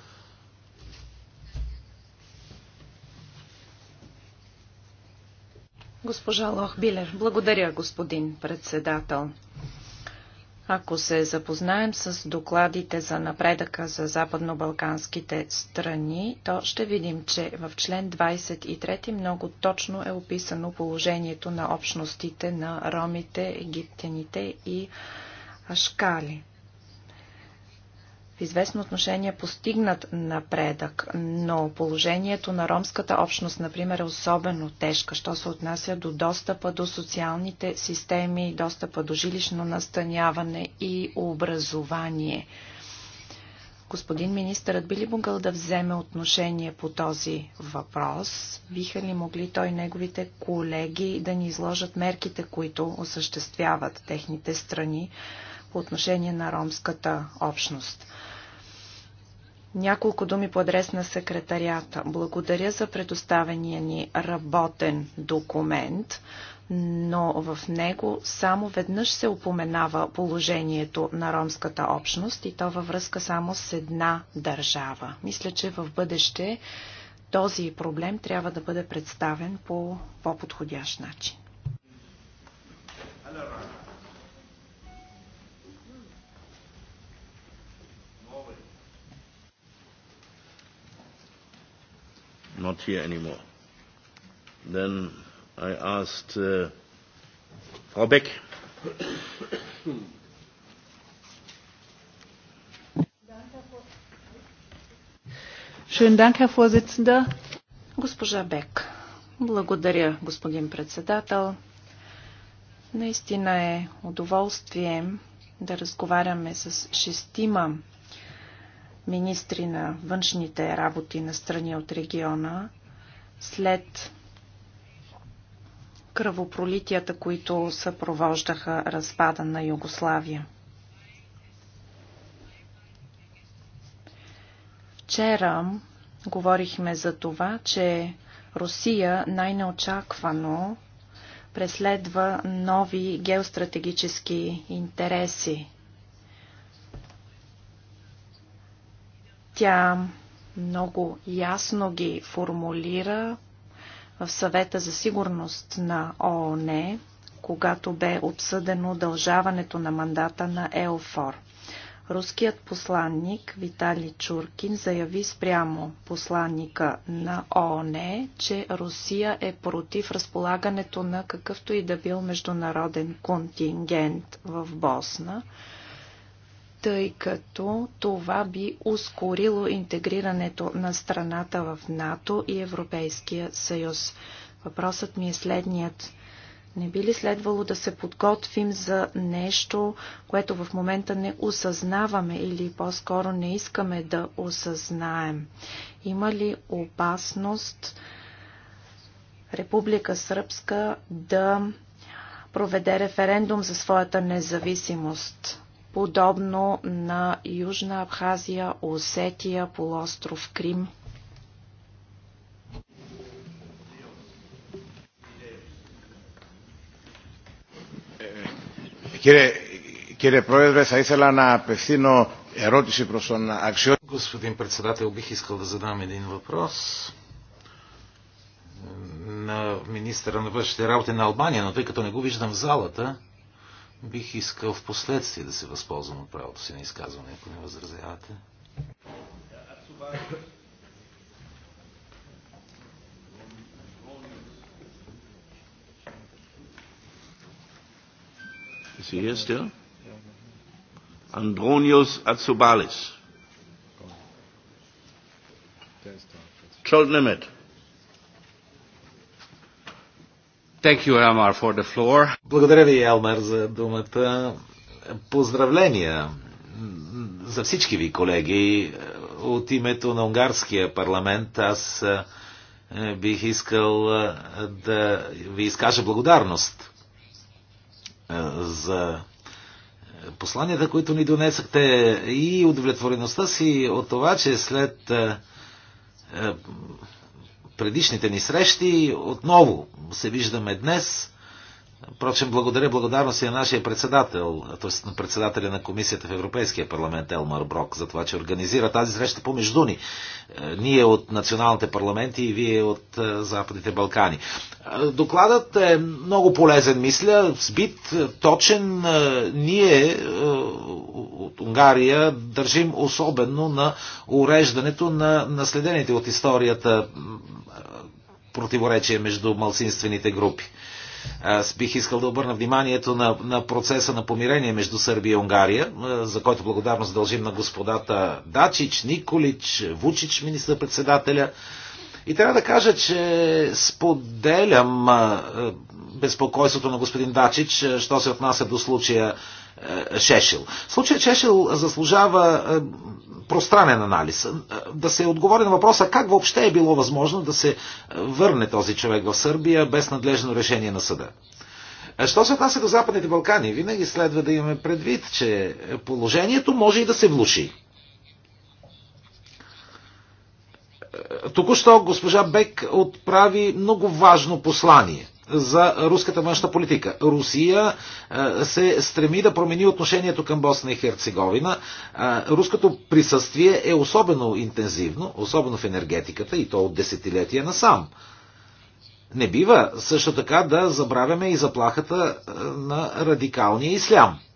Госпожа Лохбилер, благодаря, господин председател. Ако се запознаем с докладите за напредъка за западно-балканските страни, то ще видим, че в член 23 много точно е описано положението на общностите на ромите, египтяните и ашкали известно отношение постигнат напредък, но положението на ромската общност, например, е особено тежка, що се отнася до достъпа до социалните системи, достъпа до жилищно настаняване и образование. Господин министърът би ли могъл да вземе отношение по този въпрос? Биха ли могли той и неговите колеги да ни изложат мерките, които осъществяват техните страни по отношение на ромската общност? Няколко думи по адрес на секретарията. Благодаря за предоставения ни работен документ, но в него само веднъж се упоменава положението на ромската общност и то във връзка само с една държава. Мисля, че в бъдеще този проблем трябва да бъде представен по по-подходящ начин. not here anymore. Then I asked uh, Frau Beck. Schönen Dank, Herr Vorsitzender. Госпожа Бек. Благодаря, господин председател. Наистина е удоволствие да разговаряме с шестима министри на външните работи на страни от региона след кръвопролитията, които съпровождаха разпада на Югославия. Вчера говорихме за това, че Русия най-неочаквано преследва нови геостратегически интереси. Тя много ясно ги формулира в съвета за сигурност на ООН, когато бе обсъдено дължаването на мандата на ЕОФОР. Руският посланник Витали Чуркин заяви спрямо посланника на ООН, че Русия е против разполагането на какъвто и да бил международен контингент в Босна, тъй като това би ускорило интегрирането на страната в НАТО и Европейския съюз. Въпросът ми е следният. Не би ли следвало да се подготвим за нещо, което в момента не осъзнаваме или по-скоро не искаме да осъзнаем? Има ли опасност Република Сръбска да проведе референдум за своята независимост? подобно на Южна Абхазия, Осетия, полуостров Крим. Κύριε, κύριε Πρόεδρε, θα ήθελα να απευθύνω ερώτηση προς τον αξιό... Господин председател, бих искал да задам един въпрос на министра на външните работи на Албания, но тъй като не го виждам в залата, Бих искал в последствие да се възползвам от правото си на изказване, ако не възразявате. Is he here still? Andronius Atsubalis. Charles Nemeth. Thank you, Elmar, for the floor. Благодаря ви, Елмар, за думата. Поздравления за всички ви колеги. От името на унгарския парламент аз е, бих искал е, да ви изкажа благодарност е, за посланията, които ни донесахте и удовлетвореността си от това, че след предишните ни срещи. Отново се виждаме днес. Впрочем, благодаря благодарност и на нашия председател, т.е. на председателя на комисията в Европейския парламент Елмар Брок, за това, че организира тази среща помежду ни. Е, ние от националните парламенти и вие от е, Западните Балкани. Е, докладът е много полезен, мисля, сбит, точен. Ние от Унгария държим особено на уреждането на наследените от историята противоречие между малцинствените групи. Аз бих искал да обърна вниманието на, на процеса на помирение между Сърбия и Унгария, за който благодарност дължим на господата Дачич, Николич, Вучич, министър-председателя. И трябва да кажа, че споделям безпокойството на господин Дачич, що се отнася до случая е, Шешел. Случай Шешел заслужава е, пространен анализ. Е, да се отговори на въпроса как въобще е било възможно да се върне този човек в Сърбия без надлежно решение на съда. Що се отнася до Западните Балкани, винаги следва да имаме предвид, че положението може и да се влуши. Току-що госпожа Бек отправи много важно послание за руската външна политика. Русия е, се стреми да промени отношението към Босна и Херцеговина. Е, руското присъствие е особено интензивно, особено в енергетиката и то от десетилетия насам. Не бива също така да забравяме и заплахата е, на радикалния ислям –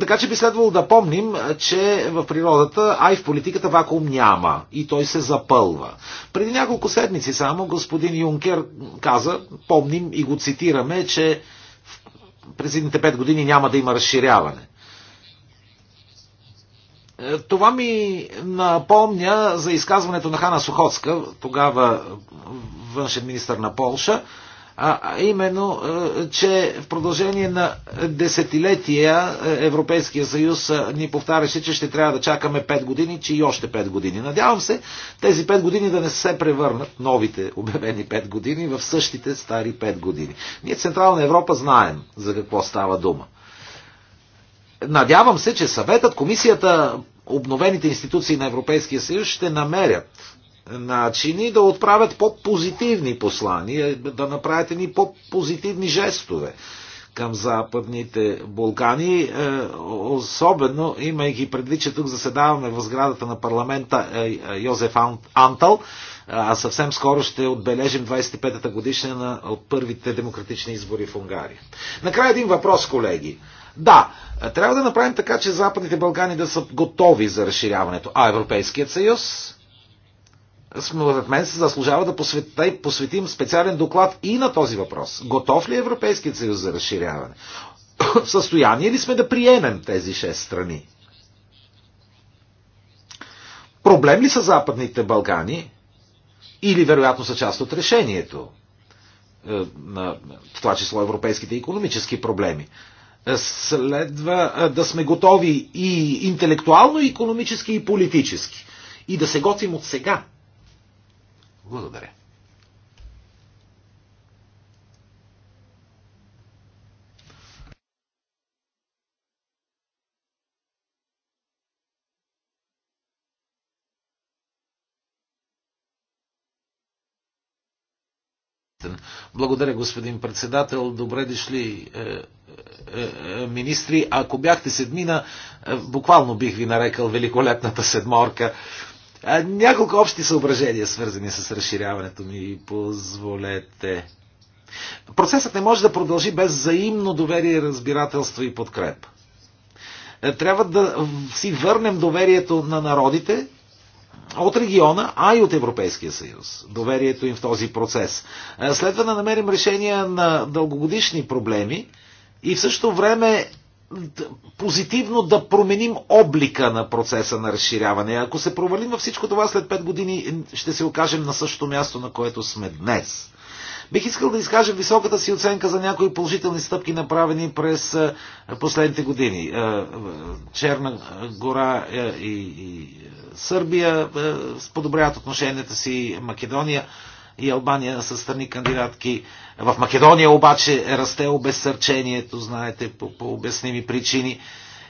Така че би следвало да помним, че в природата, а и в политиката вакуум няма и той се запълва. Преди няколко седмици само господин Юнкер каза, помним и го цитираме, че през едните пет години няма да има разширяване. Е, това ми напомня за изказването на Хана Сухоцка, тогава външен министр на Полша, а именно, е, че в продължение на десетилетия е, Европейския съюз е, ни повтаряше, че ще трябва да чакаме 5 години, че и още 5 години. Надявам се тези 5 години да не се превърнат, новите обявени 5 години, в същите стари 5 години. Ние в Централна Европа знаем за какво става дума. Надявам се, че съветът, комисията, обновените институции на Европейския съюз ще намерят начини да отправят по-позитивни послания, да направят ни по-позитивни жестове към Западните Балкани, е, особено имайки предвид, че тук заседаваме в сградата на парламента е, е, Йозеф Антал, а съвсем скоро ще отбележим 25-та годишнина от първите демократични избори в Унгария. Накрая един въпрос, колеги. Да, трябва да направим така, че Западните Балкани да са готови за разширяването. А Европейският съюз? според мен се заслужава да посветим специален доклад и на този въпрос. Готов ли е Европейският съюз за разширяване? В състояние ли сме да приемем тези шест страни? Проблем ли са Западните Балкани? Или вероятно са част от решението? Е, на, в това число европейските економически проблеми. Следва е, да сме готови и интелектуално, и економически, и политически. И да се готвим от сега благодаря. Благодаря, господин председател. Добре дошли, е, е, е, министри. Ако бяхте седмина, буквално бих ви нарекал великолепната седморка. Няколко общи съображения, свързани с разширяването ми, позволете. Процесът не може да продължи без взаимно доверие, разбирателство и подкреп. Е, трябва да си върнем доверието на народите от региона, а и от Европейския съюз. Доверието им в този процес. Е, следва да намерим решения на дългогодишни проблеми и в същото време позитивно да променим облика на процеса на разширяване. Ако се провалим във всичко това, след 5 години ще се окажем на същото място, на което сме днес. Бих искал да изкажа високата си оценка за някои положителни стъпки, направени през последните години. Черна гора и Сърбия подобряват отношенията си, Македония и Албания са страни кандидатки. В Македония обаче расте обезсърчението, знаете, по, по обясними причини.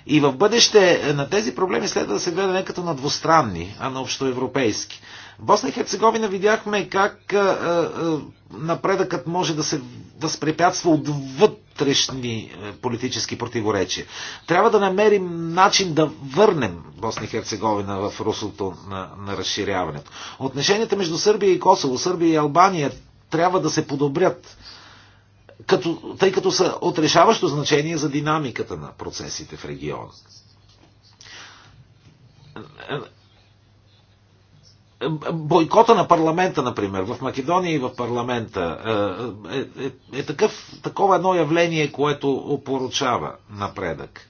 И в бъдеще на тези проблеми следва да се гледа не като на двустранни, а на общоевропейски. В Босна и Херцеговина видяхме как а, а, напредъкът може да се възпрепятства отвъд вътрешни е, политически противоречия. Трябва да намерим начин да върнем Босна и Херцеговина в руслото на, на разширяването. Отношенията между Сърбия и Косово, Сърбия и Албания трябва да се подобрят, като, тъй като са отрешаващо значение за динамиката на процесите в региона е, е, бойкота на парламента, например, в Македония и в парламента е, е, е, е такъв, такова едно явление, което опоручава напредък.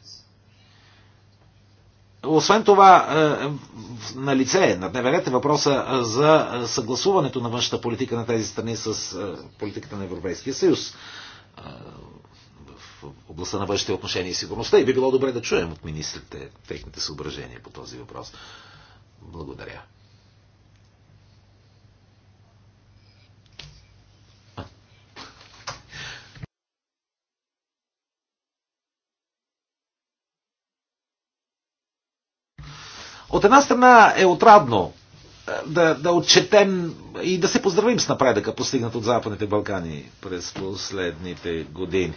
Освен това, е, на лице, е, на дневенете въпроса за съгласуването на външната политика на тези страни с политиката на Европейския съюз в областта на външните отношения и сигурността. И би било добре да чуем от министрите техните съображения по този въпрос. Благодаря. От една страна е отрадно е, да, да отчетем и да се поздравим с напредъка, постигнат от Западните Балкани през последните години.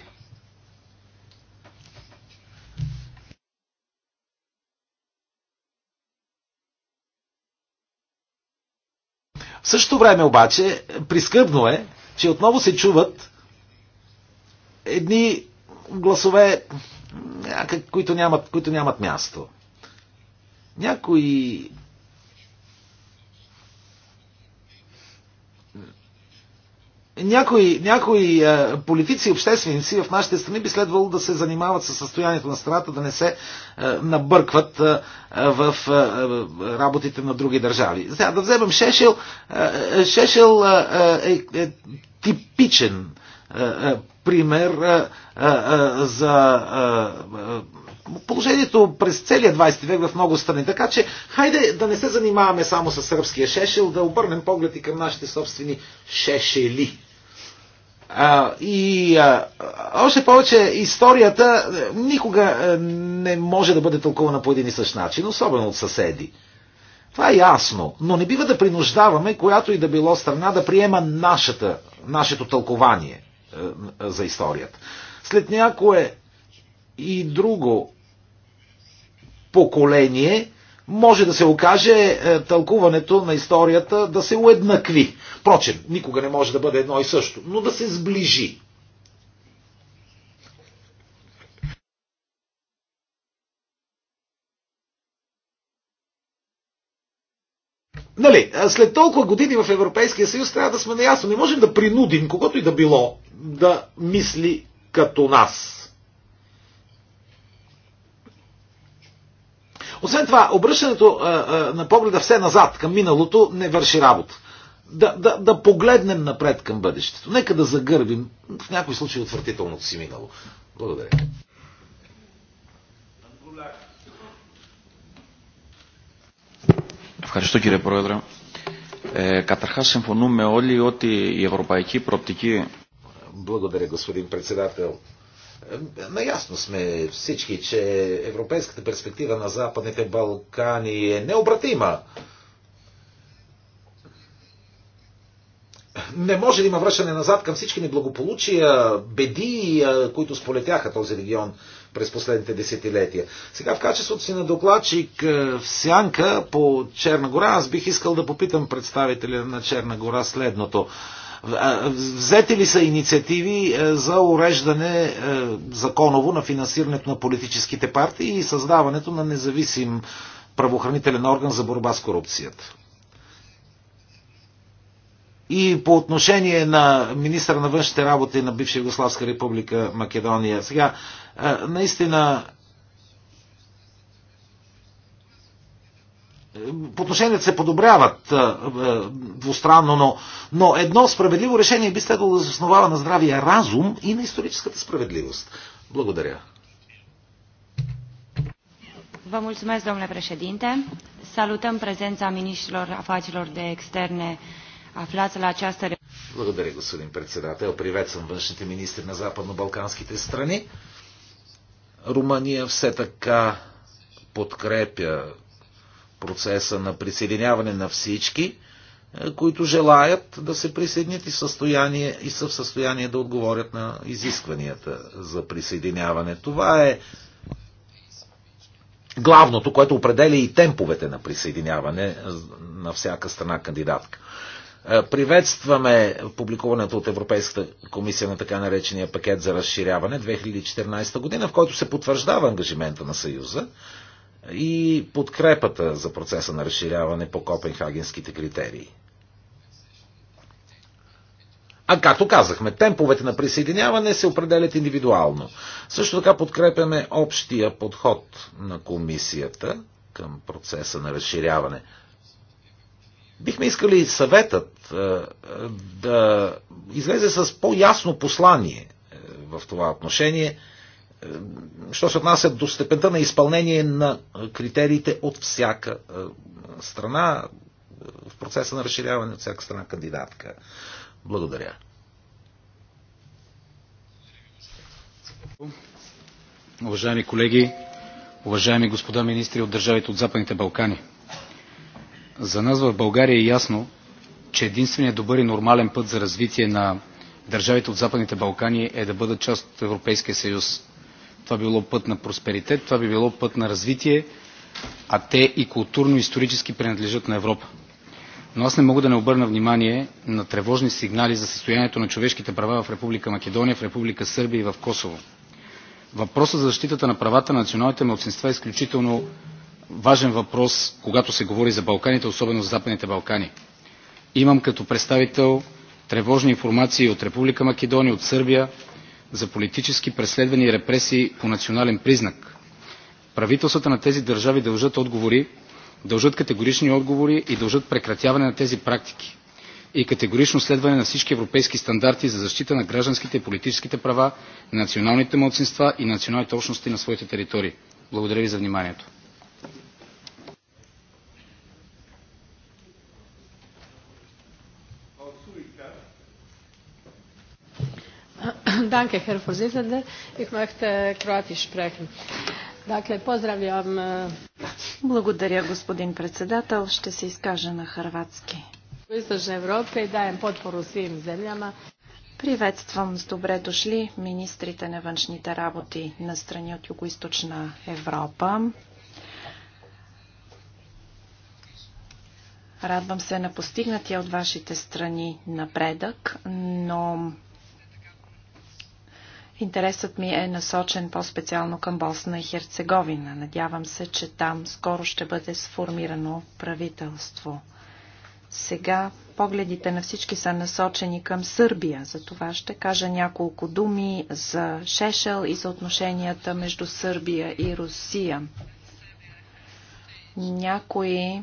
В същото време обаче, прискърбно е, че отново се чуват едни гласове, които нямат, които нямат място. Някои някои, някои е, политици и общественици в нашите страни би следвало да се занимават с състоянието на страната, да не се е, набъркват е, в е, е работите на други държави. Сега да вземем Шешел. Е, е Шешел е, е, е, е типичен е, е, пример е, е, за е, положението през целия 20 век в много страни. Така че, хайде да не се занимаваме само с сръбския шешел, да обърнем поглед и към нашите собствени шешели. А, и а, още повече историята е, никога е, не може да бъде тълкувана по един и същ начин, особено от съседи. Това е ясно, но не бива да принуждаваме която и да било страна да приема нашата, нашето тълкование е, за историята. След някое и друго поколение може да се окаже е, тълкуването на историята да се уеднакви. Впрочем, никога не може да бъде едно и също, но да се сближи. Нали, след толкова години в Европейския съюз трябва да сме наясно. Не можем да принудим когато и да било да мисли като нас. Освен това, обръщането на погледа все назад към миналото не върши работа. Да, да, да погледнем напред към бъдещето. Нека да загърбим в някои случаи отвратителното си минало. Благодаря. Ευχαριστώ κύριε Πρόεδρε. Ε, καταρχάς συμφωνούμε όλοι ότι η ευρωπαϊκή προοπτική... Благодаря, господин председател. Наясно сме всички, че европейската перспектива на Западните Балкани е необратима. Не може да има връщане назад към всички неблагополучия, беди, които сполетяха този регион през последните десетилетия. Сега в качеството си на докладчик в Сянка по Черна гора, аз бих искал да попитам представителя на Черна гора следното. Взети ли са инициативи е, за уреждане е, законово на финансирането на политическите партии и създаването на независим правоохранителен орган за борба с корупцията? И по отношение на министра на външните работи на бивша Югославска република Македония. Сега, е, наистина, По Отношенията се подобряват е, е, двустранно, но, но едно справедливо решение би следвало да се основава на здравия разум и на историческата справедливост. Благодаря. Vă mulțumesc, domnule președinte. Salutăm prezența ministrilor afacerilor de externe aflați la această Благодаря, господин председател. Приветствам външните министри на западно-балканските страни. Румъния все така подкрепя процеса на присъединяване на всички, е, които желаят да се присъединят и, състояние, и са в състояние да отговорят на изискванията за присъединяване. Това е главното, което определя и темповете на присъединяване на всяка страна кандидатка. Е, приветстваме публикуването от Европейската комисия на така наречения пакет за разширяване 2014 година, в който се потвърждава ангажимента на Съюза и подкрепата за процеса на разширяване по копенхагенските критерии. А както казахме, темповете на присъединяване се определят индивидуално. Също така подкрепяме общия подход на комисията към процеса на разширяване. Бихме искали съветът е, е, да излезе с по-ясно послание е, в това отношение – е, що се отнася до степента на изпълнение на критериите от всяка е, страна, е, в процеса на разширяване от всяка страна кандидатка. Благодаря. Уважаеми колеги, уважаеми господа министри от държавите от Западните Балкани, за нас в България е ясно, че единственият добър и нормален път за развитие на държавите от Западните Балкани е да бъдат част от Европейския съюз. Това би било път на просперитет, това би било път на развитие, а те и културно-исторически принадлежат на Европа. Но аз не мога да не обърна внимание на тревожни сигнали за състоянието на човешките права в Република Македония, в Република Сърбия и в Косово. Въпросът за защитата на правата на националните младсинства е изключително важен въпрос, когато се говори за Балканите, особено за Западните Балкани. Имам като представител тревожни информации от Република Македония, от Сърбия, за политически преследвания и репресии по национален признак. Правителствата на тези държави дължат отговори, дължат категорични отговори и дължат прекратяване на тези практики и категорично следване на всички европейски стандарти за защита на гражданските и политическите права на националните младсинства и националните общности на своите територии. Благодаря ви за вниманието. <clears throat> Herr Ich möchte äh, Kroatisch sprechen. Äh, Благодаря, господин председател. Ще се изкажа на хрватски. Европа и даем Приветствам с добре дошли министрите на външните работи на страни от Юго-Источна Европа. Радвам се на постигнатия от вашите страни напредък, но Интересът ми е насочен по-специално към Босна и Херцеговина. Надявам се, че там скоро ще бъде сформирано правителство. Сега погледите на всички са насочени към Сърбия. За това ще кажа няколко думи за Шешел и за отношенията между Сърбия и Русия. Някои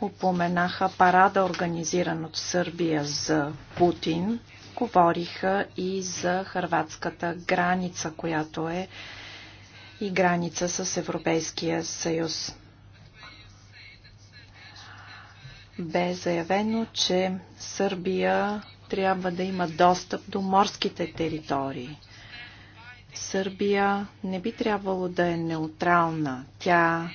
упоменаха парада, организиран от Сърбия за Путин говориха и за хърватската граница, която е и граница с Европейския съюз. Бе заявено, че Сърбия трябва да има достъп до морските територии. Сърбия не би трябвало да е неутрална. Тя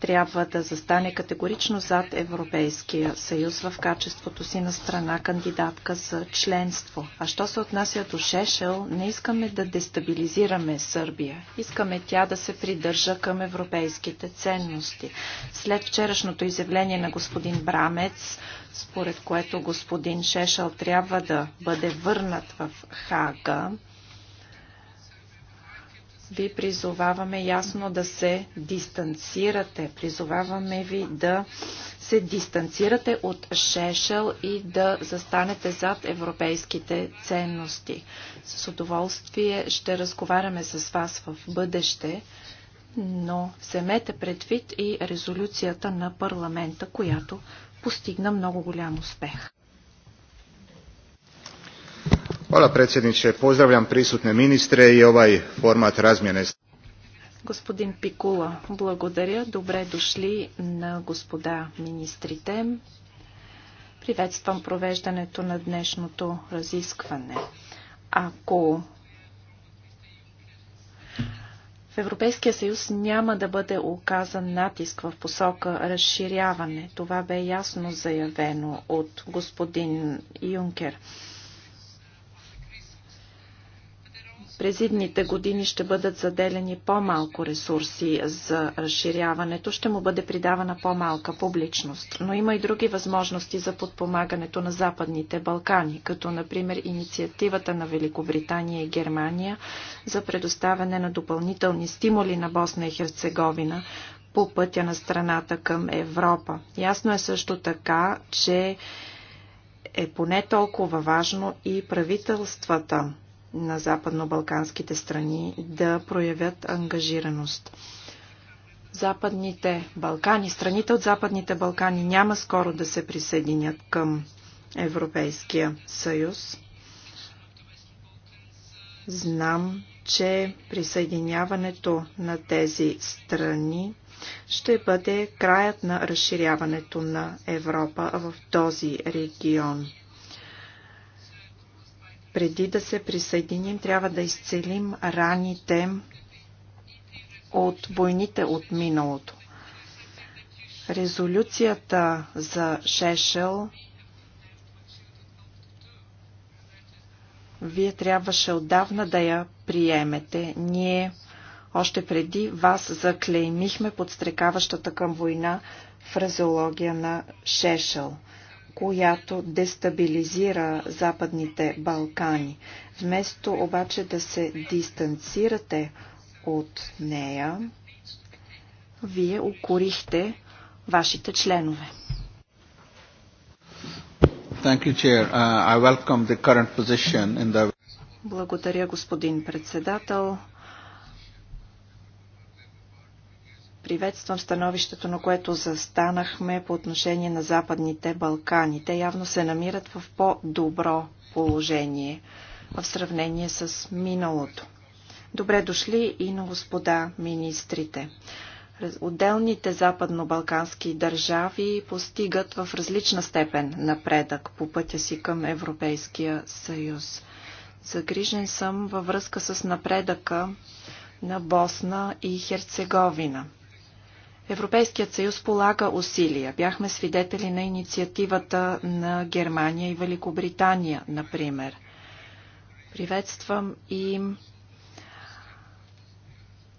трябва да застане категорично зад Европейския съюз в качеството си на страна кандидатка за членство. А що се отнася до Шешел, не искаме да дестабилизираме Сърбия. Искаме тя да се придържа към европейските ценности. След вчерашното изявление на господин Брамец, според което господин Шешел трябва да бъде върнат в Хага, ви призоваваме ясно да се дистанцирате. Призоваваме ви да се дистанцирате от Шешел и да застанете зад европейските ценности. С удоволствие ще разговаряме с вас в бъдеще, но вземете предвид и резолюцията на парламента, която постигна много голям успех. Hvala predsjedniče, pozdravljam prisutne ministre и ovaj формат размjene. Господин Пикула, благодаря. Добре дошли на господа министрите. Приветствам провеждането на днешното разискване. Ако в Европейския съюз няма да бъде оказан натиск в посока разширяване. Това бе ясно заявено от господин Юнкер. През идните години ще бъдат заделени по-малко ресурси за разширяването, ще му бъде придавана по-малка публичност. Но има и други възможности за подпомагането на Западните Балкани, като например инициативата на Великобритания и Германия за предоставяне на допълнителни стимули на Босна и Херцеговина по пътя на страната към Европа. Ясно е също така, че е поне толкова важно и правителствата на западно-балканските страни да проявят ангажираност. Западните Балкани, страните от Западните Балкани няма скоро да се присъединят към Европейския съюз. Знам, че присъединяването на тези страни ще бъде краят на разширяването на Европа в този регион преди да се присъединим, трябва да изцелим раните от войните от миналото. Резолюцията за Шешел вие трябваше отдавна да я приемете. Ние още преди вас заклеймихме подстрекаващата към война фразеология на Шешел която дестабилизира Западните Балкани. Вместо обаче да се дистанцирате от нея, вие укорихте вашите членове. Uh, Благодаря, господин председател. Приветствам становището, на което застанахме по отношение на Западните Балкани. Те явно се намират в по-добро положение в сравнение с миналото. Добре дошли и на господа министрите. Отделните западно-балкански държави постигат в различна степен напредък по пътя си към Европейския съюз. Загрижен съм във връзка с напредъка на Босна и Херцеговина. Европейският съюз полага усилия. Бяхме свидетели на инициативата на Германия и Великобритания, например. Приветствам и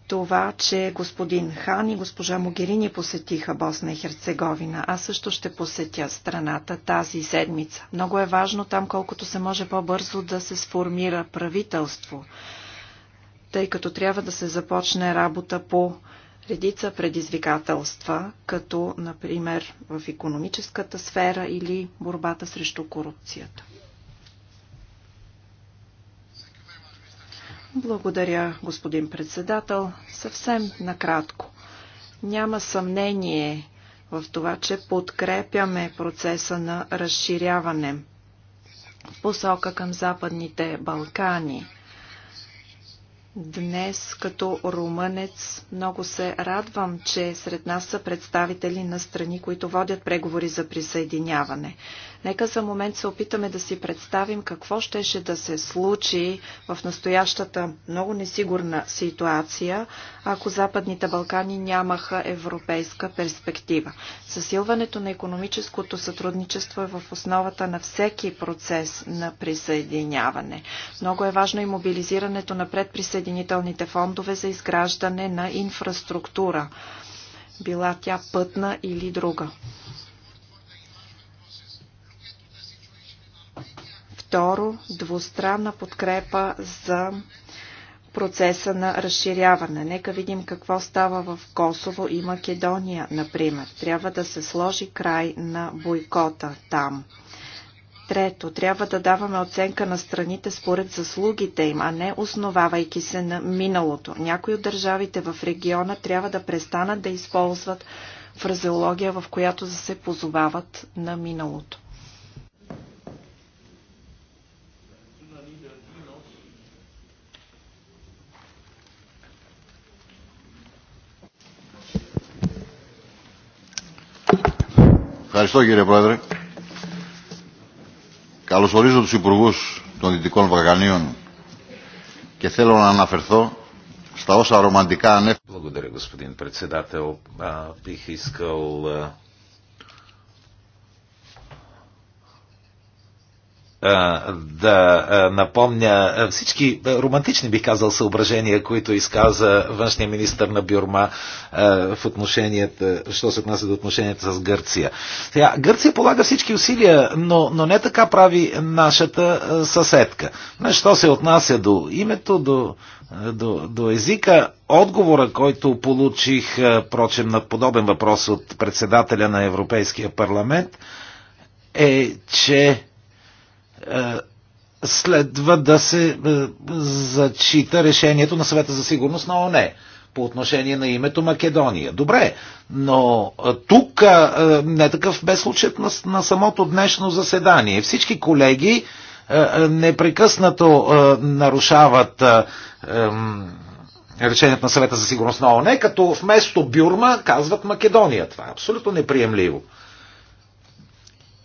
това, че господин Хан и госпожа Могерини посетиха Босна и Херцеговина. Аз също ще посетя страната тази седмица. Много е важно там колкото се може по-бързо да се сформира правителство, тъй като трябва да се започне работа по редица предизвикателства, като например в економическата сфера или борбата срещу корупцията. Благодаря, господин председател. Съвсем накратко. Няма съмнение в това, че подкрепяме процеса на разширяване в посока към Западните Балкани. Днес като румънец много се радвам, че сред нас са представители на страни, които водят преговори за присъединяване. Нека за момент се опитаме да си представим какво щеше да се случи в настоящата много несигурна ситуация, ако Западните Балкани нямаха европейска перспектива. Засилването на економическото сътрудничество е в основата на всеки процес на присъединяване. Много е важно и мобилизирането на предприсъединителните фондове за изграждане на инфраструктура била тя пътна или друга. Второ, двустранна подкрепа за процеса на разширяване. Нека видим какво става в Косово и Македония, например. Трябва да се сложи край на бойкота там. Трето, трябва да даваме оценка на страните според заслугите им, а не основавайки се на миналото. Някои от държавите в региона трябва да престанат да използват фразеология, в която да се позовават на миналото. Ευχαριστώ κύριε Πρόεδρε. Καλωσορίζω τους Υπουργούς των Δυτικών Βαγανίων και θέλω να αναφερθώ στα όσα ρομαντικά ανέφερα. Благодаря, господин председател. Бих искал да напомня всички романтични, бих казал, съображения, които изказа външния министр на Бюрма в отношенията, що се отнася до отношенията с Гърция. Сега, Гърция полага всички усилия, но, но не така прави нашата съседка. Що се отнася до името, до, до, до езика, отговора, който получих, прочем, на подобен въпрос от председателя на Европейския парламент, е, че е, следва да се е, зачита решението на съвета за сигурност на ОНЕ по отношение на името Македония. Добре, но е, тук не такъв бе случаят на, на самото днешно заседание. Всички колеги непрекъснато нарушават решението на съвета за сигурност на ОНЕ, като вместо Бюрма казват Македония. Това е абсолютно неприемливо.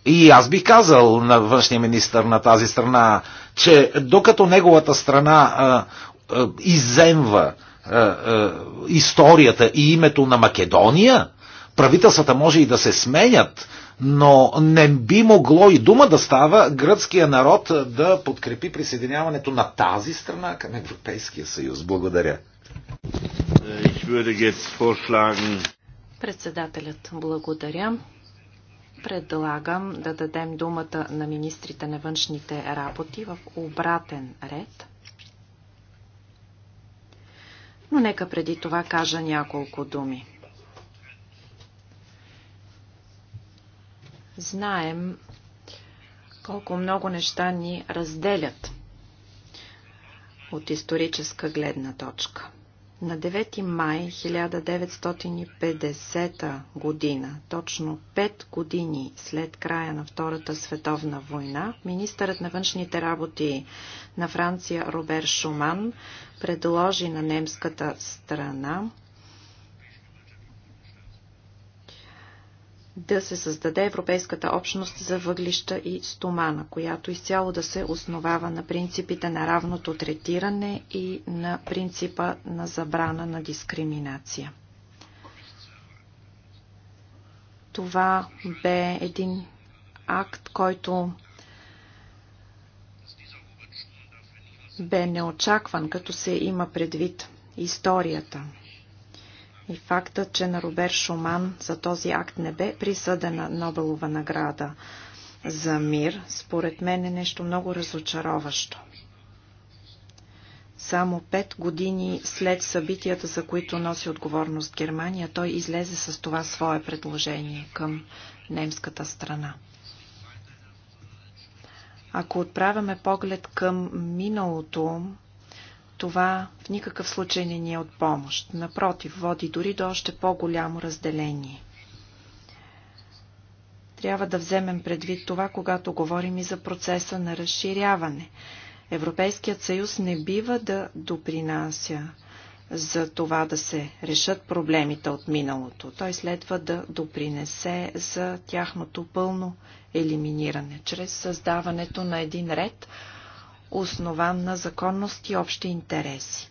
И аз би казал на външния министр на тази страна, че докато неговата страна а, а, иземва а, а, историята и името на Македония, правителствата може и да се сменят, но не би могло и дума да става гръцкия народ да подкрепи присъединяването на тази страна към Европейския съюз. Благодаря. Äh, Председателят, благодаря предлагам да дадем думата на министрите на външните работи в обратен ред. Но нека преди това кажа няколко думи. Знаем колко много неща ни разделят от историческа гледна точка – на 9 май 1950 година, точно 5 години след края на Втората световна война, министърът на външните работи на Франция Робер Шуман предложи на немската страна да се създаде Европейската общност за въглища и стомана, която изцяло да се основава на принципите на равното третиране и на принципа на забрана на дискриминация. Това бе един акт, който бе неочакван, като се има предвид историята – и фактът, че на Робер Шуман за този акт не бе присъдена Нобелова награда за мир, според мен е нещо много разочароващо. Само пет години след събитията, за които носи отговорност Германия, той излезе с това свое предложение към немската страна. Ако отправяме поглед към миналото, това в никакъв случай не ни е от помощ. Напротив, води дори до още по-голямо разделение. Трябва да вземем предвид това, когато говорим и за процеса на разширяване. Европейският съюз не бива да допринася за това да се решат проблемите от миналото. Той следва да допринесе за тяхното пълно елиминиране, чрез създаването на един ред, основан на законност и общи интереси.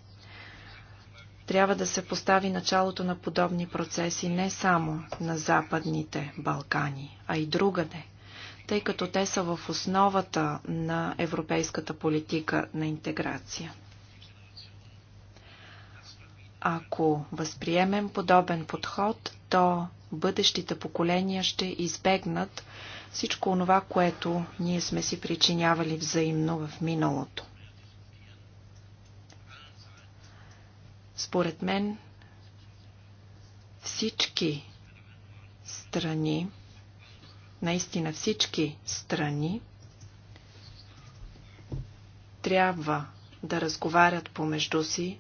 Трябва да се постави началото на подобни процеси не само на Западните Балкани, а и другаде, тъй като те са в основата на европейската политика на интеграция. Ако възприемем подобен подход, то бъдещите поколения ще избегнат всичко онова, което ние сме си причинявали взаимно в миналото. Според мен всички страни, наистина всички страни, трябва да разговарят помежду си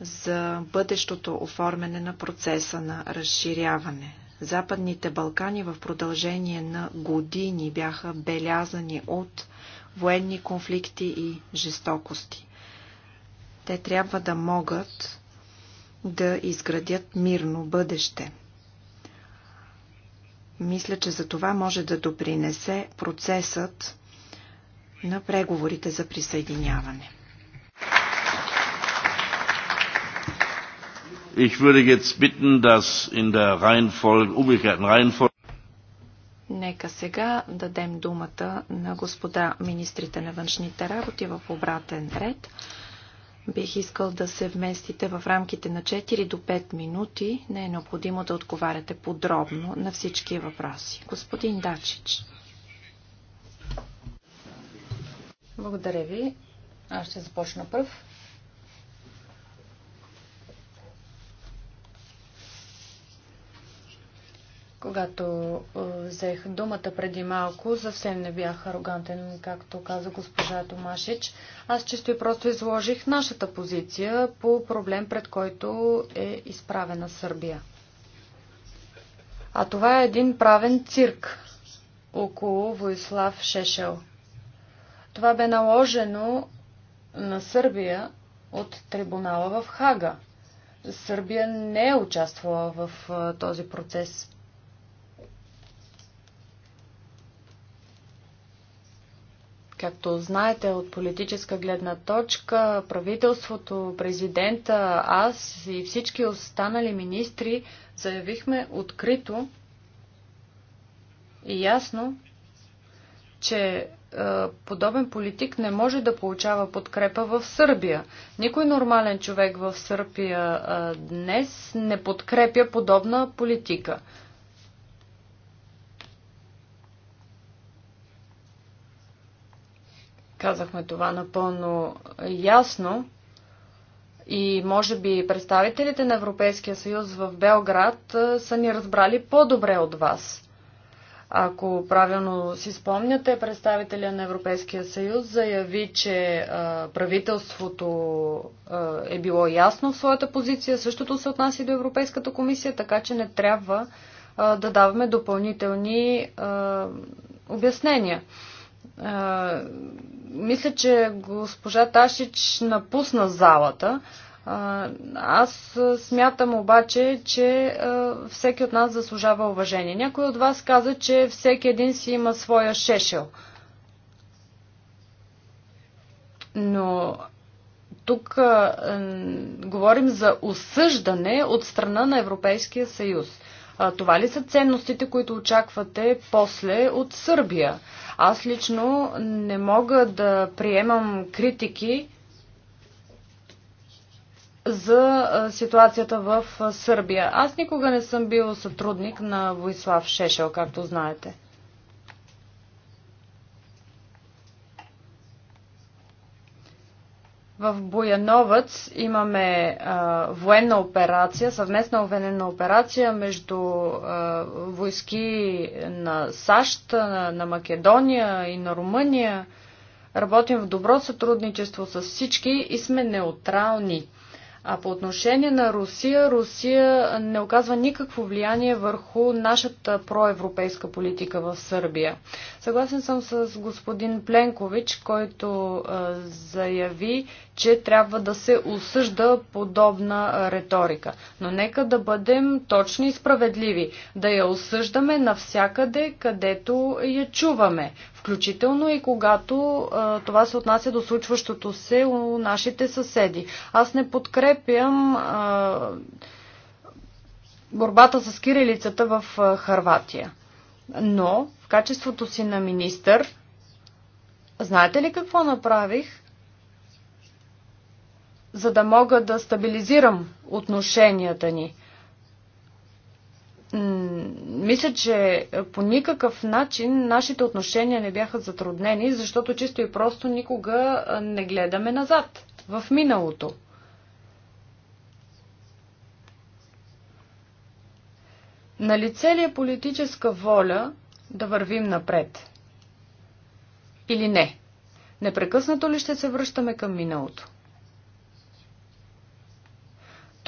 за бъдещото оформяне на процеса на разширяване, Западните Балкани в продължение на години бяха белязани от военни конфликти и жестокости. Те трябва да могат да изградят мирно бъдеще. Мисля, че за това може да допринесе процесът на преговорите за присъединяване. Ich würde jetzt bitten, dass in der Reihenfolge, umgekehrten Reihenfolge. Нека сега дадем думата на господа министрите на външните работи в обратен ред. Бих искал да се вместите в рамките на 4 до 5 минути. Не е необходимо да отговаряте подробно на всички въпроси. Господин Дачич. Благодаря ви. Аз ще започна пръв. Когато е, взех думата преди малко, съвсем не бях арогантен, както каза госпожа Томашич. Аз чисто и просто изложих нашата позиция по проблем, пред който е изправена Сърбия. А това е един правен цирк около Войслав Шешел. Това бе наложено на Сърбия от трибунала в Хага. Сърбия не е участвала в е, този процес. Както знаете, от политическа гледна точка, правителството, президента, аз и всички останали министри заявихме открито и ясно, че е, подобен политик не може да получава подкрепа в Сърбия. Никой нормален човек в Сърбия е, днес не подкрепя подобна политика. Казахме това напълно ясно. И може би представителите на Европейския съюз в Белград са ни разбрали по-добре от вас. Ако правилно си спомняте, представителя на Европейския съюз заяви, че а, правителството а, е било ясно в своята позиция. Същото се отнася и до Европейската комисия, така че не трябва а, да даваме допълнителни обяснения мисля, че госпожа Ташич напусна залата. Аз смятам обаче, че всеки от нас заслужава уважение. Някой от вас каза, че всеки един си има своя шешел. Но тук а, говорим за осъждане от страна на Европейския съюз. А, това ли са ценностите, които очаквате после от Сърбия? Аз лично не мога да приемам критики за ситуацията в Сърбия. Аз никога не съм бил сътрудник на Войслав Шешел, както знаете. В Бояновъц имаме а, военна операция, съвместна военна операция между а, войски на САЩ, на, на Македония и на Румъния. Работим в добро сътрудничество с всички и сме неутрални. А по отношение на Русия, Русия не оказва никакво влияние върху нашата проевропейска политика в Сърбия. Съгласен съм с господин Пленкович, който заяви, че трябва да се осъжда подобна риторика. Но нека да бъдем точни и справедливи, да я осъждаме навсякъде, където я чуваме включително и когато а, това се отнася до случващото се у нашите съседи. Аз не подкрепям а, борбата с кирилицата в а, Харватия. Но в качеството си на министър, знаете ли какво направих? За да мога да стабилизирам отношенията ни мисля, че по никакъв начин нашите отношения не бяха затруднени, защото чисто и просто никога не гледаме назад, в миналото. На лице ли е политическа воля да вървим напред? Или не? Непрекъснато ли ще се връщаме към миналото?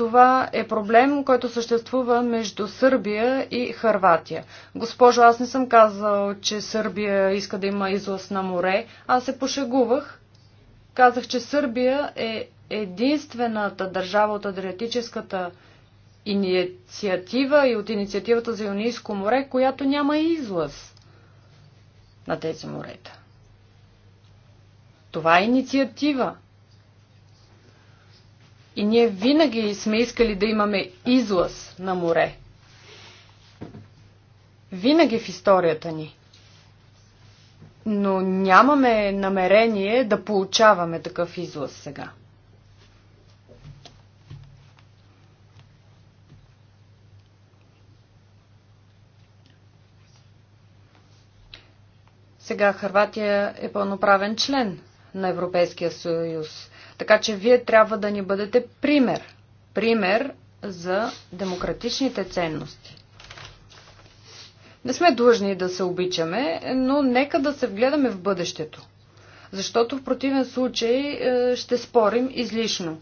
Това е проблем, който съществува между Сърбия и Харватия. Госпожо, аз не съм казал, че Сърбия иска да има излъз на море. Аз се пошегувах. Казах, че Сърбия е единствената държава от Адриатическата инициатива и от инициативата за Юнийско море, която няма излъз на тези морета. Това е инициатива. И ние винаги сме искали да имаме излъз на море. Винаги в историята ни. Но нямаме намерение да получаваме такъв излъз сега. Сега Харватия е пълноправен член на Европейския съюз. Така че вие трябва да ни бъдете пример. Пример за демократичните ценности. Не сме длъжни да се обичаме, но нека да се вгледаме в бъдещето. Защото в противен случай е, ще спорим излишно.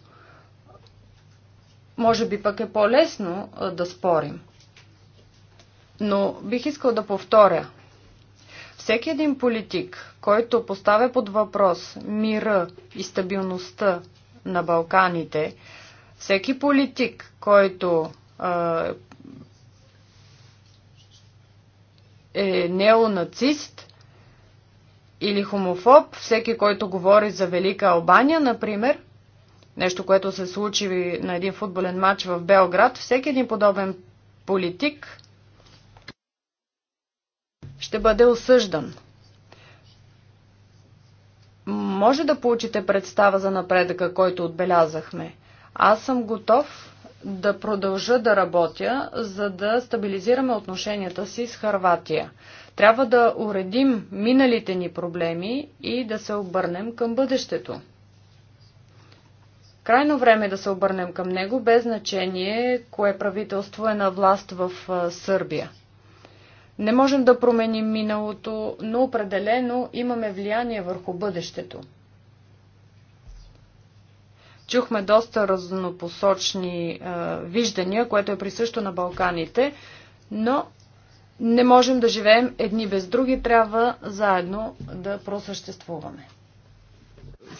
Може би пък е по-лесно е, да спорим. Но бих искал да повторя. Всеки един политик, който поставя под въпрос мира и стабилността на Балканите, всеки политик, който е неонацист или хомофоб, всеки, който говори за Велика Албания, например, нещо, което се случи на един футболен матч в Белград, всеки един подобен политик ще бъде осъждан. Може да получите представа за напредъка, който отбелязахме. Аз съм готов да продължа да работя, за да стабилизираме отношенията си с Харватия. Трябва да уредим миналите ни проблеми и да се обърнем към бъдещето. Крайно време е да се обърнем към него, без значение кое правителство е на власт в Сърбия. Не можем да променим миналото, но определено имаме влияние върху бъдещето. Чухме доста разнопосочни е, виждания, което е присъщо на Балканите, но не можем да живеем едни без други, трябва заедно да просъществуваме.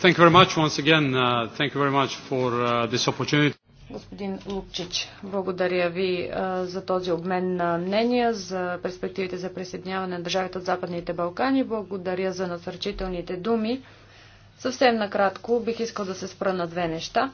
Thank you very much once again. Uh, thank you very much for uh, this opportunity. Господин Лупчич, благодаря ви за този обмен на мнения, за перспективите за присъединяване на държавите от Западните Балкани. Благодаря за насърчителните думи. Съвсем накратко бих искал да се спра на две неща.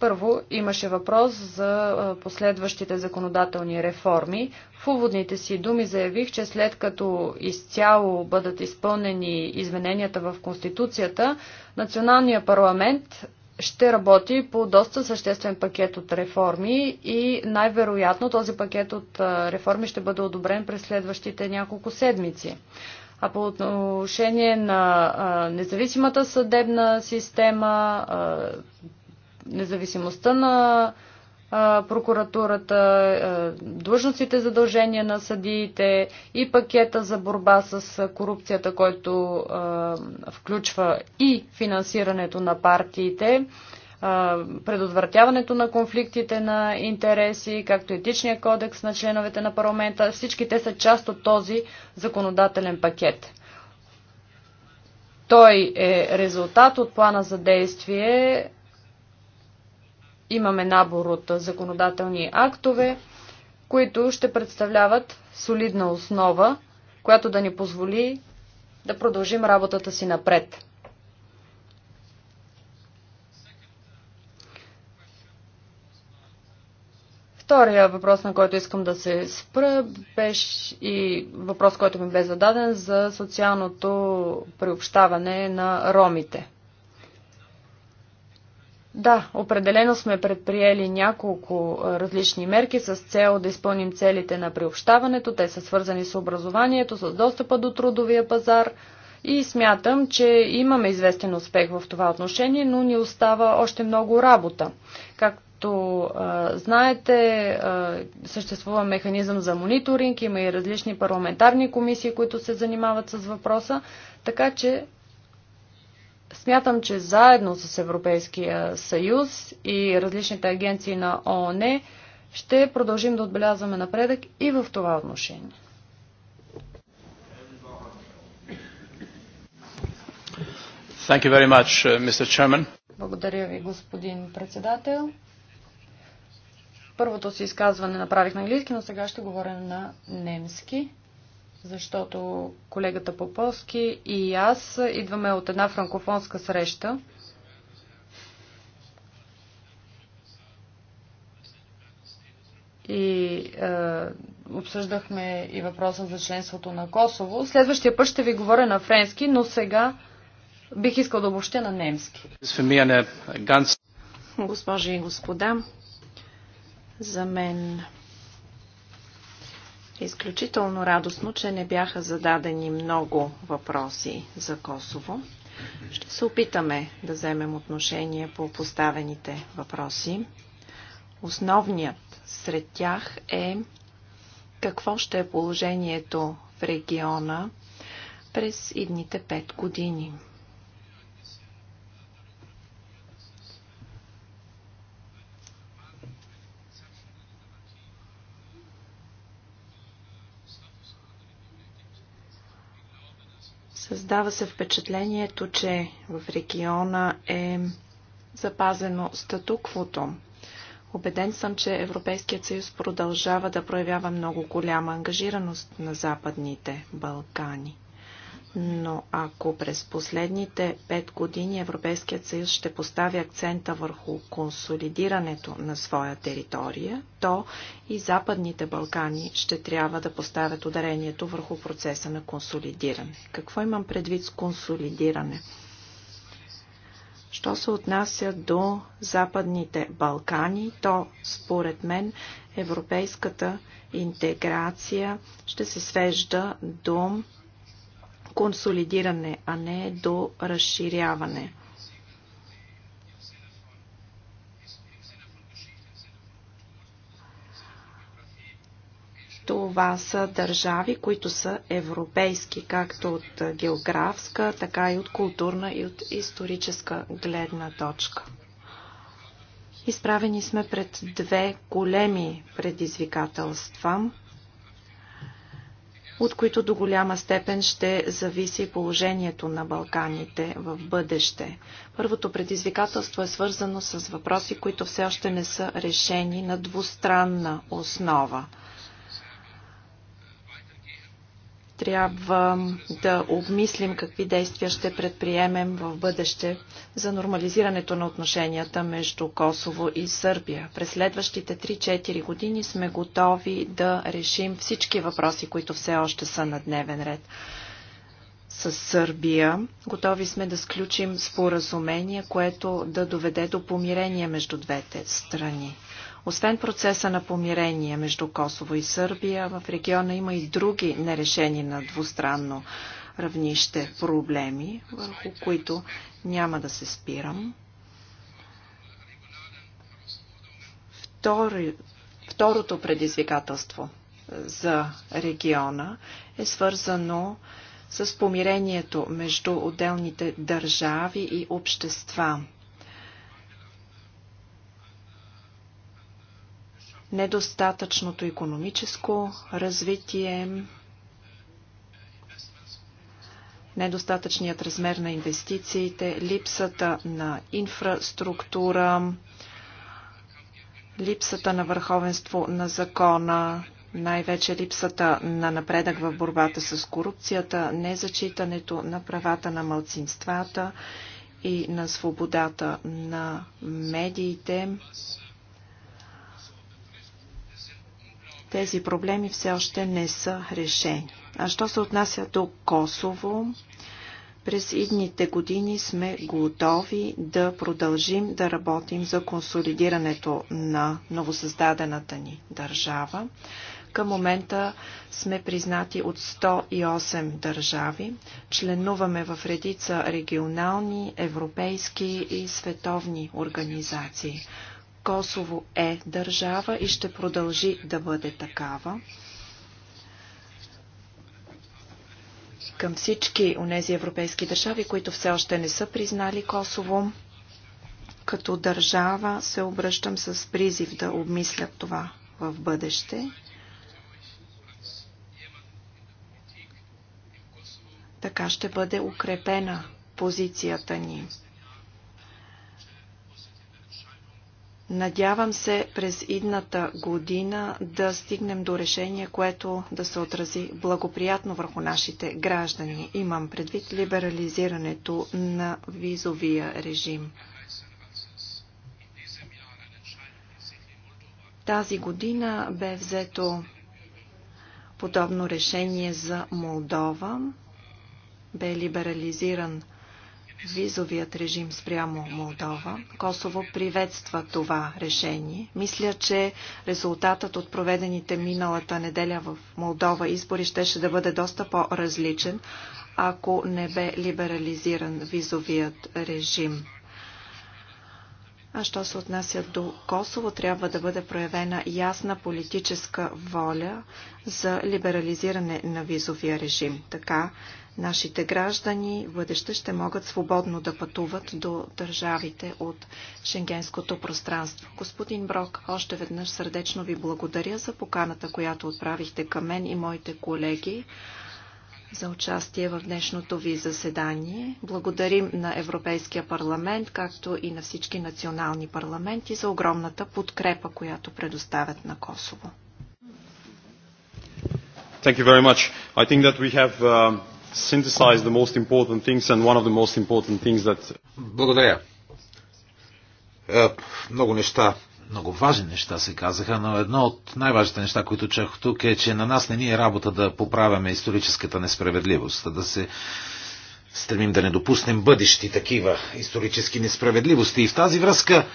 Първо, имаше въпрос за последващите законодателни реформи. В уводните си думи заявих, че след като изцяло бъдат изпълнени измененията в Конституцията, Националния парламент ще работи по доста съществен пакет от реформи и най-вероятно този пакет от реформи ще бъде одобрен през следващите няколко седмици. А по отношение на независимата съдебна система, независимостта на прокуратурата, длъжностите задължения на съдиите и пакета за борба с корупцията, който включва и финансирането на партиите предотвратяването на конфликтите на интереси, както етичния кодекс на членовете на парламента. Всички те са част от този законодателен пакет. Той е резултат от плана за действие имаме набор от законодателни актове, които ще представляват солидна основа, която да ни позволи да продължим работата си напред. Втория въпрос, на който искам да се спра, беше и въпрос, който ми бе зададен за социалното приобщаване на ромите. Да, определено сме предприели няколко различни мерки с цел да изпълним целите на приобщаването. Те са свързани с образованието, с достъпа до трудовия пазар и смятам, че имаме известен успех в това отношение, но ни остава още много работа. Както а, знаете, а, съществува механизъм за мониторинг, има и различни парламентарни комисии, които се занимават с въпроса, така че Смятам, че заедно с Европейския съюз и различните агенции на ООН ще продължим да отбелязваме напредък и в това отношение. Thank you very much, uh, Mr. Chairman. Благодаря ви, господин председател. Първото си изказване направих на английски, но сега ще говоря на немски защото колегата Поповски и аз идваме от една франкофонска среща. И е, обсъждахме и въпроса за членството на Косово. Следващия път ще ви говоря на френски, но сега бих искал да обобщя на немски. Госпожи и господа, за мен Изключително радостно, че не бяха зададени много въпроси за Косово. Ще се опитаме да вземем отношение по поставените въпроси. Основният сред тях е какво ще е положението в региона през идните пет години. Създава се впечатлението, че в региона е запазено статуквото. Обеден съм, че Европейският съюз продължава да проявява много голяма ангажираност на Западните Балкани. Но ако през последните пет години Европейският съюз ще постави акцента върху консолидирането на своя територия, то и Западните Балкани ще трябва да поставят ударението върху процеса на консолидиране. Какво имам предвид с консолидиране? Що се отнася до Западните Балкани, то според мен европейската интеграция ще се свежда до консолидиране, а не до разширяване. Това са държави, които са европейски, както от географска, така и от културна и от историческа гледна точка. Изправени сме пред две големи предизвикателства – от които до голяма степен ще зависи положението на Балканите в бъдеще. Първото предизвикателство е свързано с въпроси, които все още не са решени на двустранна основа – трябва да обмислим какви действия ще предприемем в бъдеще за нормализирането на отношенията между Косово и Сърбия. През следващите 3-4 години сме готови да решим всички въпроси, които все още са на дневен ред с Сърбия. Готови сме да сключим споразумение, което да доведе до помирение между двете страни. Освен процеса на помирение между Косово и Сърбия, в региона има и други нерешени на двустранно равнище проблеми, върху които няма да се спирам. Втори, второто предизвикателство за региона е свързано с помирението между отделните държави и общества. недостатъчното економическо развитие, недостатъчният размер на инвестициите, липсата на инфраструктура, липсата на върховенство на закона, най-вече липсата на напредък в борбата с корупцията, незачитането на правата на малцинствата и на свободата на медиите Тези проблеми все още не са решени. А що се отнася до Косово, през идните години сме готови да продължим да работим за консолидирането на новосъздадената ни държава. Към момента сме признати от 108 държави. Членуваме в редица регионални, европейски и световни организации. Косово е държава и ще продължи да бъде такава. Към всички онези европейски държави, които все още не са признали Косово, като държава се обръщам с призив да обмислят това в бъдеще. Така ще бъде укрепена позицията ни. Надявам се през идната година да стигнем до решение, което да се отрази благоприятно върху нашите граждани. Имам предвид либерализирането на визовия режим. Тази година бе взето подобно решение за Молдова. Бе либерализиран визовият режим спрямо Молдова. Косово приветства това решение. Мисля, че резултатът от проведените миналата неделя в Молдова избори щеше да бъде доста по-различен, ако не бе либерализиран визовият режим. А що се отнася до Косово, трябва да бъде проявена ясна политическа воля за либерализиране на визовия режим. Така Нашите граждани в бъдеще ще могат свободно да пътуват до държавите от шенгенското пространство. Господин Брок, още веднъж сърдечно ви благодаря за поканата, която отправихте към мен и моите колеги за участие в днешното ви заседание. Благодарим на Европейския парламент, както и на всички национални парламенти за огромната подкрепа, която предоставят на Косово. Thank you very much. I think that we have uh, synthesize the most important things and one of the most important things that... Благодаря. Е, много неща, много важни неща се казаха, но едно от най-важните неща, които чух тук е, че на нас не ни е работа да поправяме историческата несправедливост, да се стремим да не допуснем бъдещи такива исторически несправедливости. И в тази връзка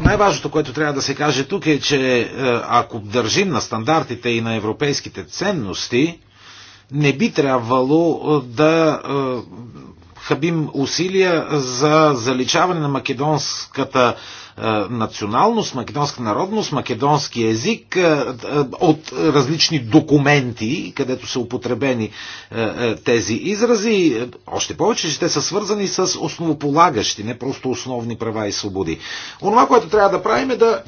най-важното, което трябва да се каже тук е, че е, ако държим на стандартите и на европейските ценности, не би трябвало е, да е, хабим усилия за заличаване на македонската е, националност, македонска народност, македонски език от различни документи, където са употребени тези изрази. Още повече, че те са свързани с основополагащи, не просто основни права и свободи. Онова, което трябва да правим е да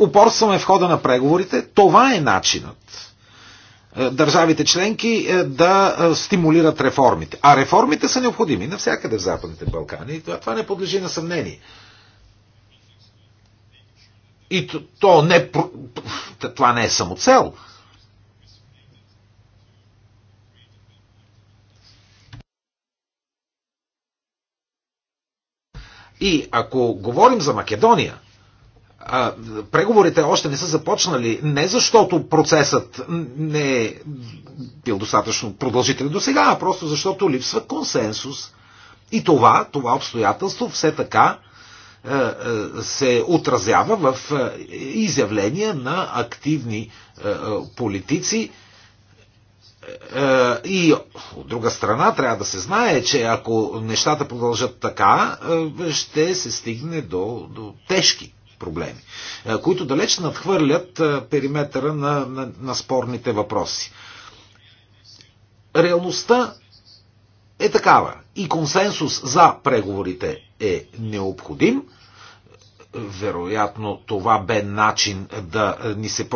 упорстваме в хода на преговорите. Това е начинът е, държавите членки е, да е, стимулират реформите. А реформите са необходими навсякъде в Западните Балкани. Това не подлежи на съмнение. И то, то не, това не е самоцел. И ако говорим за Македония, а, преговорите още не са започнали, не защото процесът не е бил достатъчно продължителен до сега, а просто защото липсва консенсус. И това, това обстоятелство все така е, е, се отразява в е, изявления на активни политици. И от друга страна трябва да се знае, че ако нещата продължат така, ще се стигне до, до тежки проблеми, които далеч надхвърлят периметъра на, на, на спорните въпроси. Реалността е такава и консенсус за преговорите е необходим. Вероятно това бе начин да ни се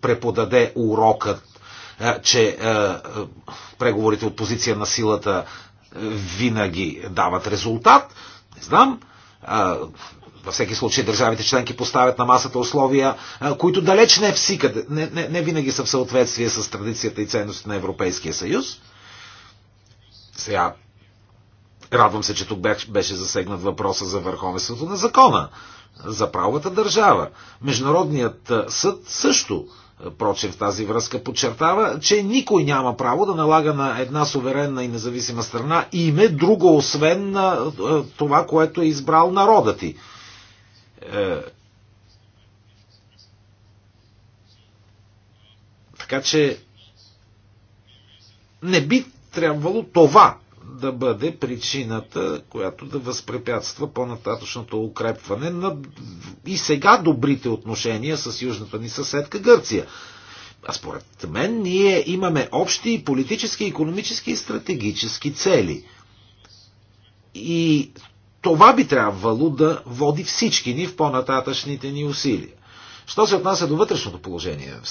преподаде урокът, че преговорите от позиция на силата винаги дават резултат. Не знам във всеки случай държавите членки поставят на масата условия, които далеч не, всикъде, не, не, не винаги са в съответствие с традицията и ценностите на Европейския съюз. Сега, радвам се, че тук беше засегнат въпроса за върховенството на закона, за правовата държава. Международният съд също Прочим в тази връзка подчертава, че никой няма право да налага на една суверенна и независима страна име друго, освен на това, което е избрал народът ти. Е, така че не би трябвало това да бъде причината, която да възпрепятства по-нататъчното укрепване на и сега добрите отношения с южната ни съседка Гърция. А според мен ние имаме общи политически, економически и стратегически цели. И това би трябвало да води всички ни в по-нататъчните ни усилия. Що се отнася до вътрешното положение в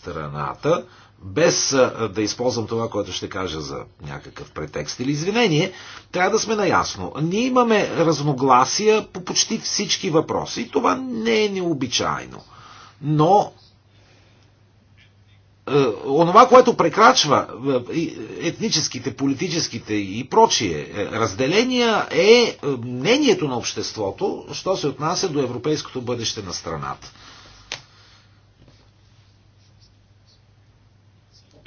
страната, без да използвам това, което ще кажа за някакъв претекст или извинение, трябва да сме наясно. Ние имаме разногласия по почти всички въпроси. Това не е необичайно. Но е, онова, което прекрачва е, етническите, политическите и прочие е, разделения е мнението на обществото, що се отнася до европейското бъдеще на страната.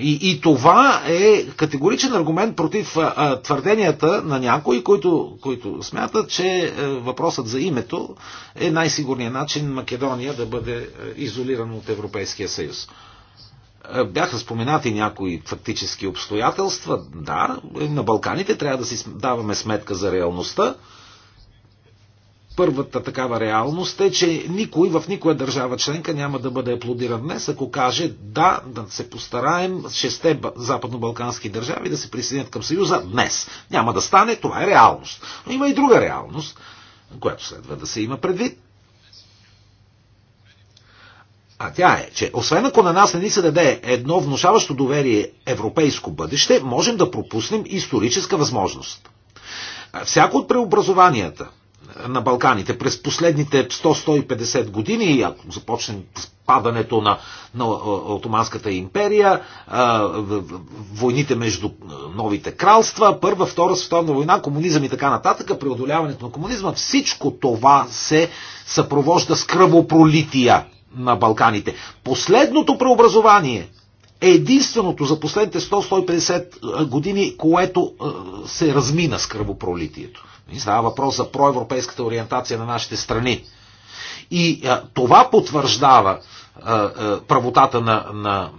И, и това е категоричен аргумент против а, твърденията на някои, които, които смятат, че а, въпросът за името е най-сигурният начин Македония да бъде изолирана от Европейския съюз. Е, бяха споменати някои фактически обстоятелства. Да, е, на Балканите трябва да си даваме сметка за реалността. Първата такава реалност е, че никой в никоя държава членка няма да бъде аплодиран днес, ако каже да, да се постараем шесте западно-балкански държави да се присъединят към Съюза днес. Няма да стане, това е реалност. Но има и друга реалност, която следва да се има предвид а тя е, че освен ако на нас не ни се даде едно внушаващо доверие европейско бъдеще, можем да пропуснем историческа възможност. Всяко от преобразованията на Балканите през последните 100-150 години, ако започнем с падането на, на Отоманската империя, войните между новите кралства, Първа, Втора световна война, комунизъм и така нататък, преодоляването на комунизма, всичко това се съпровожда с кръвопролития на Балканите. Последното преобразование е единственото за последните 100-150 е, години, което е, се размина с кръвопролитието. Става въпрос за проевропейската ориентация на нашите страни. И а, е, това потвърждава а, а, правотата на, на,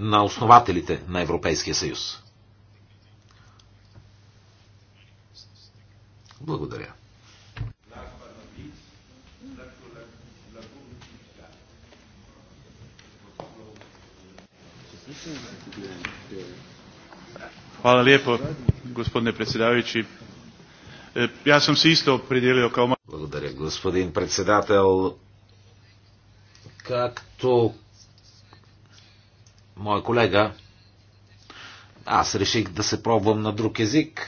на основателите на Европейския съюз. Благодаря. Hvala lijepo, gospodine predsjedavajući. E, ja sam se isto opredijelio kao... Благодаря, господин председател. Както моя колега, аз реших да се пробвам на друг език.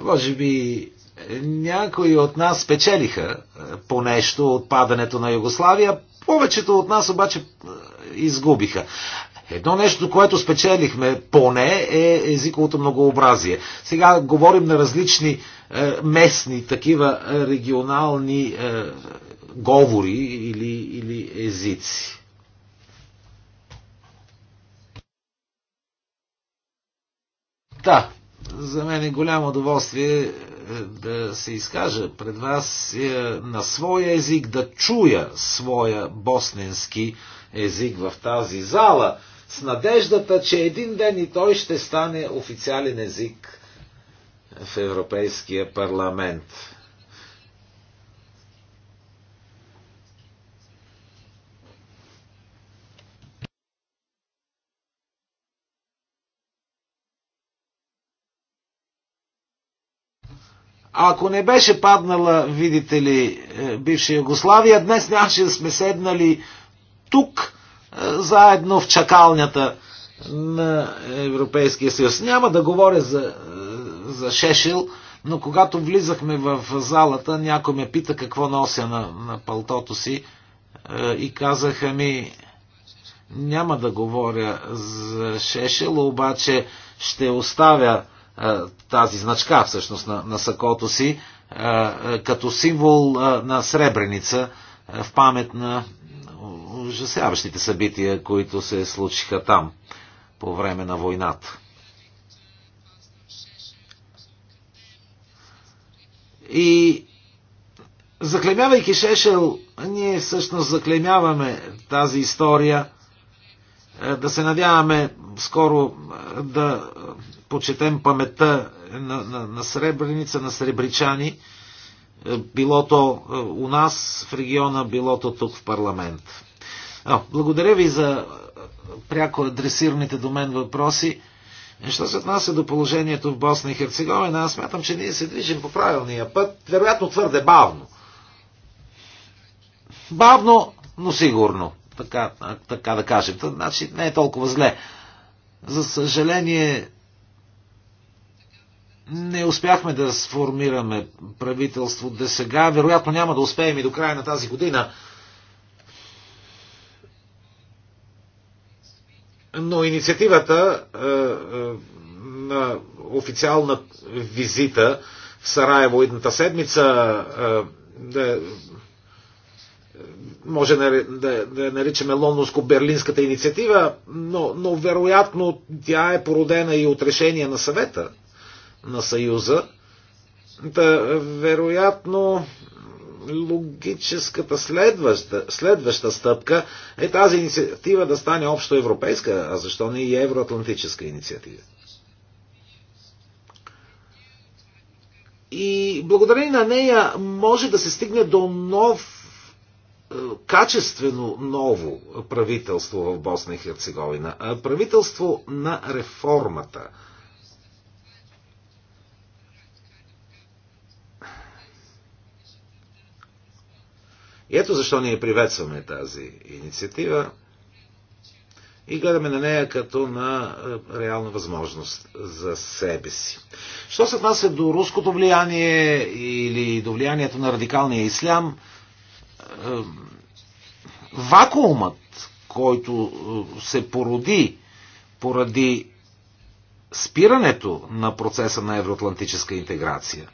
Може би някои от нас печелиха е, по нещо от падането на Югославия. Повечето от нас обаче е, изгубиха. Едно нещо, което спечелихме поне е езиковото многообразие. Сега говорим на различни е, местни, такива е, регионални е, говори или, или езици. Да, за мен е голямо удоволствие е, да се изкажа пред вас е, на своя език, да чуя своя босненски език в тази зала, с надеждата, че един ден и той ще стане официален език в Европейския парламент. Ако не беше паднала, видите ли, е, бивша Югославия, днес нямаше да сме седнали тук, е, заедно в чакалнята на Европейския съюз. Няма да говоря за, е, за Шешил, но когато влизахме в залата, някой ме пита какво нося на, на палтото си и казаха ми, няма да говоря за Шешел, обаче ще оставя тази значка всъщност на, на сакото си като символ на Сребреница в памет на ужасяващите събития, които се случиха там по време на войната. И заклемявайки Шешел, ние всъщност заклемяваме тази история. Е, да се надяваме скоро е, да почетем паметта на, на, на Сребреница, на сребричани, е, било то е, у нас в региона, било то тук в парламент. О, благодаря ви за е, пряко адресираните до мен въпроси. Що се отнася до положението в Босна и Херцеговина, аз смятам, че ние се движим по правилния път, вероятно твърде бавно. Бавно, но сигурно, така, така да кажем. Значи не е толкова зле. За съжаление, не успяхме да сформираме правителство до сега. Вероятно няма да успеем и до края на тази година. Но инициативата е, е, на официална визита в Сараево едната седмица е, да, може да, да, да наричаме лондонско-берлинската инициатива, но, но вероятно тя е породена и от решение на съвета на Съюза. Да, вероятно, логическата следваща, следваща стъпка е тази инициатива да стане общо европейска, а защо не и евроатлантическа инициатива. И благодарение на нея може да се стигне до нов е, качествено ново правителство в Босна и Херцеговина. Правителство на реформата – И ето защо ние приветстваме тази инициатива и гледаме на нея като на е, реална възможност за себе си. Що се отнася до руското влияние или до влиянието на радикалния ислям, е, вакуумът, който е, се породи поради спирането на процеса на евроатлантическа интеграция,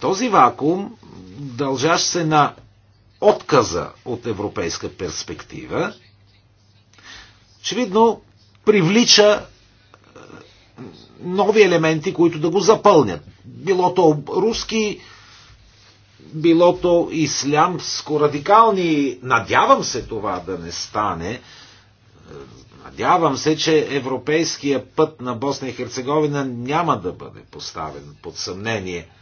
този вакуум, дължащ се на отказа от европейска перспектива, очевидно привлича е, нови елементи, които да го запълнят. Било то руски, било то ислямско-радикални. Надявам се това да не стане. Е, надявам се, че европейския път на Босна и Херцеговина няма да бъде поставен под съмнение –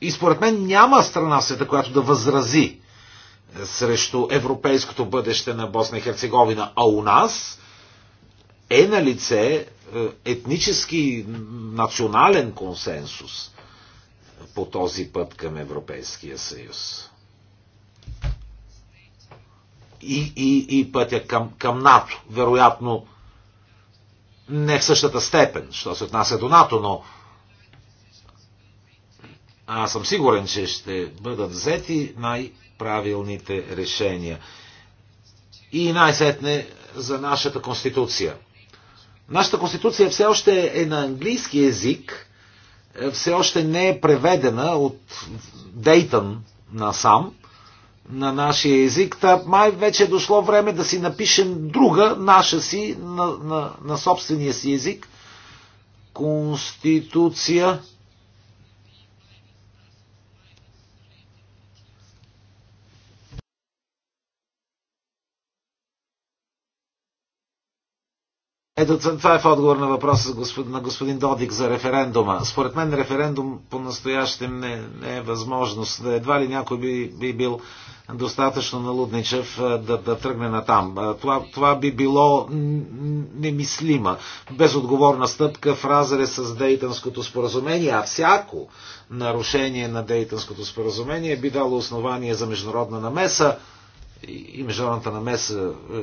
И според мен няма страна в света, която да възрази е, срещу европейското бъдеще на Босна и Херцеговина, а у нас е на лице е, етнически национален консенсус по този път към Европейския съюз. И, и, и пътя към, към НАТО. Вероятно не в същата степен, що се отнася до НАТО, но аз съм сигурен, че ще бъдат взети най-правилните решения. И най-сетне за нашата конституция. Нашата конституция все още е на английски язик, все още не е преведена от Дейтън сам, на нашия език. Та май вече е дошло време да си напишем друга, наша си, на, на, на собствения си език, конституция Ето, това е в отговор на въпроса на господин Додик за референдума. Според мен референдум по-настоящем не, не е възможност. Едва ли някой би, би бил достатъчно налудничев да, да тръгне на там. Това, това би било немислима, безотговорна стъпка в разрез с Дейтънското споразумение, а всяко нарушение на Дейтънското споразумение би дало основание за международна намеса и международната намеса е, е,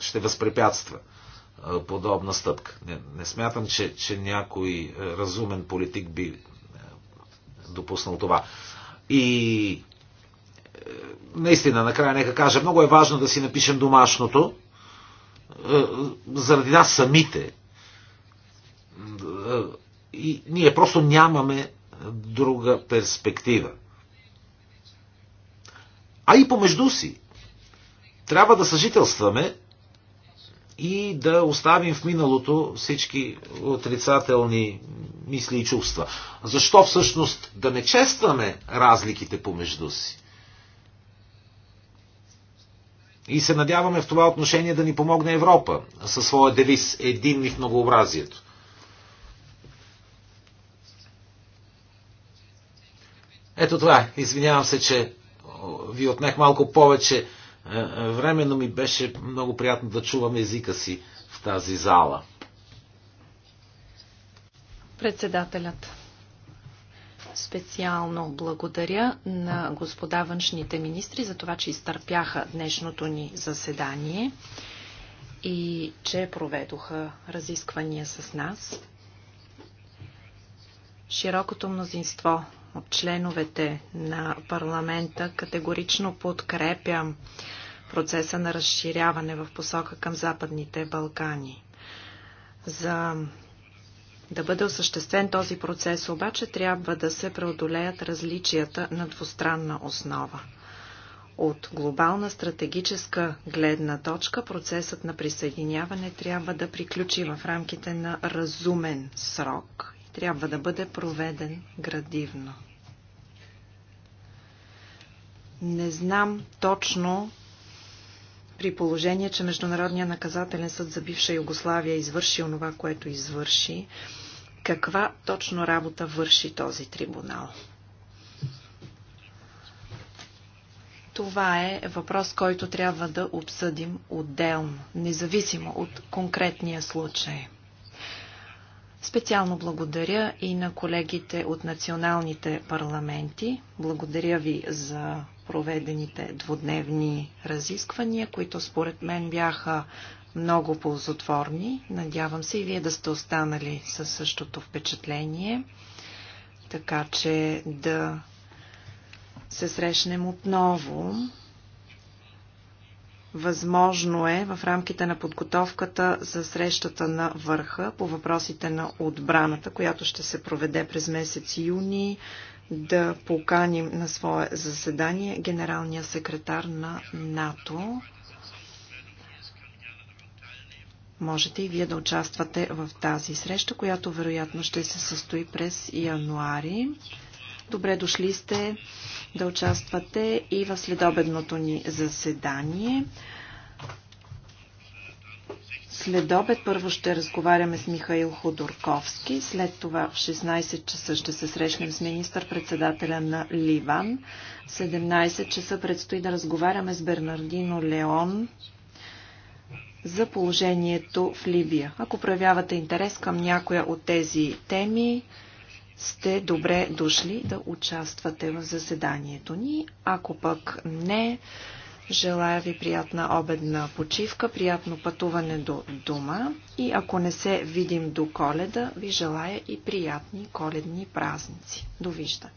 ще възпрепятства подобна стъпка. Не, не смятам, че, че някой е, разумен политик би е, допуснал това. И е, наистина, накрая нека кажа, много е важно да си напишем домашното, заради нас самите. И ние просто нямаме друга перспектива. А и помежду си трябва да съжителстваме и да оставим в миналото всички отрицателни мисли и чувства. Защо всъщност да не честваме разликите помежду си? И се надяваме в това отношение да ни помогне Европа със своя девиз Единни в многообразието. Ето това. Е. Извинявам се, че ви отнех малко повече е, е, временно ми беше много приятно да чувам езика си в тази зала. Председателят. Специално благодаря на господа външните министри за това, че изтърпяха днешното ни заседание и че проведоха разисквания с нас. Широкото мнозинство от членовете на парламента категорично подкрепя процеса на разширяване в посока към Западните Балкани. За да бъде осъществен този процес обаче трябва да се преодолеят различията на двустранна основа. От глобална стратегическа гледна точка процесът на присъединяване трябва да приключи в рамките на разумен срок трябва да бъде проведен градивно. Не знам точно при положение, че Международният наказателен съд за бивша Югославия извърши онова, което извърши, каква точно работа върши този трибунал? Това е въпрос, който трябва да обсъдим отделно, независимо от конкретния случай. Специално благодаря и на колегите от националните парламенти. Благодаря ви за проведените двудневни разисквания, които според мен бяха много ползотворни. Надявам се и вие да сте останали със същото впечатление, така че да се срещнем отново. Възможно е в рамките на подготовката за срещата на върха по въпросите на отбраната, която ще се проведе през месец юни, да поканим на свое заседание генералния секретар на НАТО. Можете и вие да участвате в тази среща, която вероятно ще се състои през януари. Добре дошли сте да участвате и в следобедното ни заседание. Следобед първо ще разговаряме с Михаил Ходорковски, след това в 16 часа ще се срещнем с министър-председателя на Ливан. В 17 часа предстои да разговаряме с Бернардино Леон, за положението в Либия. Ако проявявате интерес към някоя от тези теми, сте добре дошли да участвате в заседанието ни. Ако пък не, желая ви приятна обедна почивка, приятно пътуване до дома и ако не се видим до коледа, ви желая и приятни коледни празници. Довиждане!